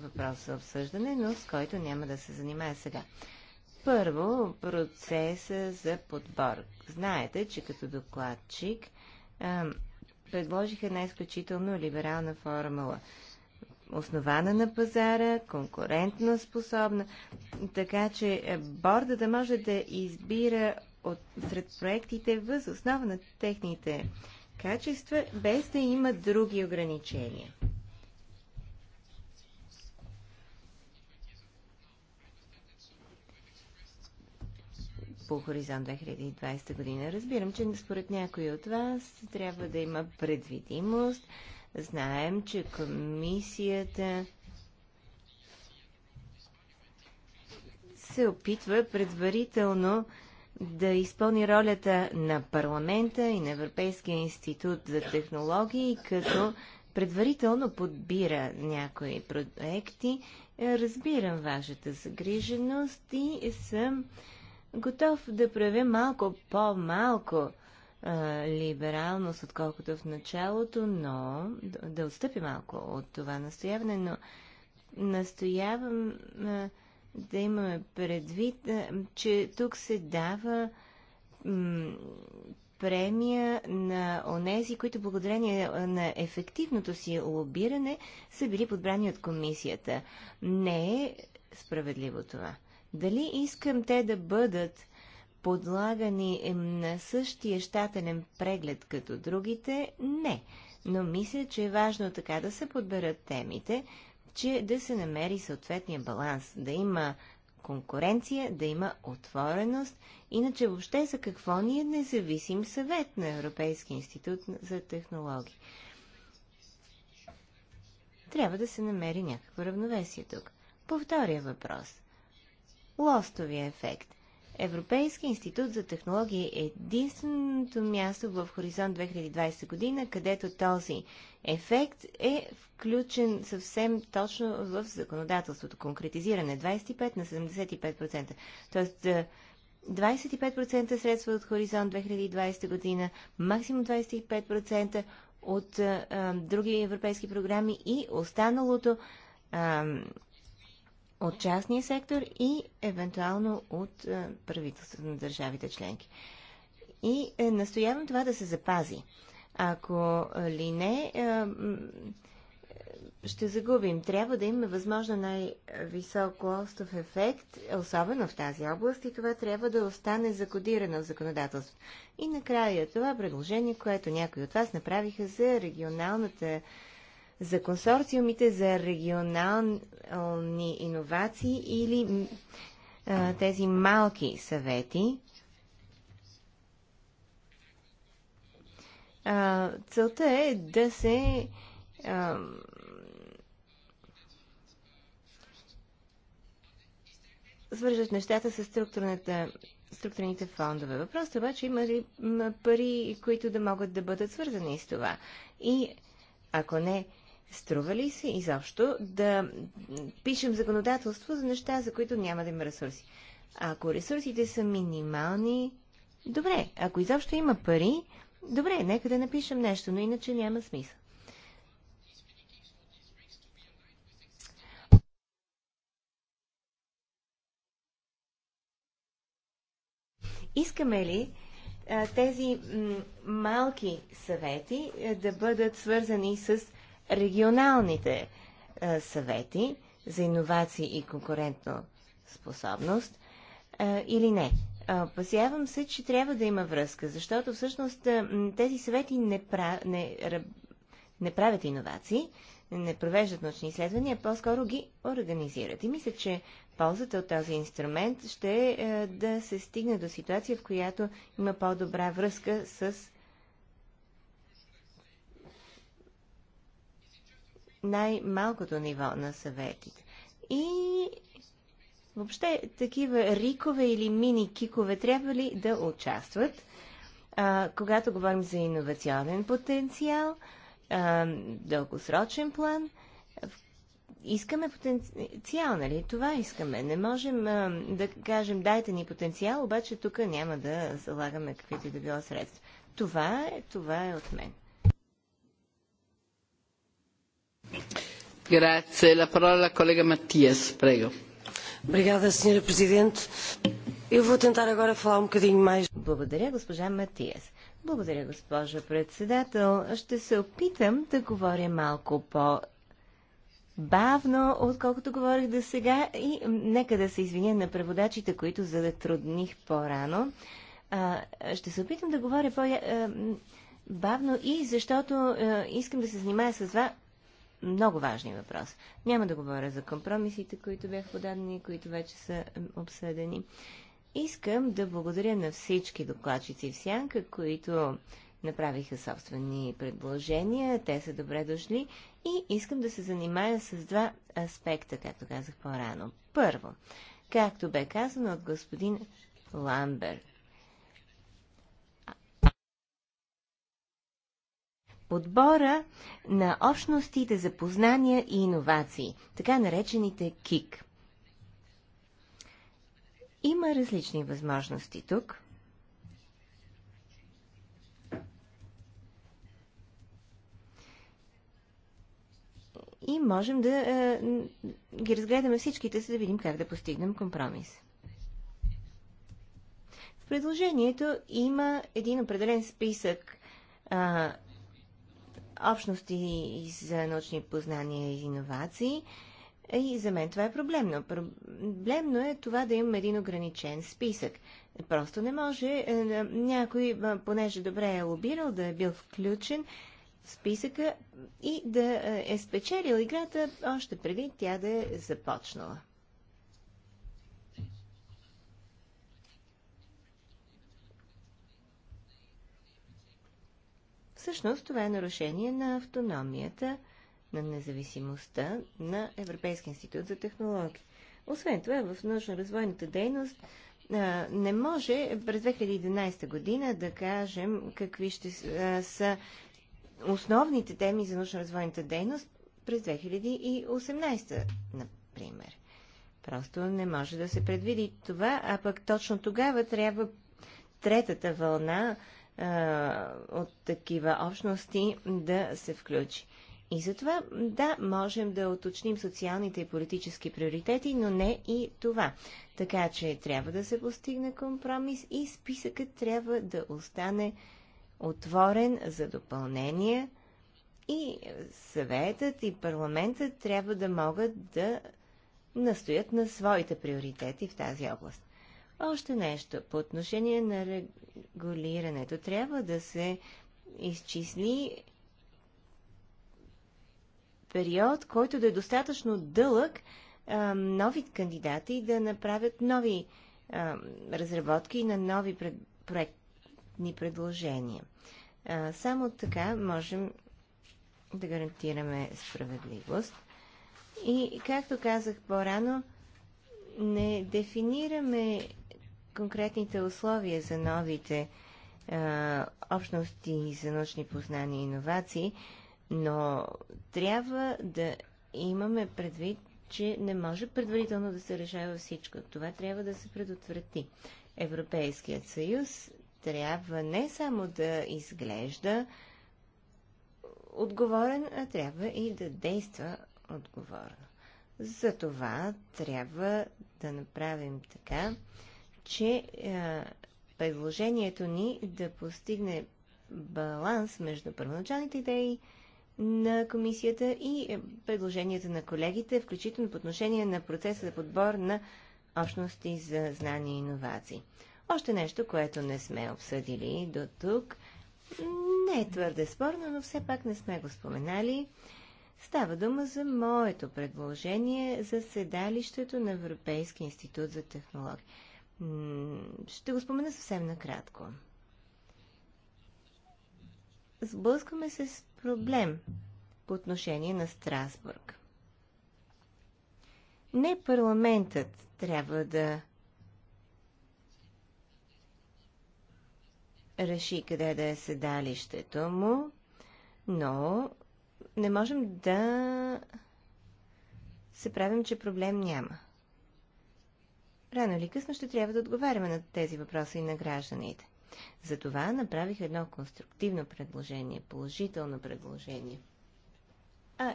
въпрос за обсъждане, но с който няма да се занимая сега. Първо, процеса за подбор. Знаете, че като докладчик предложиха предложих една изключително либерална формула. Основана на пазара, конкурентно способна, така че борда да може да избира от, сред проектите въз основа на техните качества, без да има други ограничения. по Хоризонт 2020 година. Разбирам, че според някои от вас трябва да има предвидимост. Знаем, че комисията се опитва предварително да изпълни ролята на парламента и на Европейския институт за технологии, като предварително подбира някои проекти. Е, разбирам вашата загриженост и съм готов да правя малко по-малко е, либералност, отколкото в началото, но да отстъпи малко от това настояване, но настоявам а, е, да имаме предвид, че тук се дава премия на онези, които благодарение на ефективното си лобиране са били подбрани от комисията. Не е справедливо това. Дали искам те да бъдат подлагани на същия щателен преглед като другите? Не. Но мисля, че е важно така да се подберат темите, че да се намери съответния баланс, да има конкуренция, да има отвореност, иначе въобще за какво ни е независим съвет на Европейския институт за технологии. Трябва да се намери някакво равновесие тук. Повторя въпрос. Лостовия ефект. Европейски институт за технологии е единственото място в Хоризонт 2020 година, където този ефект е включен съвсем точно в законодателството. Конкретизиране 25 на 75%. Тоест 25% е, средства от Хоризонт 2020 година, максимум 25% от а, е, е, други европейски програми и останалото а, от частния сектор и евентуално от е, правителството на държавите членки. И е, настоявам това да се запази. Ако е, ли не, ще загубим. Трябва да имаме възможно най-висок лостов ефект, особено в тази област, и това трябва да остане закодирано в законодателството. И накрая това предложение, което някои от вас направиха за регионалната за консорциумите за регионални иновации или а, тези малки съвети. А, целта е да се а, свържат нещата с структурната структурните фондове. Въпросът обаче има ли пари, които да могат да бъдат свързани с това? И ако не, Струва ли се изобщо да пишем законодателство за неща, за които няма да има ресурси? Ако ресурсите са минимални, добре. Ако изобщо има пари, добре, нека да напишем нещо, но иначе няма смисъл. Искаме ли тези малки съвети да бъдат свързани с регионалните съвети за иновации и конкурентно способност или не. Опасявам се, че трябва да има връзка, защото всъщност тези съвети не, пра... не, не правят иновации, не провеждат научни изследвания, по-скоро ги организират. И мисля, че ползата от този инструмент ще е да се стигне до ситуация, в която има по-добра връзка с най-малкото ниво на съветите. И въобще такива рикове или мини-кикове трябва ли да участват? А, когато говорим за иновационен потенциал, а, дългосрочен план, искаме потенциал, нали? Това искаме. Не можем а, да кажем, дайте ни потенциал, обаче тук няма да залагаме каквито да било средства. Това е, това е от мен. Obrigada, Sra. Presidente. Eu vou tentar agora falar um bocadinho mais. Благодаря, госпожа Матиас. Благодаря, госпожа председател. Ще се опитам да говоря малко по бавно, отколкото говорих до сега и нека да се извиня на преводачите, които затрудних по-рано. ще се опитам да говоря по-бавно и защото искам да се занимая с вас много важни въпроси. Няма да говоря за компромисите, които бяха подадени, които вече са обсъдени. Искам да благодаря на всички докладчици в Сянка, които направиха собствени предложения, те са добре дошли и искам да се занимая с два аспекта, както казах по-рано. Първо, както бе казано от господин Ламберт. подбора на общностите за познания и иновации, така наречените КИК. Има различни възможности тук. И можем да е, ги разгледаме всичките, за да видим как да постигнем компромис. В предложението има един определен списък общности за научни познания и иновации. И за мен това е проблемно. Проблемно е това да имам един ограничен списък. Просто не може е, е, някой, е, понеже добре е лобирал, да е бил включен в списъка и да е спечелил играта още преди тя да е започнала. Всъщност това е нарушение на автономията, на независимостта на Европейския институт за технологии. Освен това, в научно-развойната дейност не може през 2011 година да кажем какви ще са основните теми за научно-развойната дейност през 2018, например. Просто не може да се предвиди това, а пък точно тогава трябва третата вълна от такива общности да се включи. И затова, да, можем да уточним социалните и политически приоритети, но не и това. Така че трябва да се постигне компромис и списъкът трябва да остане отворен за допълнение и съветът и парламентът трябва да могат да настоят на своите приоритети в тази област. Още нещо. По отношение на регулирането трябва да се изчисли период, който да е достатъчно дълъг а, нови кандидати да направят нови а, разработки на нови пред, проектни предложения. А, само така можем да гарантираме справедливост. И, както казах по-рано, не дефинираме конкретните условия за новите а, общности за научни познания и иновации, но трябва да имаме предвид, че не може предварително да се решава всичко. Това трябва да се предотврати. Европейският съюз трябва не само да изглежда отговорен, а трябва и да действа отговорно. За това трябва да направим така, че а, е, предложението ни да постигне баланс между първоначалните идеи на комисията и е, предложенията на колегите, включително по отношение на процеса за подбор на общности за знания и иновации. Още нещо, което не сме обсъдили до тук, не е твърде спорно, но все пак не сме го споменали. Става дума за моето предложение за седалището на Европейски институт за технологии. Ще го спомена съвсем накратко. Сблъскваме се с проблем по отношение на Страсбург. Не парламентът трябва да реши къде да е седалището му, но не можем да се правим, че проблем няма рано или късно ще трябва да отговаряме на тези въпроси на гражданите. Затова направих едно конструктивно предложение, положително предложение. А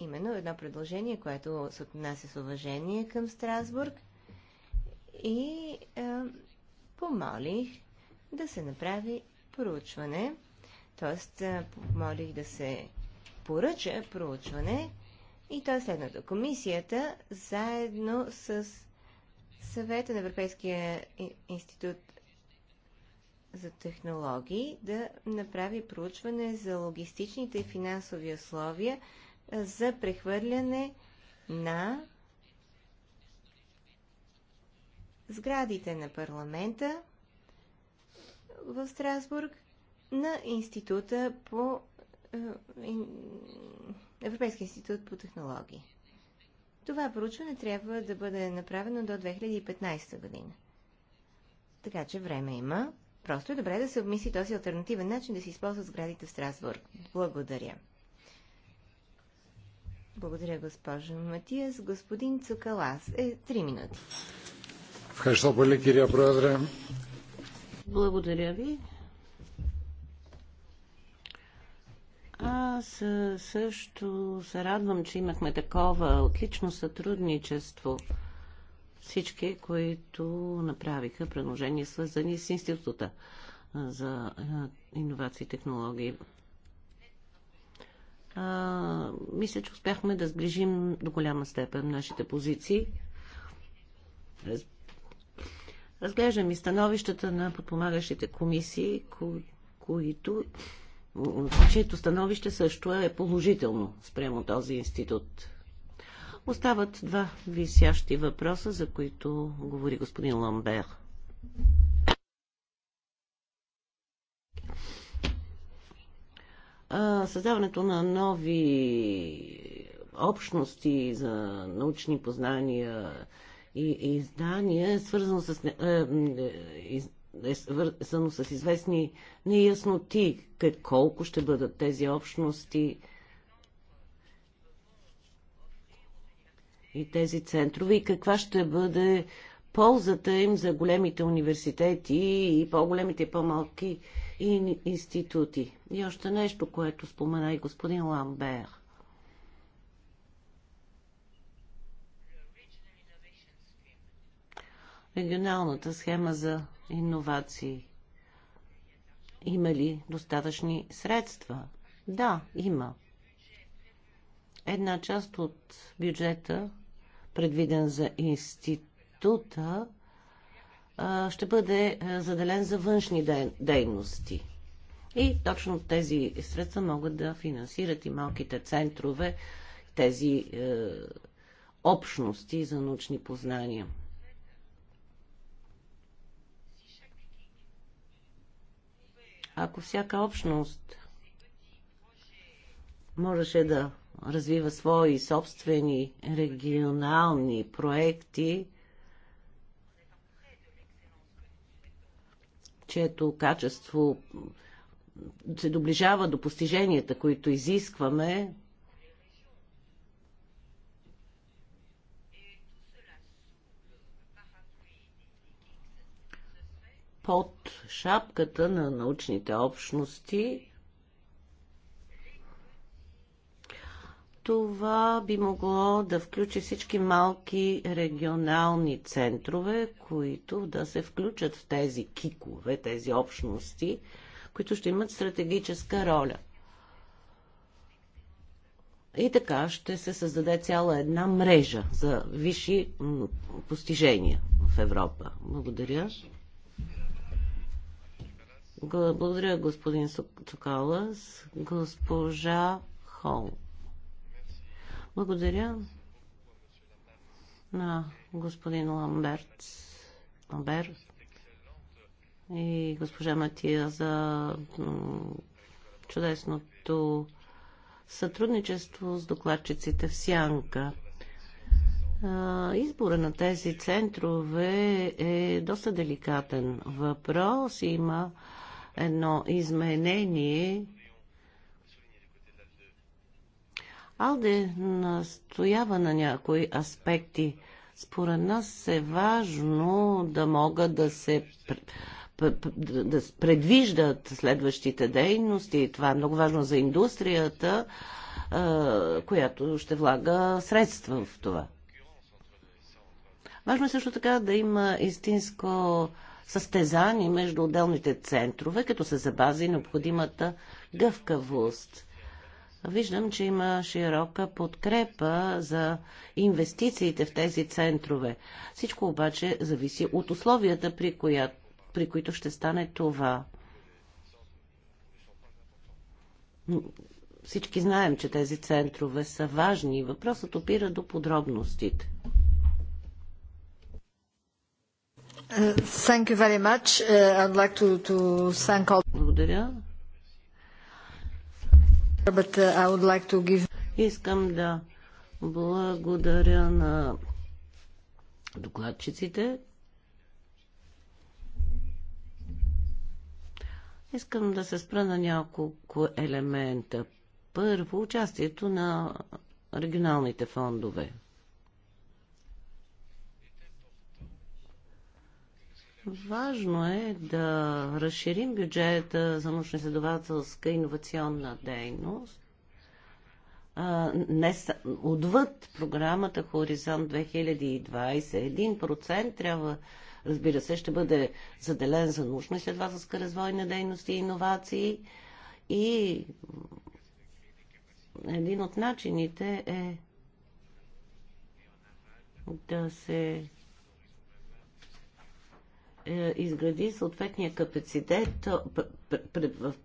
именно едно предложение, което се отнася с уважение към Страсбург и е, помолих да се направи проучване, т.е. помолих да се поръча проучване и то е следното. Комисията заедно с съвета на Европейския институт за технологии да направи проучване за логистичните и финансови условия за прехвърляне на сградите на парламента в Страсбург на Института по Европейския институт по технологии. Това проучване трябва да бъде направено до 2015 година. Така че време има. Просто е добре да се обмисли този альтернативен начин да се използват сградите в Страсбург. Благодаря. Благодаря, госпожо Матиас. Господин Цукалас е три минути. Благодаря ви. Аз също се радвам, че имахме такова отлично сътрудничество. Всички, които направиха предложения, свързани с Института за иновации и технологии. А, мисля, че успяхме да сближим до голяма степен нашите позиции. Раз... Разглеждам и становищата на подпомагащите комисии, ко... които чието становище също е положително спрямо този институт. Остават два висящи въпроса, за които говори господин Ламбер. Създаването на нови общности за научни познания и издания е свързано с е, е, е свързано с известни неясноти, колко ще бъдат тези общности и тези центрове и каква ще бъде ползата им за големите университети и по-големите по-малки институти. И още нещо, което спомена и господин Ламбер. Регионалната схема за иновации. Има ли достатъчни средства? Да, има. Една част от бюджета, предвиден за института, ще бъде заделен за външни дейности. И точно тези средства могат да финансират и малките центрове, тези е, общности за научни познания. Ако всяка общност можеше да развива свои собствени регионални проекти, чието качество се доближава до постиженията, които изискваме, под шапката на научните общности. Това би могло да включи всички малки регионални центрове, които да се включат в тези кикове, тези общности, които ще имат стратегическа роля. И така ще се създаде цяла една мрежа за висши постижения в Европа. Благодаря. Благодаря, господин Цукалас. Госпожа Хол. Благодаря на господин Ламберт, Ламбер и госпожа Матия за чудесното сътрудничество с докладчиците в Сянка. Избора на тези центрове е доста деликатен въпрос. Има едно изменение. Алде настоява на някои аспекти. Според нас е важно да могат да се да предвиждат следващите дейности. Това е много важно за индустрията, която ще влага средства в това. Важно е също така да има истинско състезание между отделните центрове, като се забази необходимата гъвкавост. Виждам, че има широка подкрепа за инвестициите в тези центрове. Всичко обаче зависи от условията, при, коя, при които ще стане това. Всички знаем, че тези центрове са важни въпросът опира до подробностите. Uh, like to, to all... Благодаря. Uh, like give... Искам да благодаря на докладчиците. Искам да се спра на няколко елемента. Първо, участието на регионалните фондове. Важно е да разширим бюджета за научно-изследователска иновационна дейност, не, отвъд програмата Хоризонт 2020. 1% трябва, разбира се, ще бъде заделен за научно-изследователска развойна дейност и иновации. И един от начините е да се е, изгради съответния капацитет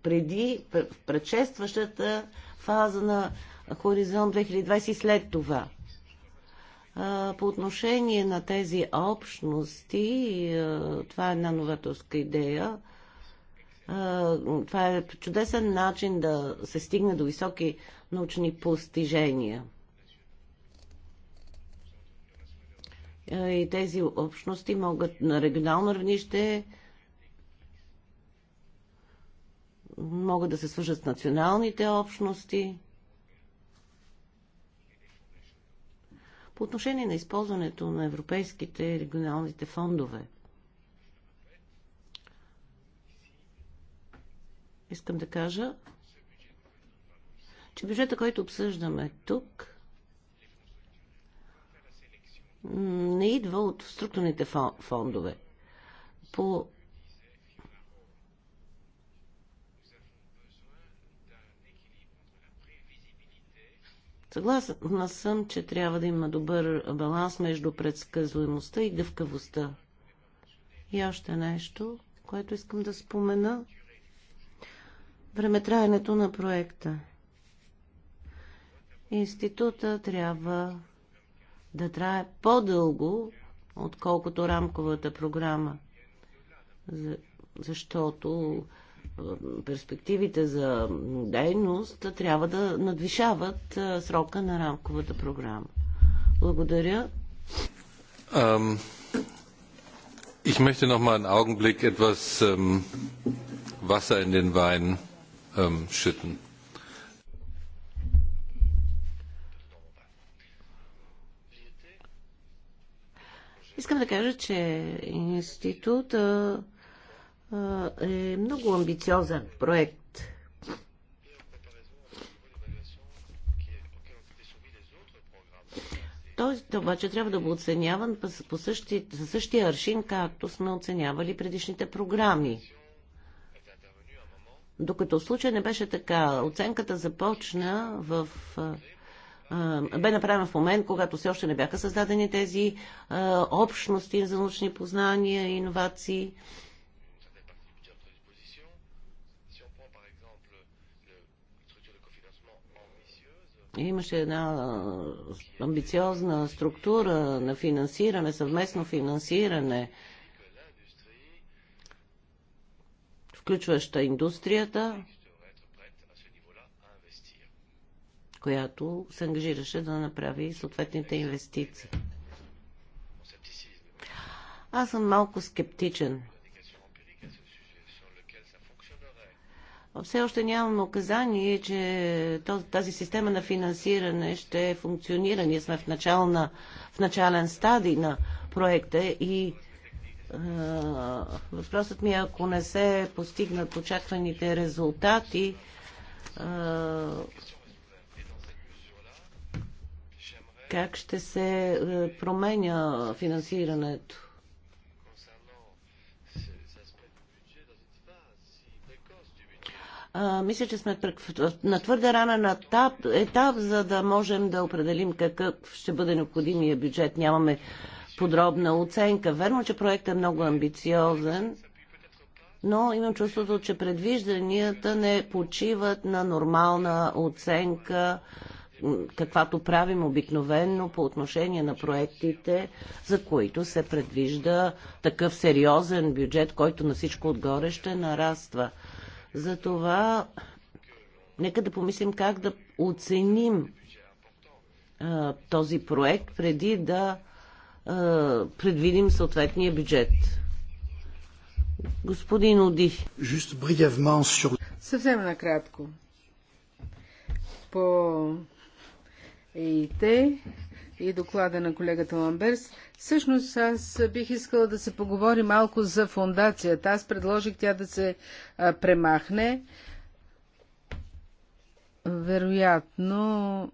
преди, в предшестващата фаза на Хоризонт 2020 и след това. По отношение на тези общности, е, това е една новаторска идея. Това е чудесен начин да се стигне до високи научни постижения – и тези общности могат на регионално равнище могат да се свържат с националните общности. По отношение на използването на европейските и регионалните фондове, искам да кажа, че бюджета, който обсъждаме тук, не идва от структурните фондове. По Съгласна съм, че трябва да има добър баланс между предсказуемостта и гъвкавостта. И още нещо, което искам да спомена. Времетраенето на проекта. Института трябва да трае по-дълго, отколкото рамковата програма. За, защото перспективите за дейност трябва да надвишават срока на рамковата програма. Благодаря. Um, ich möchte noch mal einen Augenblick etwas um, Wasser in den Wein um, schütten. Искам да кажа, че институт е много амбициозен проект. Той обаче трябва да бъде оценяван по същия, за същия аршин, както сме оценявали предишните програми. Докато случай не беше така, оценката започна в бе направена в момент, когато все още не бяха създадени тези общности за научни познания и иновации. Имаше една амбициозна структура на финансиране, съвместно финансиране, включваща индустрията, която се ангажираше да направи съответните инвестиции. Аз съм малко скептичен. Все още нямаме указание, че тази система на финансиране ще функционира. Ние сме в, начална, в начален стадий на проекта и Въпросът ми е, ако не се постигнат очакваните резултати, Как ще се е, променя финансирането? А, мисля, че сме на твърде ранен етап, етап, за да можем да определим какъв ще бъде необходимия бюджет. Нямаме подробна оценка. Верно, че проектът е много амбициозен, но имам чувството, че предвижданията не почиват на нормална оценка каквато правим обикновенно по отношение на проектите, за които се предвижда такъв сериозен бюджет, който на всичко отгоре ще нараства. Затова нека да помислим как да оценим а, този проект преди да а, предвидим съответния бюджет. Господин Оди. Съвсем накратко. По и те и доклада на колегата Ламберс. Всъщност аз бих искала да се поговори малко за фундацията. Аз предложих тя да се а, премахне. Вероятно,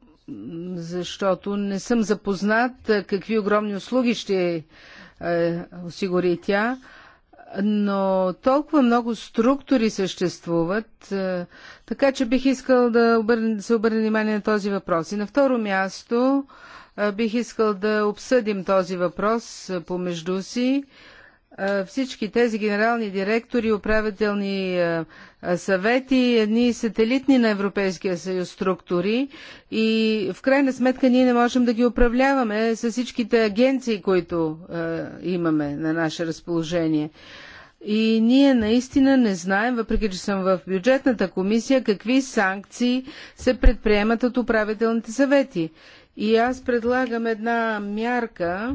защото не съм запознат какви огромни услуги ще а, осигури тя но толкова много структури съществуват, е, така че бих искал да, се обърне внимание на този въпрос. И на второ място е, бих искал да обсъдим този въпрос е, помежду си всички тези генерални директори, управителни съвети, едни сателитни на Европейския съюз структури и в крайна сметка ние не можем да ги управляваме с всичките агенции, които имаме на наше разположение. И ние наистина не знаем, въпреки че съм в бюджетната комисия, какви санкции се предприемат от управителните съвети. И аз предлагам една мярка,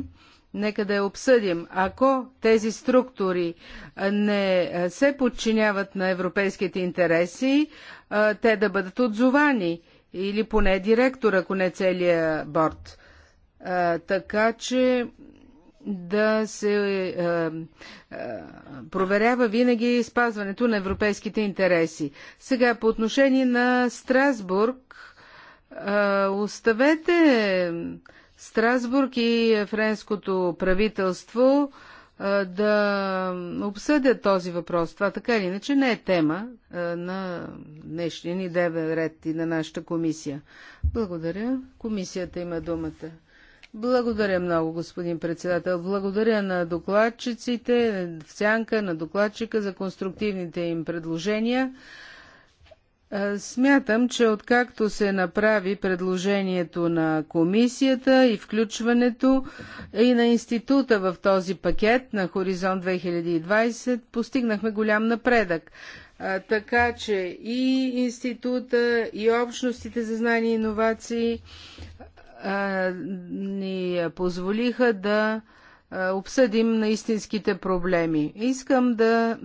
нека да я обсъдим. Ако тези структури не се подчиняват на европейските интереси, те да бъдат отзовани или поне директор, ако не целия борт. Така че да се проверява винаги спазването на европейските интереси. Сега по отношение на Страсбург, оставете Страсбург и френското правителство да обсъдят този въпрос. Това така или иначе не е тема на днешния ни дневен ред и на нашата комисия. Благодаря. Комисията има думата. Благодаря много, господин председател. Благодаря на докладчиците, в сянка, на докладчика за конструктивните им предложения. Е, смятам, че откакто се направи предложението на комисията и включването и на института в този пакет на Хоризонт 2020, постигнахме голям напредък. Е, така че и института, и общностите за знания и иновации е, ни позволиха да е, обсъдим на истинските проблеми. Искам да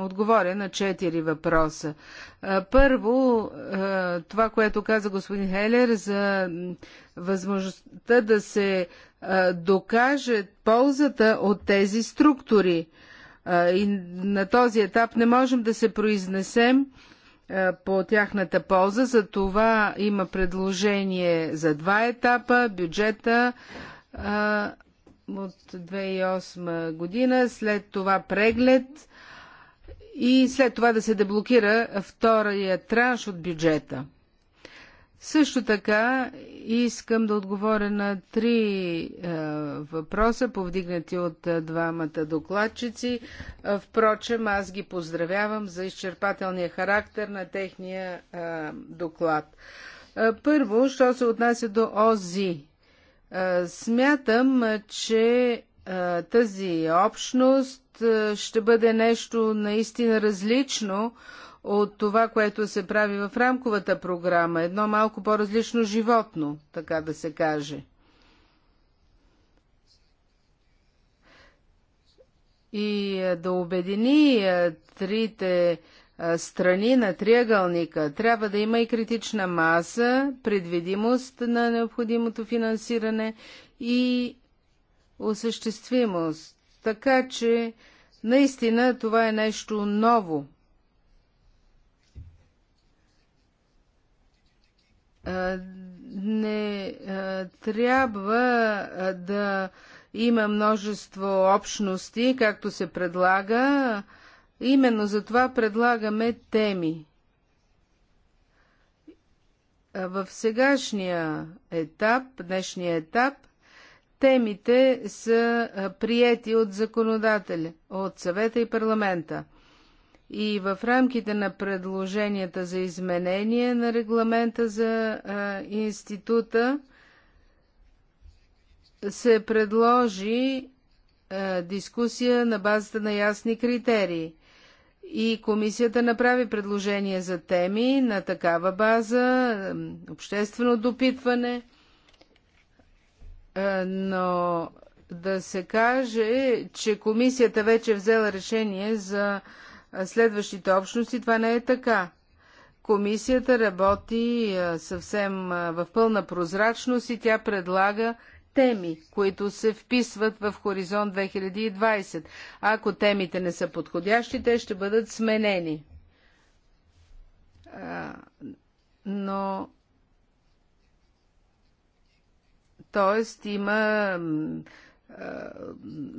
отговоря на четири въпроса. Е, първо, е, това, което каза господин Хелер за възможността да се докаже ползата от тези структури. И на този етап не можем да се произнесем по тяхната полза. За това има предложение за два етапа бюджета от 2008 година, след това преглед и след това да се деблокира втория транш от бюджета. Също така искам да отговоря на три е, въпроса, повдигнати от е, двамата докладчици. Е, впрочем, аз ги поздравявам за изчерпателния характер на техния е, доклад. Е, първо, що се отнася до ОЗИ. Е, смятам, че е, тази общност е, ще бъде нещо наистина различно от това, което се прави в рамковата програма. Едно малко по-различно животно, така да се каже. И да обедини трите страни на триъгълника. Трябва да има и критична маса, предвидимост на необходимото финансиране и осъществимост. Така че наистина това е нещо ново. Не трябва да има множество общности, както се предлага, Именно за това предлагаме теми. В сегашния етап, днешния етап, темите са приети от законодателя, от съвета и парламента. И в рамките на предложенията за изменение на регламента за а, института се предложи а, дискусия на базата на ясни критерии. И комисията направи предложение за теми на такава база, обществено допитване, но да се каже, че комисията вече е взела решение за следващите общности, това не е така. Комисията работи съвсем в пълна прозрачност и тя предлага теми, които се вписват в Хоризонт 2020. Ако темите не са подходящи, те ще бъдат сменени. но. Тоест има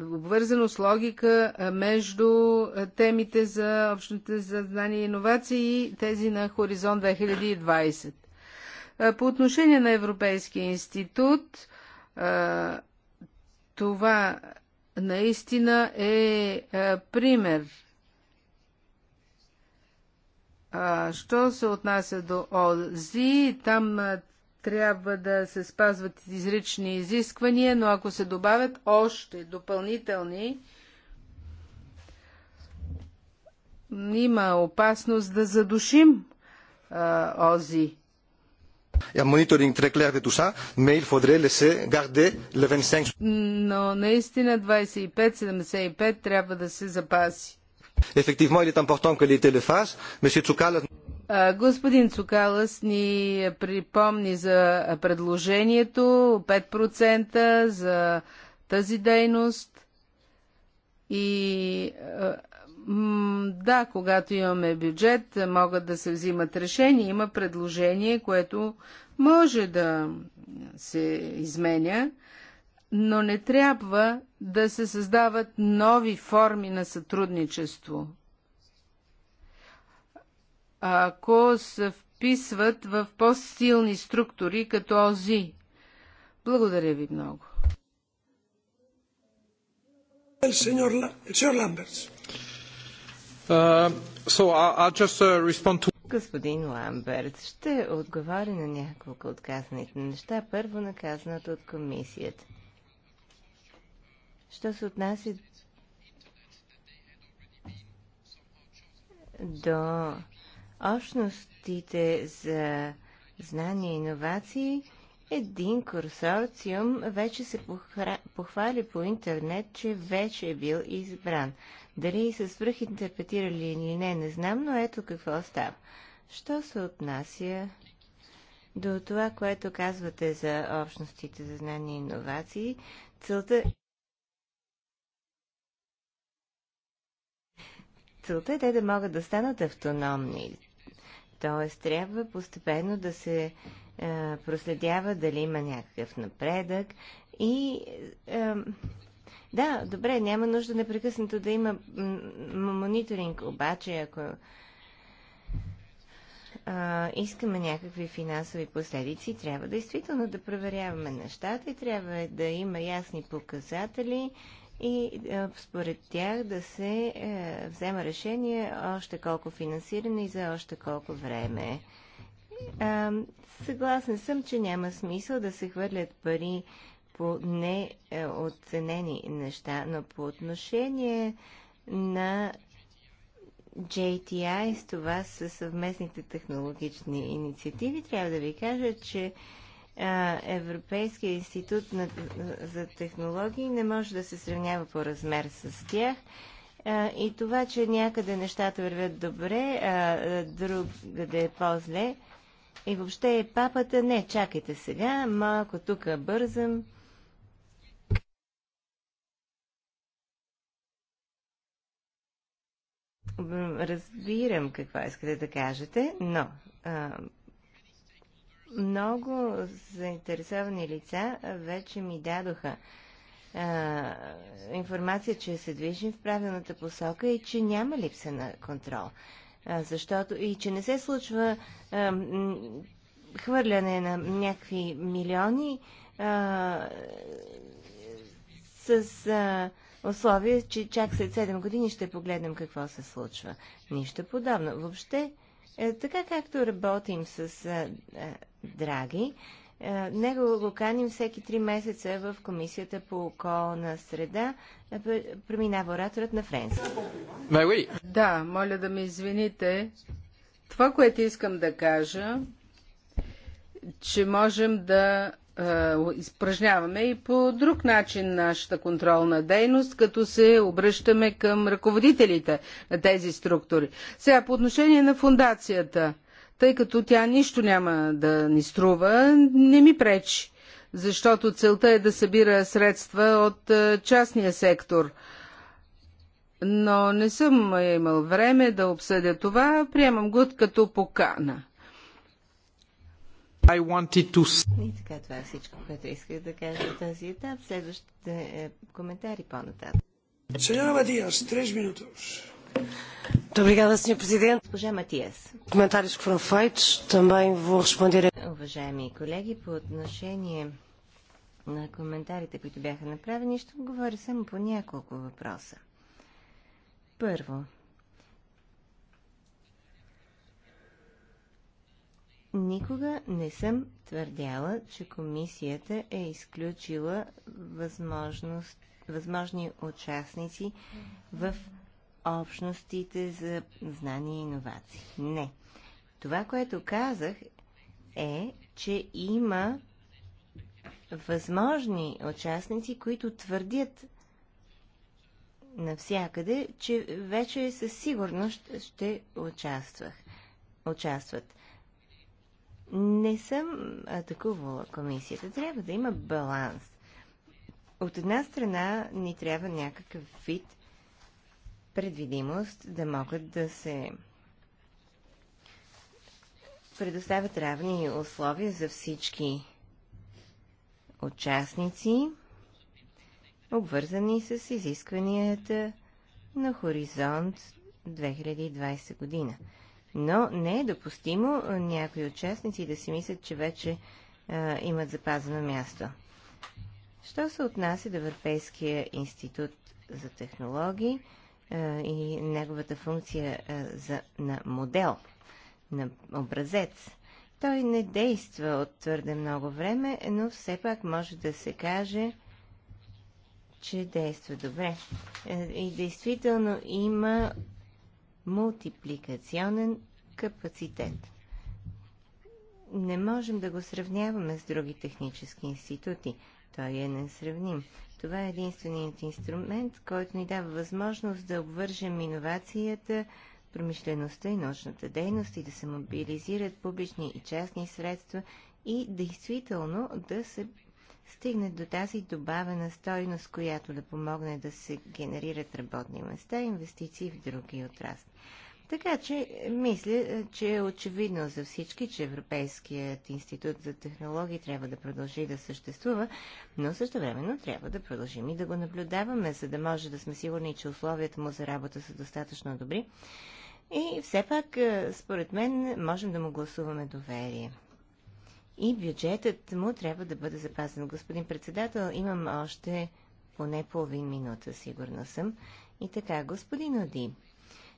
обвързано с логика между темите за общите за знания и иновации и тези на Хоризонт 2020. По отношение на Европейския институт, а, това наистина е а, пример. А, що се отнася до ОЗИ, там а, трябва да се спазват изрични изисквания, но ако се добавят още допълнителни, има опасност да задушим а, ОЗИ. Un мониторинг très clair de tout ça, mais il faudrait laisser garder le 25. Но наистина 25-75 трябва да се запаси. Effectivement, il est important que l'État le fasse. Monsieur Tsoukalas... Господин Цукалас ни припомни за предложението 5% за тази дейност и да, когато имаме бюджет, могат да се взимат решения. Има предложение, което може да се изменя, но не трябва да се създават нови форми на сътрудничество. Ако се вписват в по-силни структури, като ОЗИ. Благодаря ви много. El señor, el señor Uh, uh, Господин Ламберт, ще отговоря на няколко от казаните неща. Първо наказаното от комисията. Що се отнася до общностите за знания и иновации, един консорциум вече се похвали по интернет, че вече е бил избран. Дали са свръхинтерпретирали или не, не знам, но ето какво става. Що се отнася до това, което казвате за общностите за знания и иновации, целта Целта е те да могат да станат автономни. Тоест, трябва постепенно да се е, проследява дали има някакъв напредък и е, да, добре, няма нужда непрекъснато да има мониторинг, обаче ако а, искаме някакви финансови последици, трябва действително да проверяваме нещата и трябва да има ясни показатели и а, според тях да се а, е, взема решение още колко финансиране и за още колко време. А, съгласна съм, че няма смисъл да се хвърлят пари по неоценени е, неща, но по отношение на JTI с това с съвместните технологични инициативи, трябва да ви кажа, че Европейския институт за технологии не може да се сравнява по размер с тях. и това, че някъде нещата вървят добре, а другаде е по-зле. И въобще е папата, не, чакайте сега, малко тук бързам. Разбирам какво искате да кажете, но а, много заинтересовани лица вече ми дадоха а, информация, че се движим в правилната посока и че няма липса на контрол. А, защото и че не се случва а, хвърляне на някакви милиони а, с. А, условие, че чак след 7 години ще погледнем какво се случва. Нищо подобно. Въобще, е, така както работим с е, е, Драги, него го каним всеки 3 месеца в Комисията по околна среда. Преминава ораторът на Френс. Да, моля да ме извините. Това, което искам да кажа, че можем да е, изпражняваме и по друг начин нашата контролна дейност, като се обръщаме към ръководителите на тези структури. Сега, по отношение на фундацията, тъй като тя нищо няма да ни струва, не ми пречи, защото целта е да събира средства от е, частния сектор. Но не съм имал време да обсъдя това, приемам го като покана. To... И така, това е всичко, което исках да кажа на този етап. Следващите е, коментари по-нататък. Сеньора Матиас, 3 минути. Obrigada, Sr. Presidente. Госпожа Матиас. Коментариos que foram feitos, também vou Уважаеми колеги, по отношение на коментарите, които бяха направени, ще говоря само по няколко въпроса. Първо, Никога не съм твърдяла, че комисията е изключила възможност, възможни участници в общностите за знания и иновации. Не. Това, което казах е, че има възможни участници, които твърдят навсякъде, че вече със сигурност ще участвах, участват. Не съм атакувала комисията. Трябва да има баланс. От една страна ни трябва някакъв вид предвидимост да могат да се предоставят равни условия за всички участници, обвързани с изискванията на Хоризонт 2020 година но не е допустимо някои участници да си мислят, че вече а, имат запазено място. Що се отнася до Европейския институт за технологии а, и неговата функция а, за, на модел, на образец? Той не действа от твърде много време, но все пак може да се каже, че действа добре. Е, и действително има мултипликационен капацитет. Не можем да го сравняваме с други технически институти. Той е несравним. Това е единственият инструмент, който ни дава възможност да обвържем иновацията, промишлеността и научната дейност и да се мобилизират публични и частни средства и действително да се стигне до тази добавена стойност, която да помогне да се генерират работни места и инвестиции в други отрасли. Така че, е, мисля, е, че е очевидно за всички, че Европейският институт за технологии трябва да продължи да съществува, но също времено трябва да продължим и да го наблюдаваме, за да може да сме сигурни, че условията му за работа са достатъчно добри. И все пак, е, според мен, можем да му гласуваме доверие и бюджетът му трябва да бъде запазен. Господин председател, имам още поне половин минута, сигурна съм. И така, господин Оди,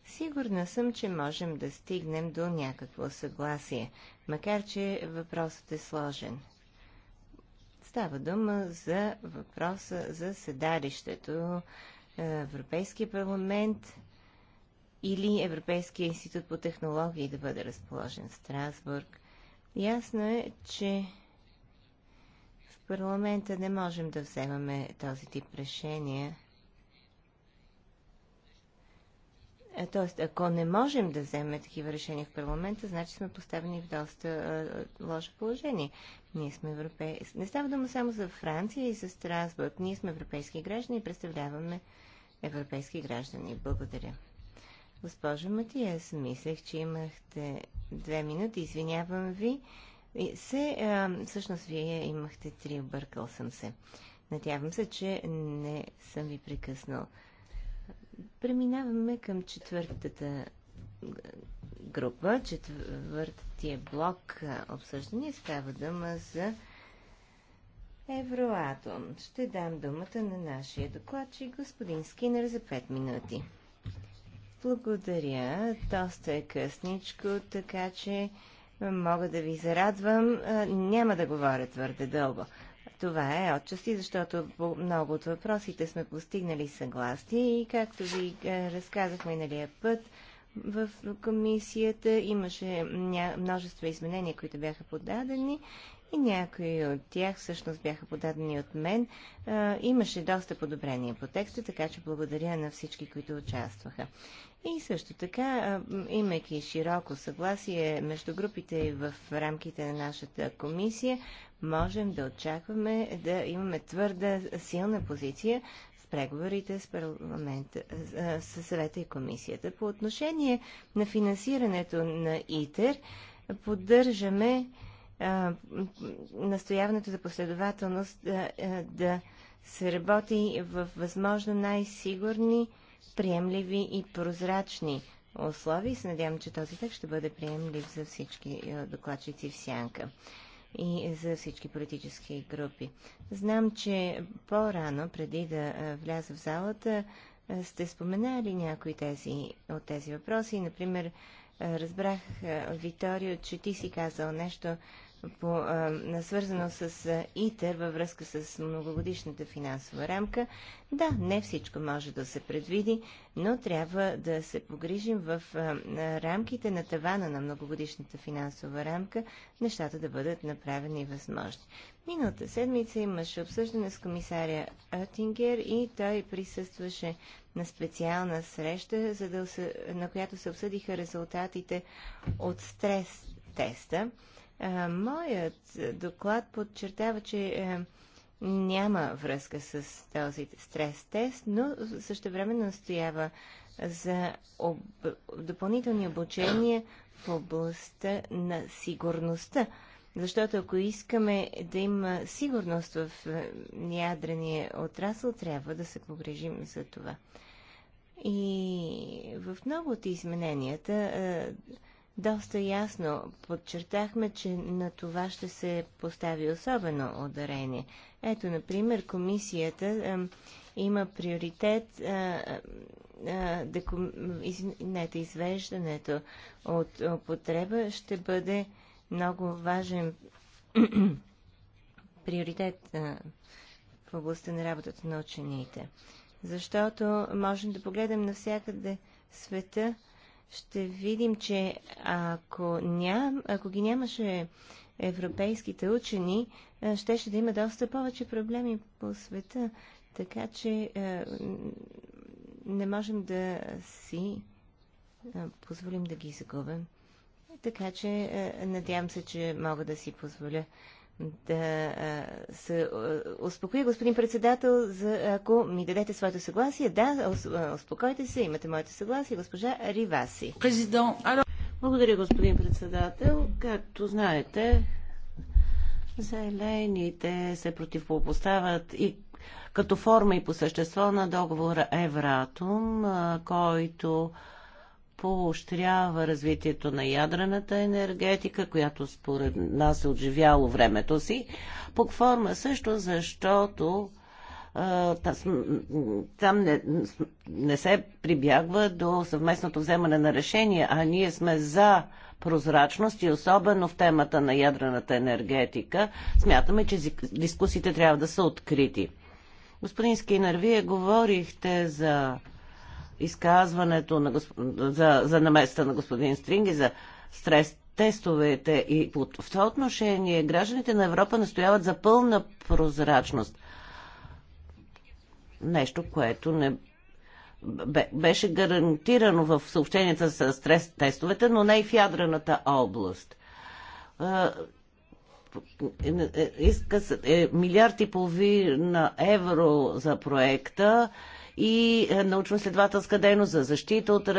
сигурна съм, че можем да стигнем до някакво съгласие, макар че въпросът е сложен. Става дума за въпроса за седалището е, Европейския парламент или Европейския институт по технологии да бъде разположен в Страсбург – Ясно е, че в парламента не можем да вземаме този тип решения. Тоест, ако не можем да вземем такива решения в парламента, значи сме поставени в доста а, лошо положение. Ние сме европейски. Не става дума само за Франция и за Страсбург. Ние сме европейски граждани и представляваме европейски граждани. Благодаря. Госпожо Матиас, мислех, че имахте две минути. Извинявам ви. Се, а, всъщност, вие имахте три. Объркал съм се. Надявам се, че не съм ви прекъснал. Преминаваме към четвъртата група, четвъртия блок обсъждане. Става дума за Евроатом. Ще дам думата на нашия докладчик, господин Скинер, за 5 минути. Благодаря. Доста е късничко, така че мога да ви зарадвам. Няма да говоря твърде дълго. Това е отчасти, защото по много от въпросите сме постигнали съгласие и както ви разказах миналия път, в комисията имаше множество изменения, които бяха подадени и някои от тях всъщност бяха подадени от мен. Имаше доста подобрения по текста, така че благодаря на всички, които участваха. И също така, имайки широко съгласие между групите и в рамките на нашата комисия, можем да очакваме да имаме твърда силна позиция в преговорите с, парламента, с съвета и комисията. По отношение на финансирането на ИТЕР, поддържаме настояването за последователност да, да се работи в възможно най-сигурни, приемливи и прозрачни условия. И се надявам, че този текст ще бъде приемлив за всички докладчици в Сянка и за всички политически групи. Знам, че по-рано, преди да вляза в залата, сте споменали някои тези, от тези въпроси. Например, разбрах, Виторио, че ти си казал нещо по, а, свързано с ИТЕР във връзка с многогодишната финансова рамка. Да, не всичко може да се предвиди, но трябва да се погрижим в а, рамките на тавана на многогодишната финансова рамка нещата да бъдат направени възможни. Миналата седмица имаше обсъждане с комисаря Оттингер и той присъстваше на специална среща, за да, на която се обсъдиха резултатите от стрес теста. Моят доклад подчертава, че е, няма връзка с този стрес-тест, но също време настоява за об... допълнителни обучения в областта на сигурността. Защото ако искаме да има сигурност в е, ядрения отрасъл, трябва да се погрежим за това. И в много от измененията е, доста ясно подчертахме, че на това ще се постави особено ударение. Ето, например, комисията а, има приоритет а, а, деком... извеждането от употреба ще бъде много важен приоритет а, в областта на работата на учените. Защото можем да погледнем навсякъде света, ще видим, че ако, ням, ако ги нямаше европейските учени, щеше ще да има доста повече проблеми по света. Така че не можем да си позволим да ги загубим. Така че надявам се, че мога да си позволя да се успокоя, господин председател, за, ако ми дадете своето съгласие. Да, успокойте се, имате моето съгласие, госпожа Риваси. Президент, ало... Благодаря, господин председател. Както знаете, зелените се противопоставят и като форма и по същество на договора Евратум, който поощрява развитието на ядрената енергетика, която според нас е отживяло времето си. Под форма също, защото там не, не се прибягва до съвместното вземане на решения, а ние сме за прозрачност и особено в темата на ядрената енергетика. Смятаме, че дискусиите трябва да са открити. Господин Скинер, вие говорихте за изказването на госп... за, за наместа на господин Стринги за стрес тестовете и в това отношение гражданите на Европа настояват за пълна прозрачност. Нещо, което не беше гарантирано в съобщенията с стрес тестовете, но не и в ядрената област. Е, е, иска е, милиард и половина евро за проекта и е, научно-следователска дейност за защита от е,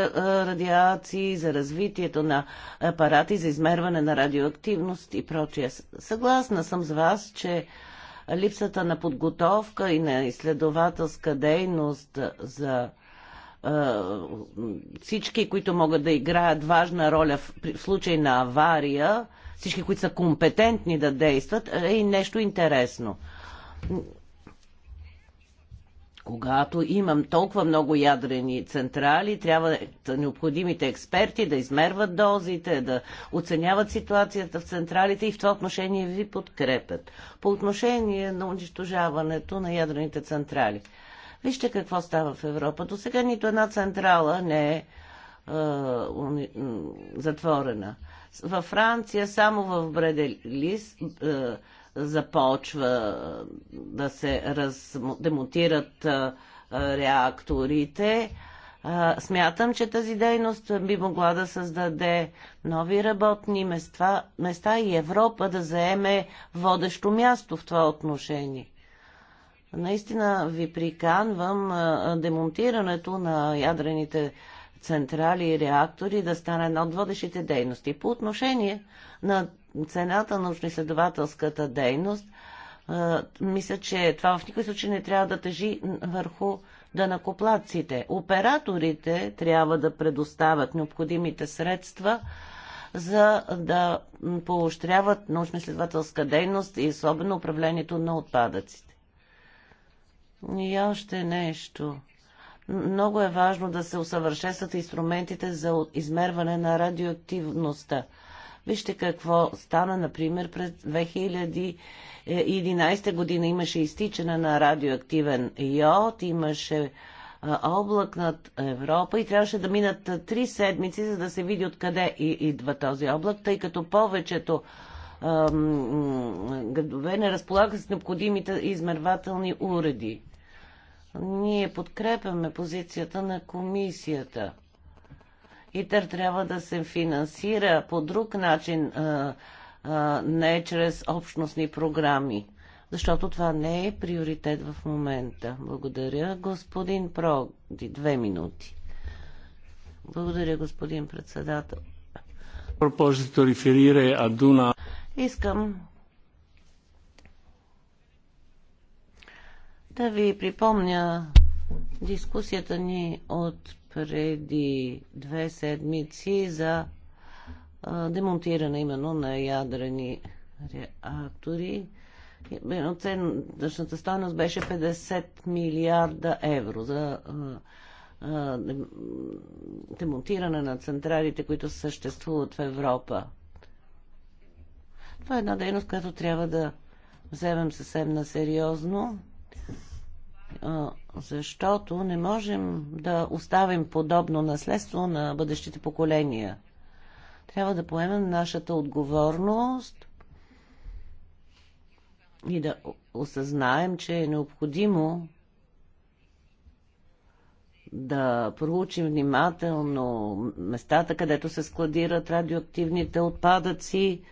радиации, за развитието на апарати за измерване на радиоактивност и прочие. Съгласна съм с вас, че липсата на подготовка и на изследователска дейност за е, всички, които могат да играят важна роля в, в случай на авария, всички, които са компетентни да действат, е и нещо интересно. Когато имам толкова много ядрени централи, трябва необходимите експерти да измерват дозите, да оценяват ситуацията в централите и в това отношение ви подкрепят. По отношение на унищожаването на ядрените централи. Вижте какво става в Европа. До сега нито една централа не е затворена. Във Франция, само в Бределис, започва да се демонтират реакторите. Смятам, че тази дейност би могла да създаде нови работни места, места и Европа да заеме водещо място в това отношение. Наистина ви приканвам демонтирането на ядрените централи и реактори да стане една от водещите дейности. По отношение на цената на научно-изследователската дейност, мисля, че това в никой случай не трябва да тежи върху данакоплатците. Операторите трябва да предоставят необходимите средства, за да поощряват научно-изследователска дейност и особено управлението на отпадъците. И още нещо. Много е важно да се усъвършенстват инструментите за измерване на радиоактивността – Вижте какво стана, например, през 2011 година имаше изтичане на радиоактивен йод, имаше облак над Европа и трябваше да минат три седмици, за да се види откъде идва този облак, тъй като повечето градове не разполагат с необходимите измервателни уреди. Ние подкрепяме позицията на комисията. ИТЕР трябва да се финансира по друг начин, не чрез общностни програми, защото това не е приоритет в момента. Благодаря, господин Проди. Две минути. Благодаря, господин председател. Пропозито реферира Искам да ви припомня дискусията ни от преди две седмици за демонтиране именно на ядрени реактори. Оценъчната стойност беше 50 милиарда евро за демонтиране на централите, които съществуват в Европа. Това е една дейност, която трябва да вземем съвсем на сериозно защото не можем да оставим подобно наследство на бъдещите поколения. Трябва да поемем нашата отговорност и да осъзнаем, че е необходимо да проучим внимателно местата, където се складират радиоактивните отпадъци,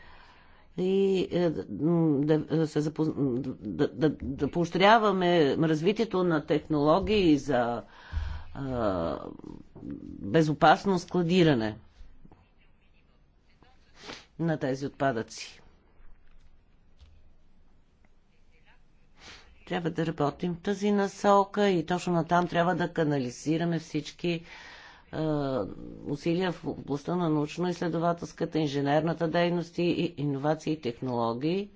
и е, да, е, се запозна, да, да, да поощряваме развитието на технологии за а, е, безопасно складиране на тези отпадъци. Трябва да работим в тази насока и точно натам трябва да канализираме всички е, усилия в областта на научно-изследователската, инженерната дейност и иновации и технологии.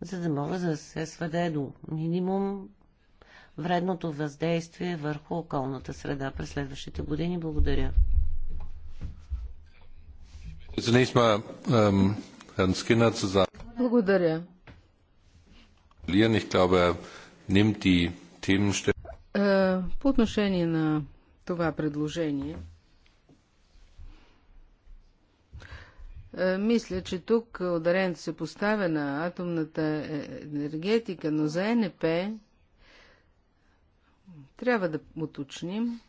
за да мога, да се сведе до минимум вредното въздействие върху околната среда през следващите години. Благодаря. Ähm, Благодаря. Е, по отношение на това предложение, е, Мисля, че тук ударението се поставя на атомната е, енергетика, но за НП трябва да уточним,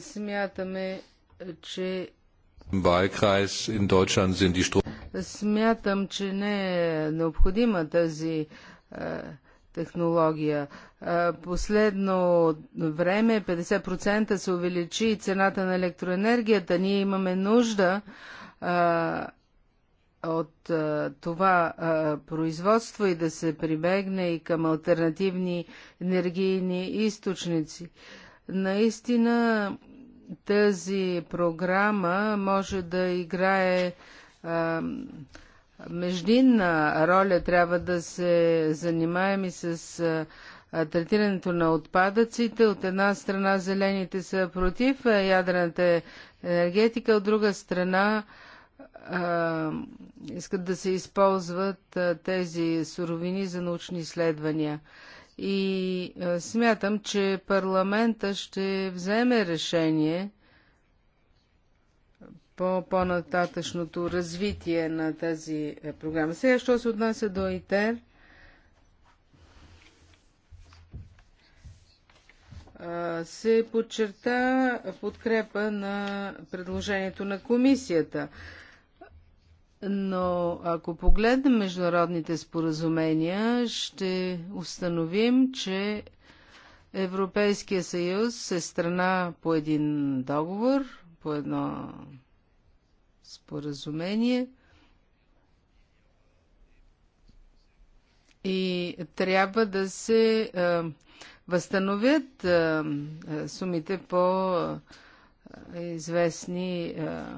смятаме, че Wahlkreis in Deutschland sind die Смятам, че не е необходима тази е, технология. Е, последно време 50% се увеличи цената на електроенергията. Ние имаме нужда е, от това производство и да се прибегне и към альтернативни енергийни източници. Наистина тази програма може да играе междинна роля трябва да се занимаем и с третирането на отпадъците. От една страна зелените са против ядрената енергетика, от друга страна искат да се използват тези суровини за научни изследвания. И смятам, че парламента ще вземе решение по по-нататъчното развитие на тази е, програма. Сега, що се отнася до ИТЕР, се подчерта подкрепа на предложението на комисията. Но ако погледнем международните споразумения, ще установим, че Европейския съюз е страна по един договор, по едно споразумение. И трябва да се възстановят сумите по известни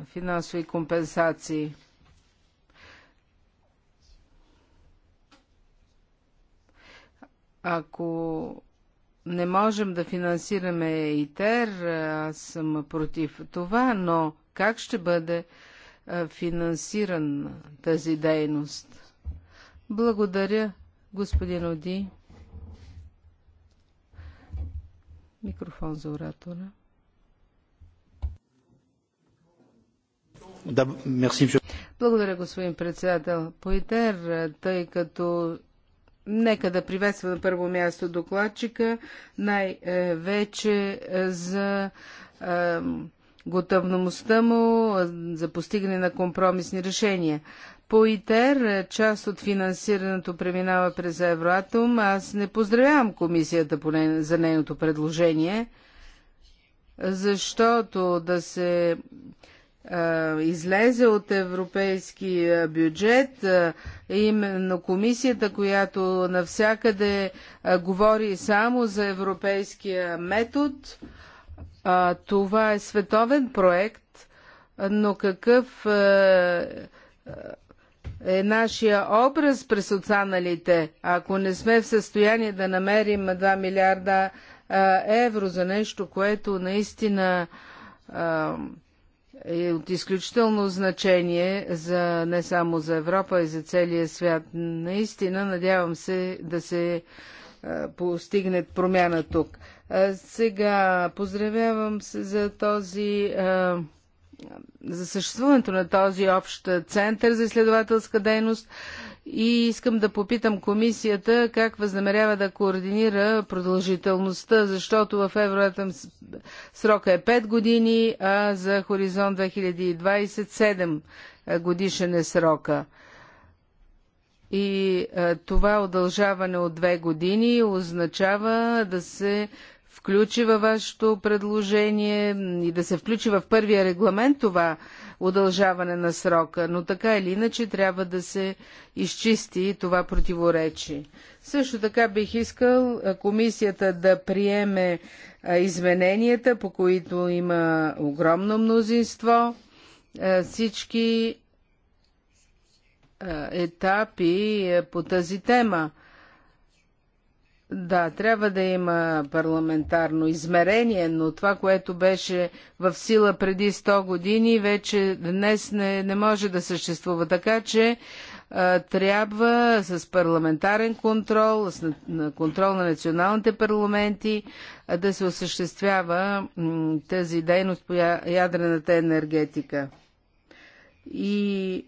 финансови компенсации. Ако не можем да финансираме ИТЕР, аз съм против това, но как ще бъде е, финансиран тази дейност. Благодаря, господин Оди. Микрофон за оратора. Да, мерси, Благодаря, господин председател. По ИТЕР, е, тъй като нека да приветства на първо място докладчика, най-вече е, за готовността му за постигане на компромисни решения. По ИТЕР е, част от финансирането преминава през Евроатом. Аз не поздравявам комисията за нейното предложение, защото да се излезе от европейски бюджет, именно комисията, която навсякъде говори само за европейския метод, а, това е световен проект, но какъв е, е, е нашия образ през оцаналите, ако не сме в състояние да намерим 2 милиарда е, евро за нещо, което наистина е, е от изключително значение за, не само за Европа, и за целия свят. Наистина, надявам се да се постигне промяна тук. Сега поздравявам се за този за съществуването на този общ център за изследователска дейност и искам да попитам комисията как възнамерява да координира продължителността, защото в Евроатъм срока е 5 години, а за Хоризонт 2027 годишен е срока. И това удължаване от 2 години означава да се включи във вашето предложение и да се включи в първия регламент това удължаване на срока, но така или иначе трябва да се изчисти това противоречие. Също така бих искал комисията да приеме измененията, по които има огромно мнозинство. Всички етапи по тази тема. Да, трябва да има парламентарно измерение, но това, което беше в сила преди 100 години, вече днес не, не може да съществува. Така че а, трябва с парламентарен контрол, с на, контрол на националните парламенти а, да се осъществява тази дейност по ядрената енергетика. И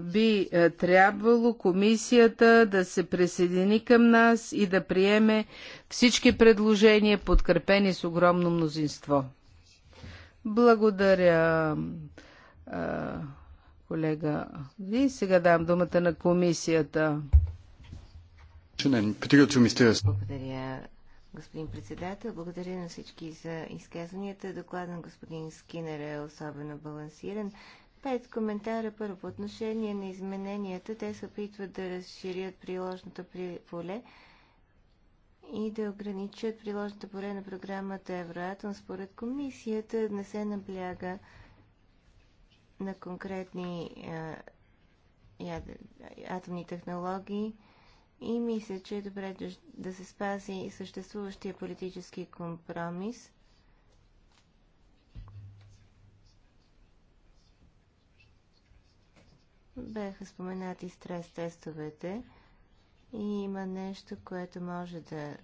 би трябвало комисията да се присъедини към нас и да приеме всички предложения, подкрепени с огромно мнозинство. Благодаря, колега. И сега дам думата на комисията. Благодаря, господин председател. Благодаря на всички за изказванията. Доклад на господин Скинер е особено балансиран. Пет коментара първо по отношение на измененията. Те се опитват да разширят приложното поле и да ограничат приложното поле на програмата Евроатом. Според комисията не се набляга на конкретни а, атомни технологии и мисля, че е добре да се спази съществуващия политически компромис – Бяха споменати стрес тестовете и има нещо, което може да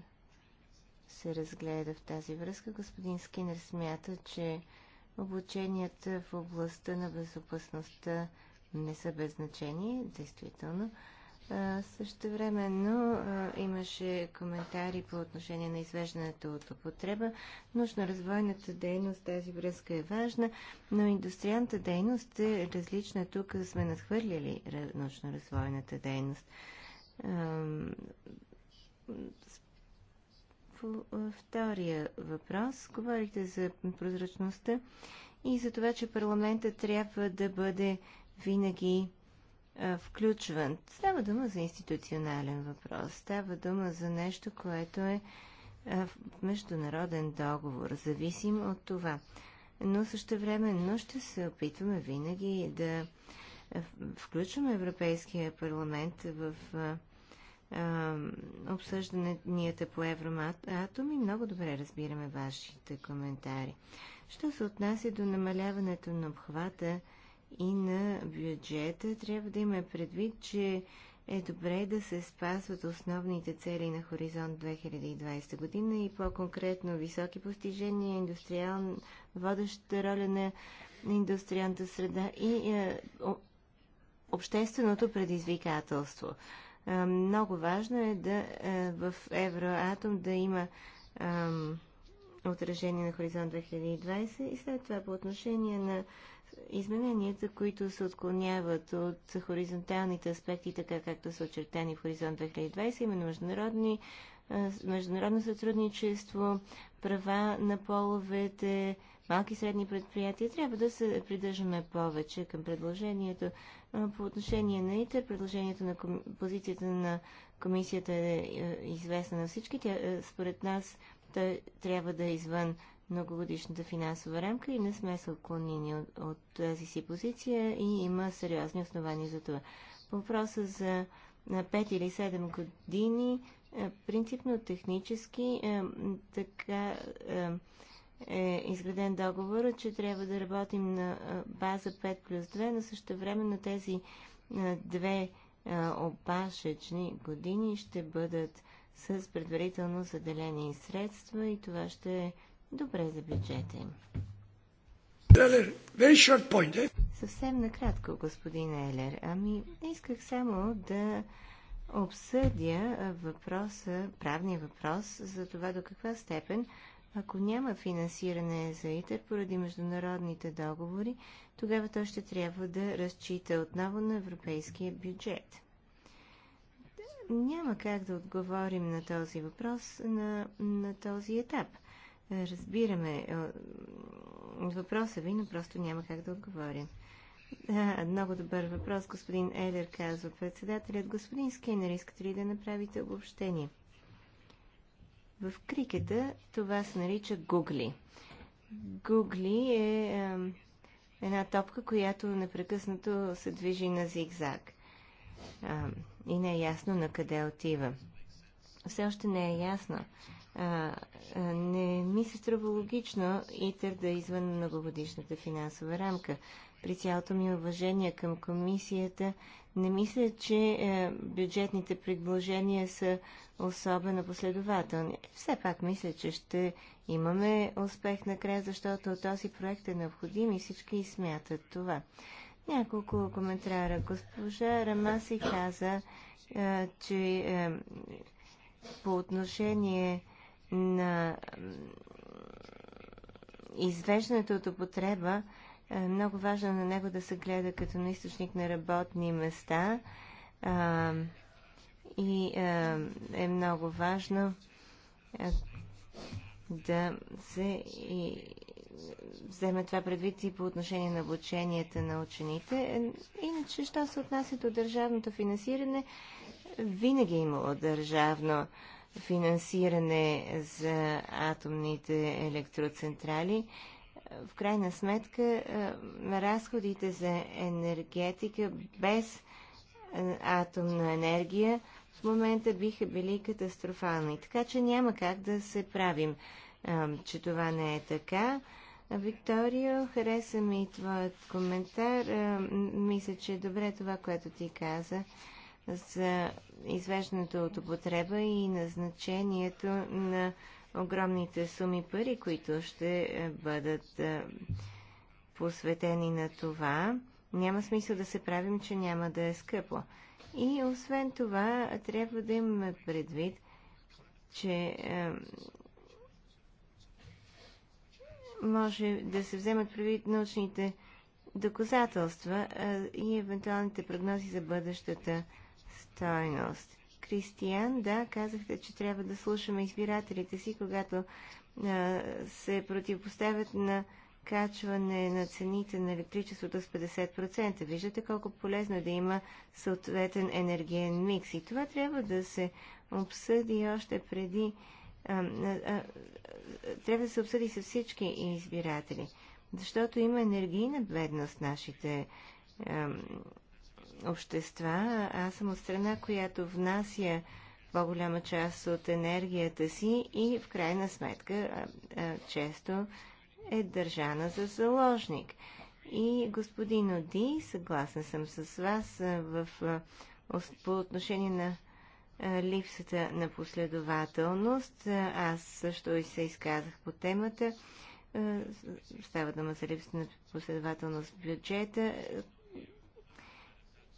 се разгледа в тази връзка. Господин Скинер смята, че обученията в областта на безопасността не са без значение, действително, също времено имаше коментари по отношение на извеждането от употреба. нужно развойната дейност тази връзка е важна, но индустриалната дейност е различна. Тук сме надхвърляли нужно развойната дейност. По втория въпрос говорихте за прозрачността и за това, че парламента трябва да бъде винаги включван. Става дума за институционален въпрос. Става дума за нещо, което е в международен договор, зависим от това. Но също но ще се опитваме винаги да включваме Европейския парламент в обсъжданията по Евроатом и много добре разбираме вашите коментари. Що се отнася до намаляването на обхвата и на бюджета, трябва да имаме предвид, че е добре да се спазват основните цели на Хоризонт 2020 година и по-конкретно високи постижения, индустриал, водещата роля на индустриалната среда и е, общественото предизвикателство. Е, много важно е да е, в Евроатом да има е, отражение на Хоризонт 2020 и след това по отношение на измененията, които се отклоняват от хоризонталните аспекти, така както са очертани в Хоризонт 2020, именно международни, международно сътрудничество, права на половете, малки и средни предприятия. Трябва да се придържаме повече към предложението. По отношение на ИТЕР, предложението на позицията на комисията е, е известна на всички. Тя, е, според нас, той трябва да е извън многогодишната финансова рамка и не сме се отклонени от, от тази си позиция и има сериозни основания за това. По въпроса за на 5 или 7 години, е, принципно технически е, така е, е изграден договор, че трябва да работим на е, база 5 плюс 2, но също време на тези две опашечни години ще бъдат с предварително заделени средства и това ще е добре за бюджета им. Eh? Съвсем накратко, господин Елер. Ами, исках само да обсъдя въпроса, правния въпрос за това до каква степен, ако няма финансиране за ИТЕР поради международните договори, тогава то ще трябва да разчита отново на европейския бюджет. Няма как да отговорим на този въпрос на, на този етап – разбираме въпроса ви, но просто няма как да отговоря. Да, много добър въпрос, господин Елер, казва председателят. Господин Скейнер, искате ли да направите обобщение? В крикета това се нарича гугли. Гугли е, е една топка, която непрекъснато се движи на зигзаг. и не е ясно на къде отива. Все още не е ясно а, а, не ми се струва логично ИТЕР да е извън многогодишната финансова рамка. При цялото ми уважение към комисията, не мисля, че е, бюджетните предложения са особено последователни. Все пак мисля, че ще имаме успех накрая, защото този проект е необходим и всички смятат това. Няколко коментара. Госпожа Рамаси каза, е, че е, по отношение на извеждането от употреба е много важно на него да се гледа като на източник на работни места а, и а, е, е много важно а, е, да се и, вземе това предвид и по отношение на обученията на учените. Е, иначе, що се отнася до държавното финансиране, винаги е имало държавно финансиране за атомните електроцентрали, в крайна сметка е, разходите за енергетика без е, атомна енергия в момента биха били катастрофални. Така че няма как да се правим, е, че това не е така. Викторио, хареса ми твоят коментар. Мисля, че е добре това, което ти каза за извеждането от употреба и назначението на огромните суми пари, които ще е, бъдат е, посветени на това. Няма смисъл да се правим, че няма да е скъпо. И освен това, трябва да имаме предвид, че е, може да се вземат предвид научните доказателства и евентуалните прогнози за бъдещата стойност. Кристиян, да, казахте, че трябва да слушаме избирателите си, когато а, се противопоставят на качване на цените на електричеството с 50%. Виждате колко полезно е да има съответен енергиен микс. И това трябва да се обсъди още преди. А, а, трябва да се обсъди с всички избиратели. Защото има енергийна бедност нашите общества. Аз съм от страна, която внася по-голяма част от енергията си и в крайна сметка а, а, често е държана за заложник. И господин Оди, съгласна съм с вас а, в, по отношение на липсата на последователност. Аз също и се изказах по темата. Става дума за липсата на последователност в бюджета,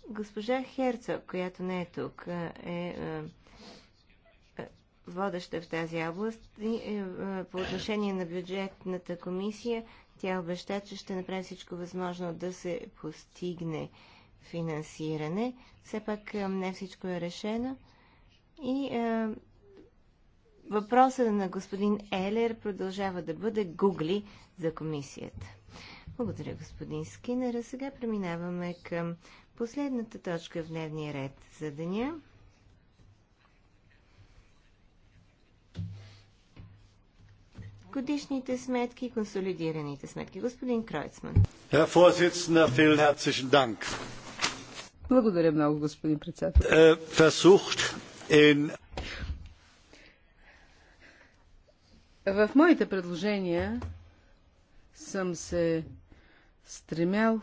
Госпожа Херца, която не е тук, е, е, е, водеща в тази област. И, е, по отношение на бюджетната комисия, тя обеща, че ще направи всичко възможно да се постигне финансиране. Все пак не всичко е решено. И е, въпросът на господин Елер продължава да бъде гугли за комисията. Благодаря, господин Скинера. сега преминаваме към Последната точка в дневния ред за деня годишните сметки и консолидираните сметки. Господин Кройцман. Благодаря много, господин председател. Е, в моите предложения съм се стремял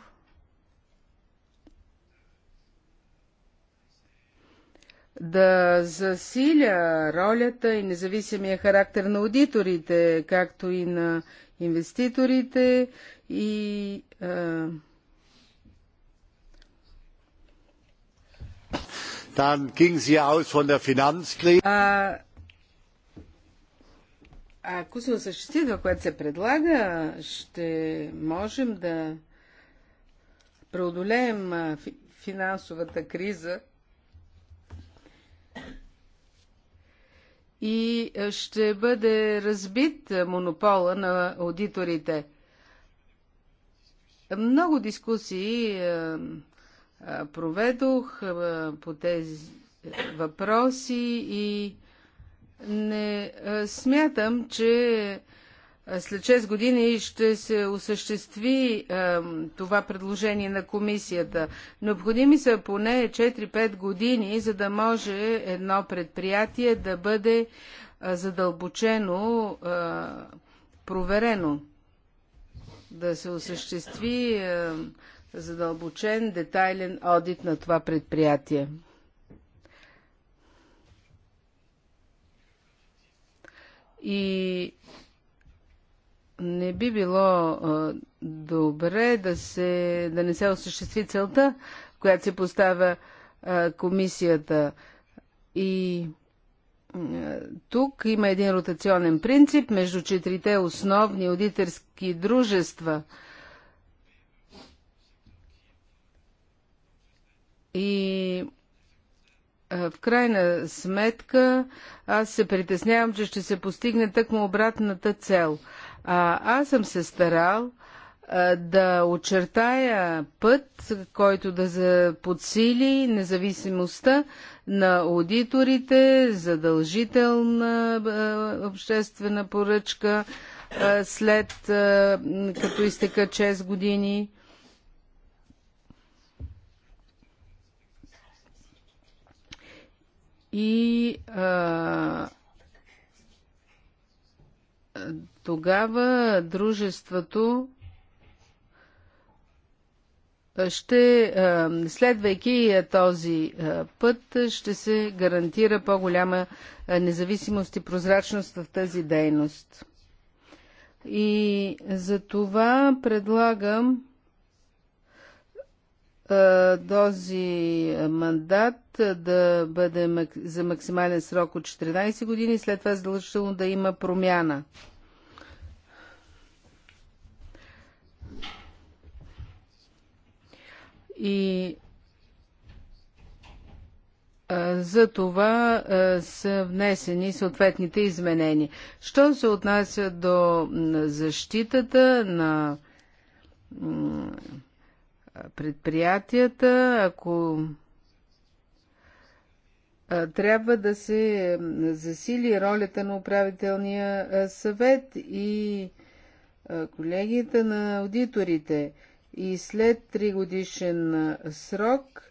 да засиля ролята и независимия характер на аудиторите, както и на инвеститорите и а... Dann ging sie aus von der Finanzkrise. А... Ако се осъществи това, което се предлага, ще можем да преодолеем финансовата криза и е, ще бъде разбит е, монопола на аудиторите. Много дискусии е, проведох по тези въпроси и не смятам, че след 6 години ще се осъществи е, това предложение на комисията. Необходими са поне 4-5 години, за да може едно предприятие да бъде е, задълбочено е, проверено, да се осъществи е, задълбочен, детайлен одит на това предприятие. И не би било а, добре да, се, да не се осъществи целта, която се поставя а, комисията. И а, тук има един ротационен принцип между четирите основни аудиторски дружества. И в крайна сметка аз се притеснявам, че ще се постигне тъкмо обратната цел – а, аз съм се старал да очертая път, който да подсили независимостта на аудиторите, задължителна обществена поръчка след като изтека 6 години. И а, тогава дружеството ще, следвайки този път, ще се гарантира по-голяма независимост и прозрачност в тази дейност. И за това предлагам този мандат да бъде за максимален срок от 14 години, след това задължително да има промяна. И за това са внесени съответните изменения. Що се отнася до защитата на предприятията, ако трябва да се засили ролята на управителния съвет и колегията на аудиторите – и след 3 годишен срок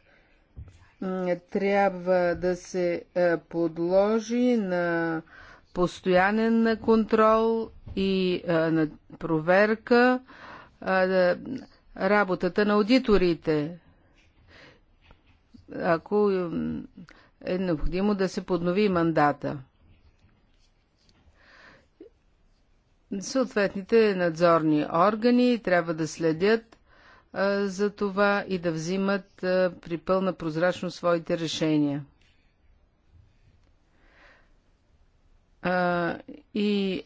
трябва да се подложи на постоянен контрол и на проверка работата на аудиторите. Ако е необходимо да се поднови мандата. Съответните надзорни органи трябва да следят за това и да взимат при пълна прозрачност своите решения. И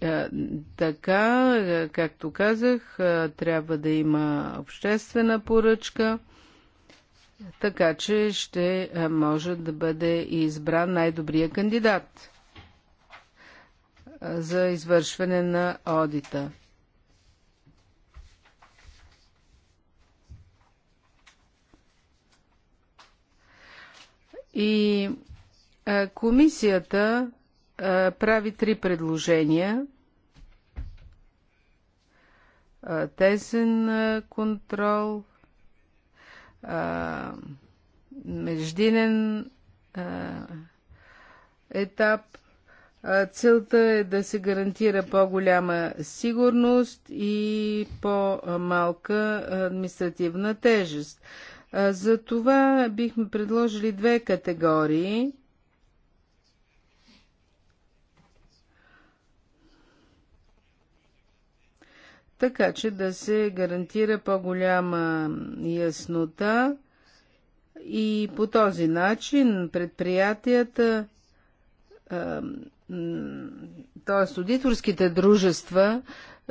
така, както казах, трябва да има обществена поръчка, така че ще може да бъде избран най-добрия кандидат за извършване на одита. И комисията прави три предложения. Тесен контрол, междинен етап. Целта е да се гарантира по-голяма сигурност и по-малка административна тежест. За това бихме предложили две категории. Така че да се гарантира по-голяма яснота и по този начин предприятията, т.е. аудиторските дружества,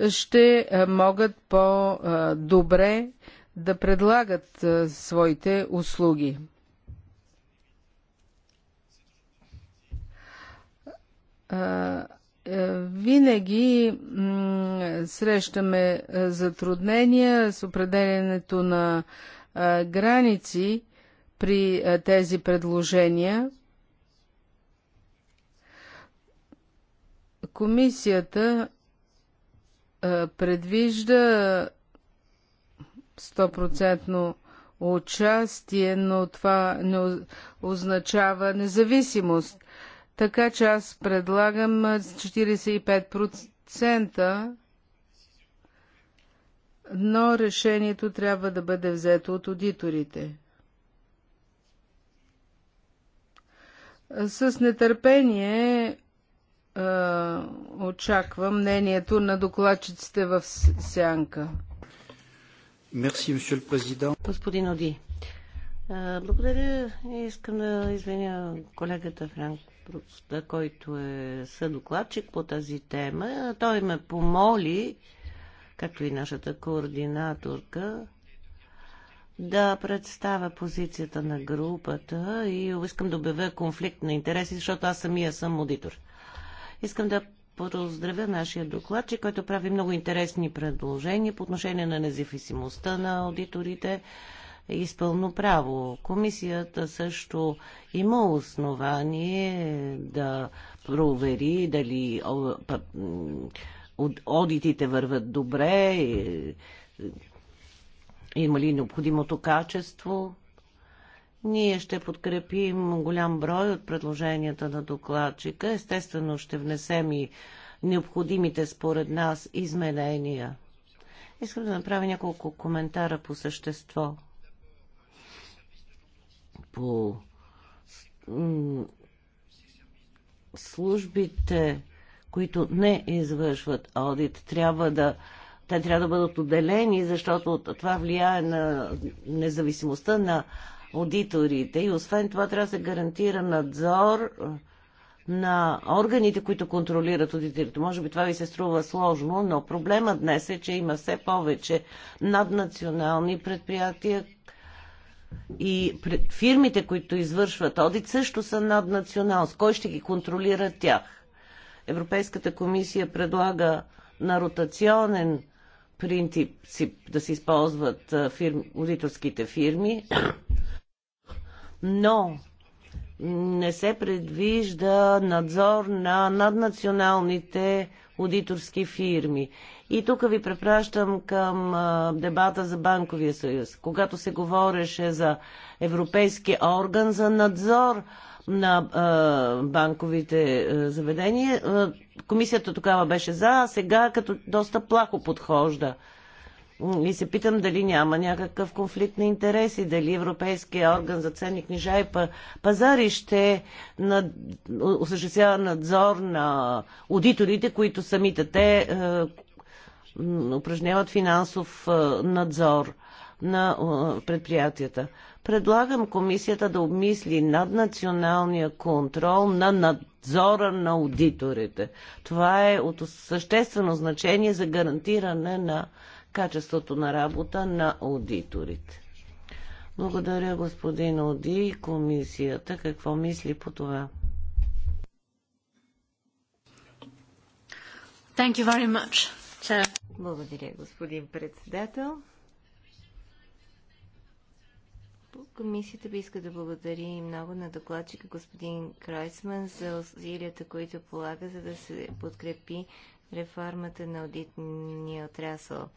ще могат по-добре да предлагат своите услуги. Е, винаги срещаме затруднения с определенето на граници при тези предложения. Комисията предвижда 100% участие, но това не означава независимост. Така че аз предлагам 45%, но решението трябва да бъде взето от аудиторите. С нетърпение очаквам мнението на докладчиците в сянка. Господин Оди, благодаря. Искам да извиня колегата Франк Пруста, който е съдокладчик по тази тема. Той ме помоли, както и нашата координаторка, да представя позицията на групата и искам да обявя конфликт на интереси, защото аз самия съм аудитор. Искам да поздравя нашия докладчик, който прави много интересни предложения по отношение на независимостта на аудиторите и изпълно право. Комисията също има основание да провери дали аудитите върват добре, има ли необходимото качество. Ние ще подкрепим голям брой от предложенията на докладчика. Естествено ще внесем и необходимите според нас изменения. Искам да направя няколко коментара по същество. По службите, които не извършват аудит, трябва да те трябва да бъдат отделени, защото това влияе на независимостта на аудиторите и освен това трябва да се гарантира надзор на органите, които контролират аудиторите. Може би това ви се струва сложно, но проблема днес е, че има все повече наднационални предприятия и фирмите, които извършват одит, също са наднационал. С кой ще ги контролира тях? Европейската комисия предлага на ротационен принцип да се използват фирм, аудиторските фирми но не се предвижда надзор на наднационалните аудиторски фирми. И тук ви препращам към дебата за Банковия съюз. Когато се говореше за Европейски орган за надзор на банковите заведения, комисията тогава беше за, а сега като доста плахо подхожда и се питам дали няма някакъв конфликт на интереси, дали Европейския орган за ценни книжа и пазари ще над... осъществява надзор на аудиторите, които самите те е, упражняват финансов е, надзор на е, предприятията. Предлагам комисията да обмисли наднационалния контрол на надзора на аудиторите. Това е от съществено значение за гарантиране на качеството на работа на аудиторите. Благодаря, господин Оди и комисията. Какво мисли по това? Thank you very much. Благодаря, господин председател. Комисията би иска да благодари много на докладчика господин Крайсман за усилията, които полага, за да се подкрепи реформата на аудитния отрасъл.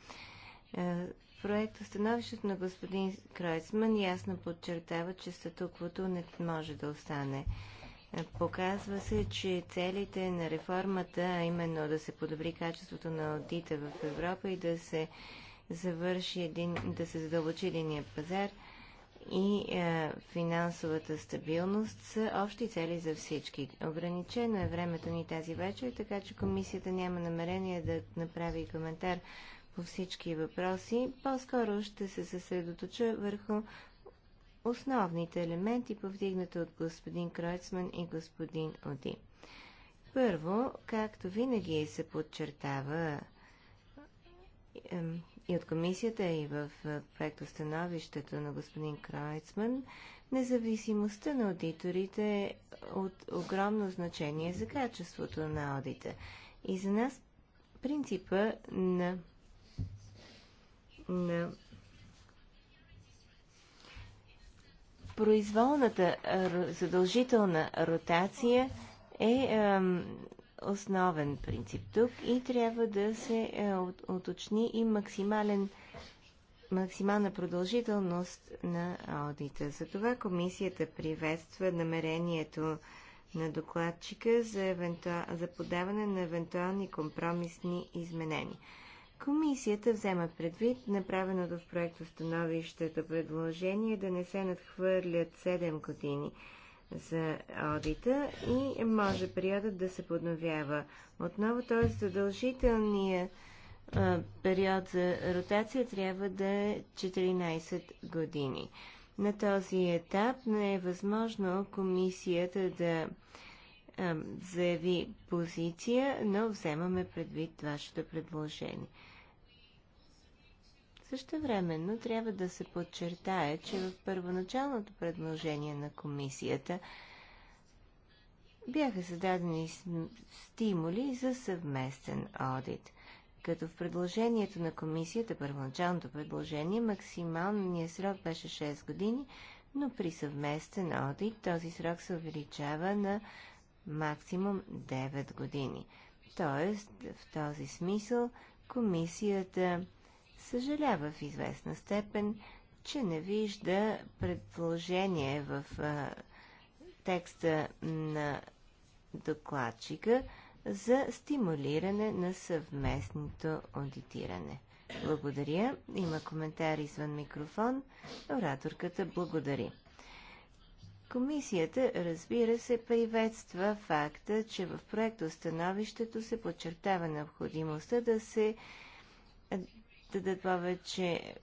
Е, проектът, становището на господин Кройцман ясно подчертава, че статуквото не може да остане. Е, показва се, че целите на реформата, а именно да се подобри качеството на аудита в Европа и да се завърши един, да се задълбочи единия пазар и е, финансовата стабилност са общи цели за всички. Ограничено е времето ни тази вечер, така че комисията няма намерение да направи коментар по всички въпроси. По-скоро ще се съсредоточа върху основните елементи, повдигнати от господин Кройцман и господин Оди. Първо, както винаги се подчертава и от комисията, и в е, проектостановището на господин Кройцман, независимостта на аудиторите е от огромно значение за качеството на аудита. И за нас принципа на на произволната задължителна ротация е основен принцип тук и трябва да се е, уточни и максимален максимална продължителност на аудита. Затова комисията приветства намерението на докладчика за, евенту... за подаване на евентуални компромисни изменения. Комисията взема предвид направеното в проекта становището предложение да не се надхвърлят 7 години за одита и може периодът да се подновява. Отново т.е. задължителният период за ротация трябва да е 14 години. На този етап не е възможно комисията да а, заяви позиция, но вземаме предвид вашето предложение. Също времено трябва да се подчертае, че в първоначалното предложение на комисията бяха създадени стимули за съвместен одит. Като в предложението на комисията, първоначалното предложение, максималният срок беше 6 години, но при съвместен одит този срок се увеличава на максимум 9 години. Тоест, в този смисъл комисията съжалява в известна степен, че не вижда предложение в а, текста на докладчика за стимулиране на съвместното аудитиране. Благодаря. Има коментар извън микрофон. Ораторката благодари. Комисията, разбира се, приветства факта, че в проекто становището се подчертава необходимостта да се дадат повече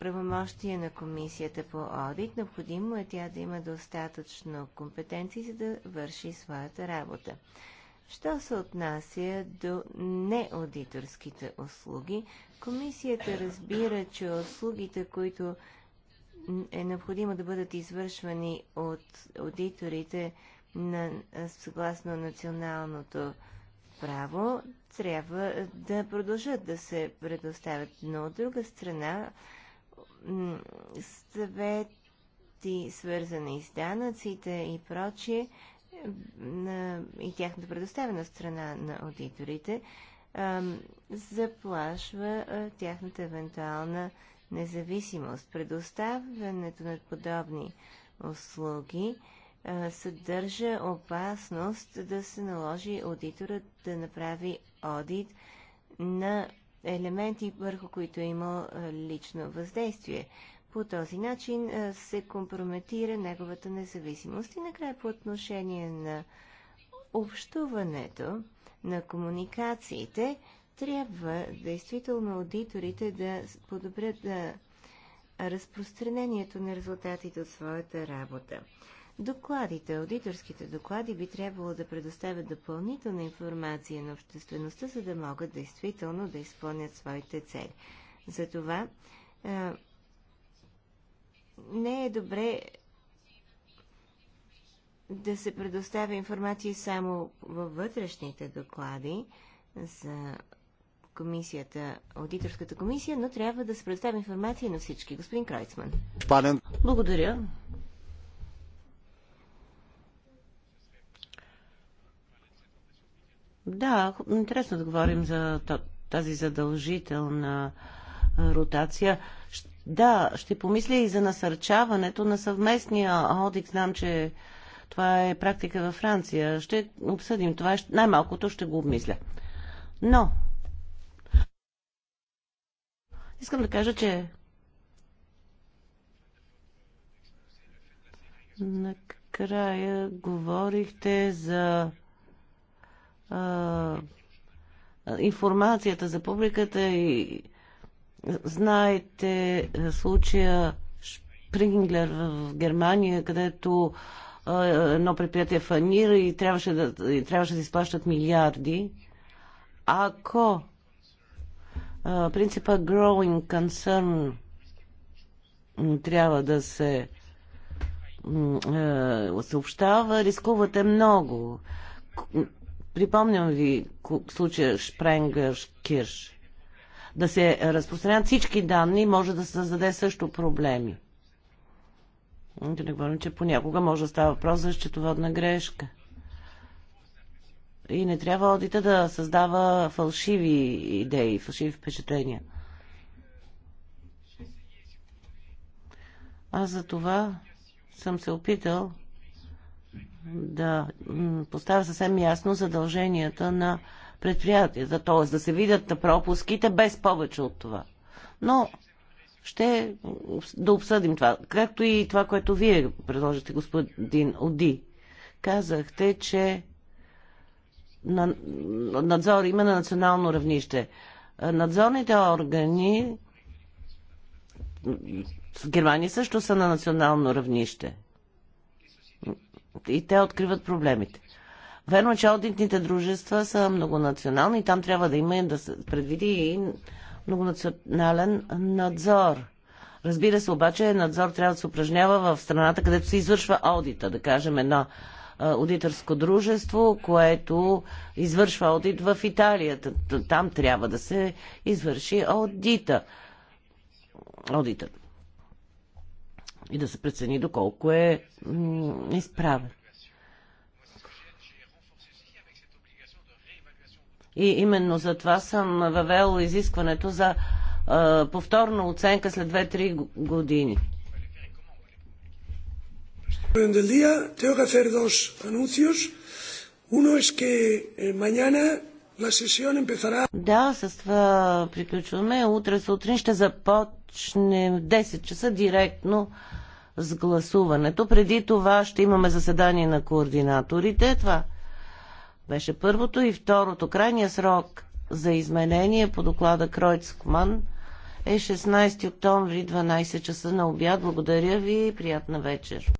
правомощия на комисията по аудит, необходимо е тя да има достатъчно компетенции, за да върши своята работа. Що се отнася до неаудиторските услуги, комисията разбира, че услугите, които е необходимо да бъдат извършвани от аудиторите на, съгласно националното право трябва да продължат да се предоставят. Но от друга страна, съвети, свързани с данъците и прочие, на, и тяхната предоставена страна на аудиторите, заплашва тяхната евентуална независимост. Предоставянето на подобни услуги съдържа опасност да се наложи аудиторът да направи одит на елементи, върху които е имал лично въздействие. По този начин се компрометира неговата независимост. И накрая по отношение на общуването, на комуникациите, трябва действително аудиторите да подобрят да разпространението на резултатите от своята работа. Докладите, аудиторските доклади би трябвало да предоставят допълнителна информация на обществеността, за да могат действително да изпълнят своите цели. Затова а, не е добре да се предоставя информация само във вътрешните доклади за комисията, аудиторската комисия, но трябва да се предоставя информация на всички. Господин Кройцман. Благодаря. Да, интересно да говорим за тази задължителна ротация. Да, ще помисля и за насърчаването на съвместния одик. Знам, че това е практика във Франция. Ще обсъдим това. Най-малкото ще го обмисля. Но, искам да кажа, че накрая говорихте за информацията за публиката и знаете случая Шпринглер в Германия, където едно предприятие фанира и трябваше да, и трябваше да изплащат милиарди. Ако принципа Growing Concern трябва да се съобщава, рискувате много. Припомням ви случая Шпренгър Кирш. Да се разпространят всички данни може да създаде също проблеми. Да не говорим, че понякога може да става въпрос за счетоводна грешка. И не трябва одита да създава фалшиви идеи, фалшиви впечатления. Аз за това съм се опитал да поставя съвсем ясно задълженията на предприятията, т.е. да се видят пропуските без повече от това. Но ще да обсъдим това. Както и това, което вие предложите, господин Оди. Казахте, че на, надзор има на национално равнище. Надзорните органи в Германия също са на национално равнище и те откриват проблемите. Верно, че аудитните дружества са многонационални и там трябва да има да се предвиди и многонационален надзор. Разбира се, обаче надзор трябва да се упражнява в страната, където се извършва аудита, да кажем едно аудиторско дружество, което извършва аудит в Италия. Там трябва да се извърши аудита. Аудитът и да се прецени доколко е изправен. И именно за това съм въвел изискването за а, повторна оценка след 2-3 години. Eh, да, с това приключваме. Утре сутрин ще започнем в 10 часа директно с гласуването. Преди това ще имаме заседание на координаторите. Това беше първото и второто. Крайният срок за изменение по доклада Кройцкман е 16 октомври 12 часа на обяд. Благодаря ви и приятна вечер.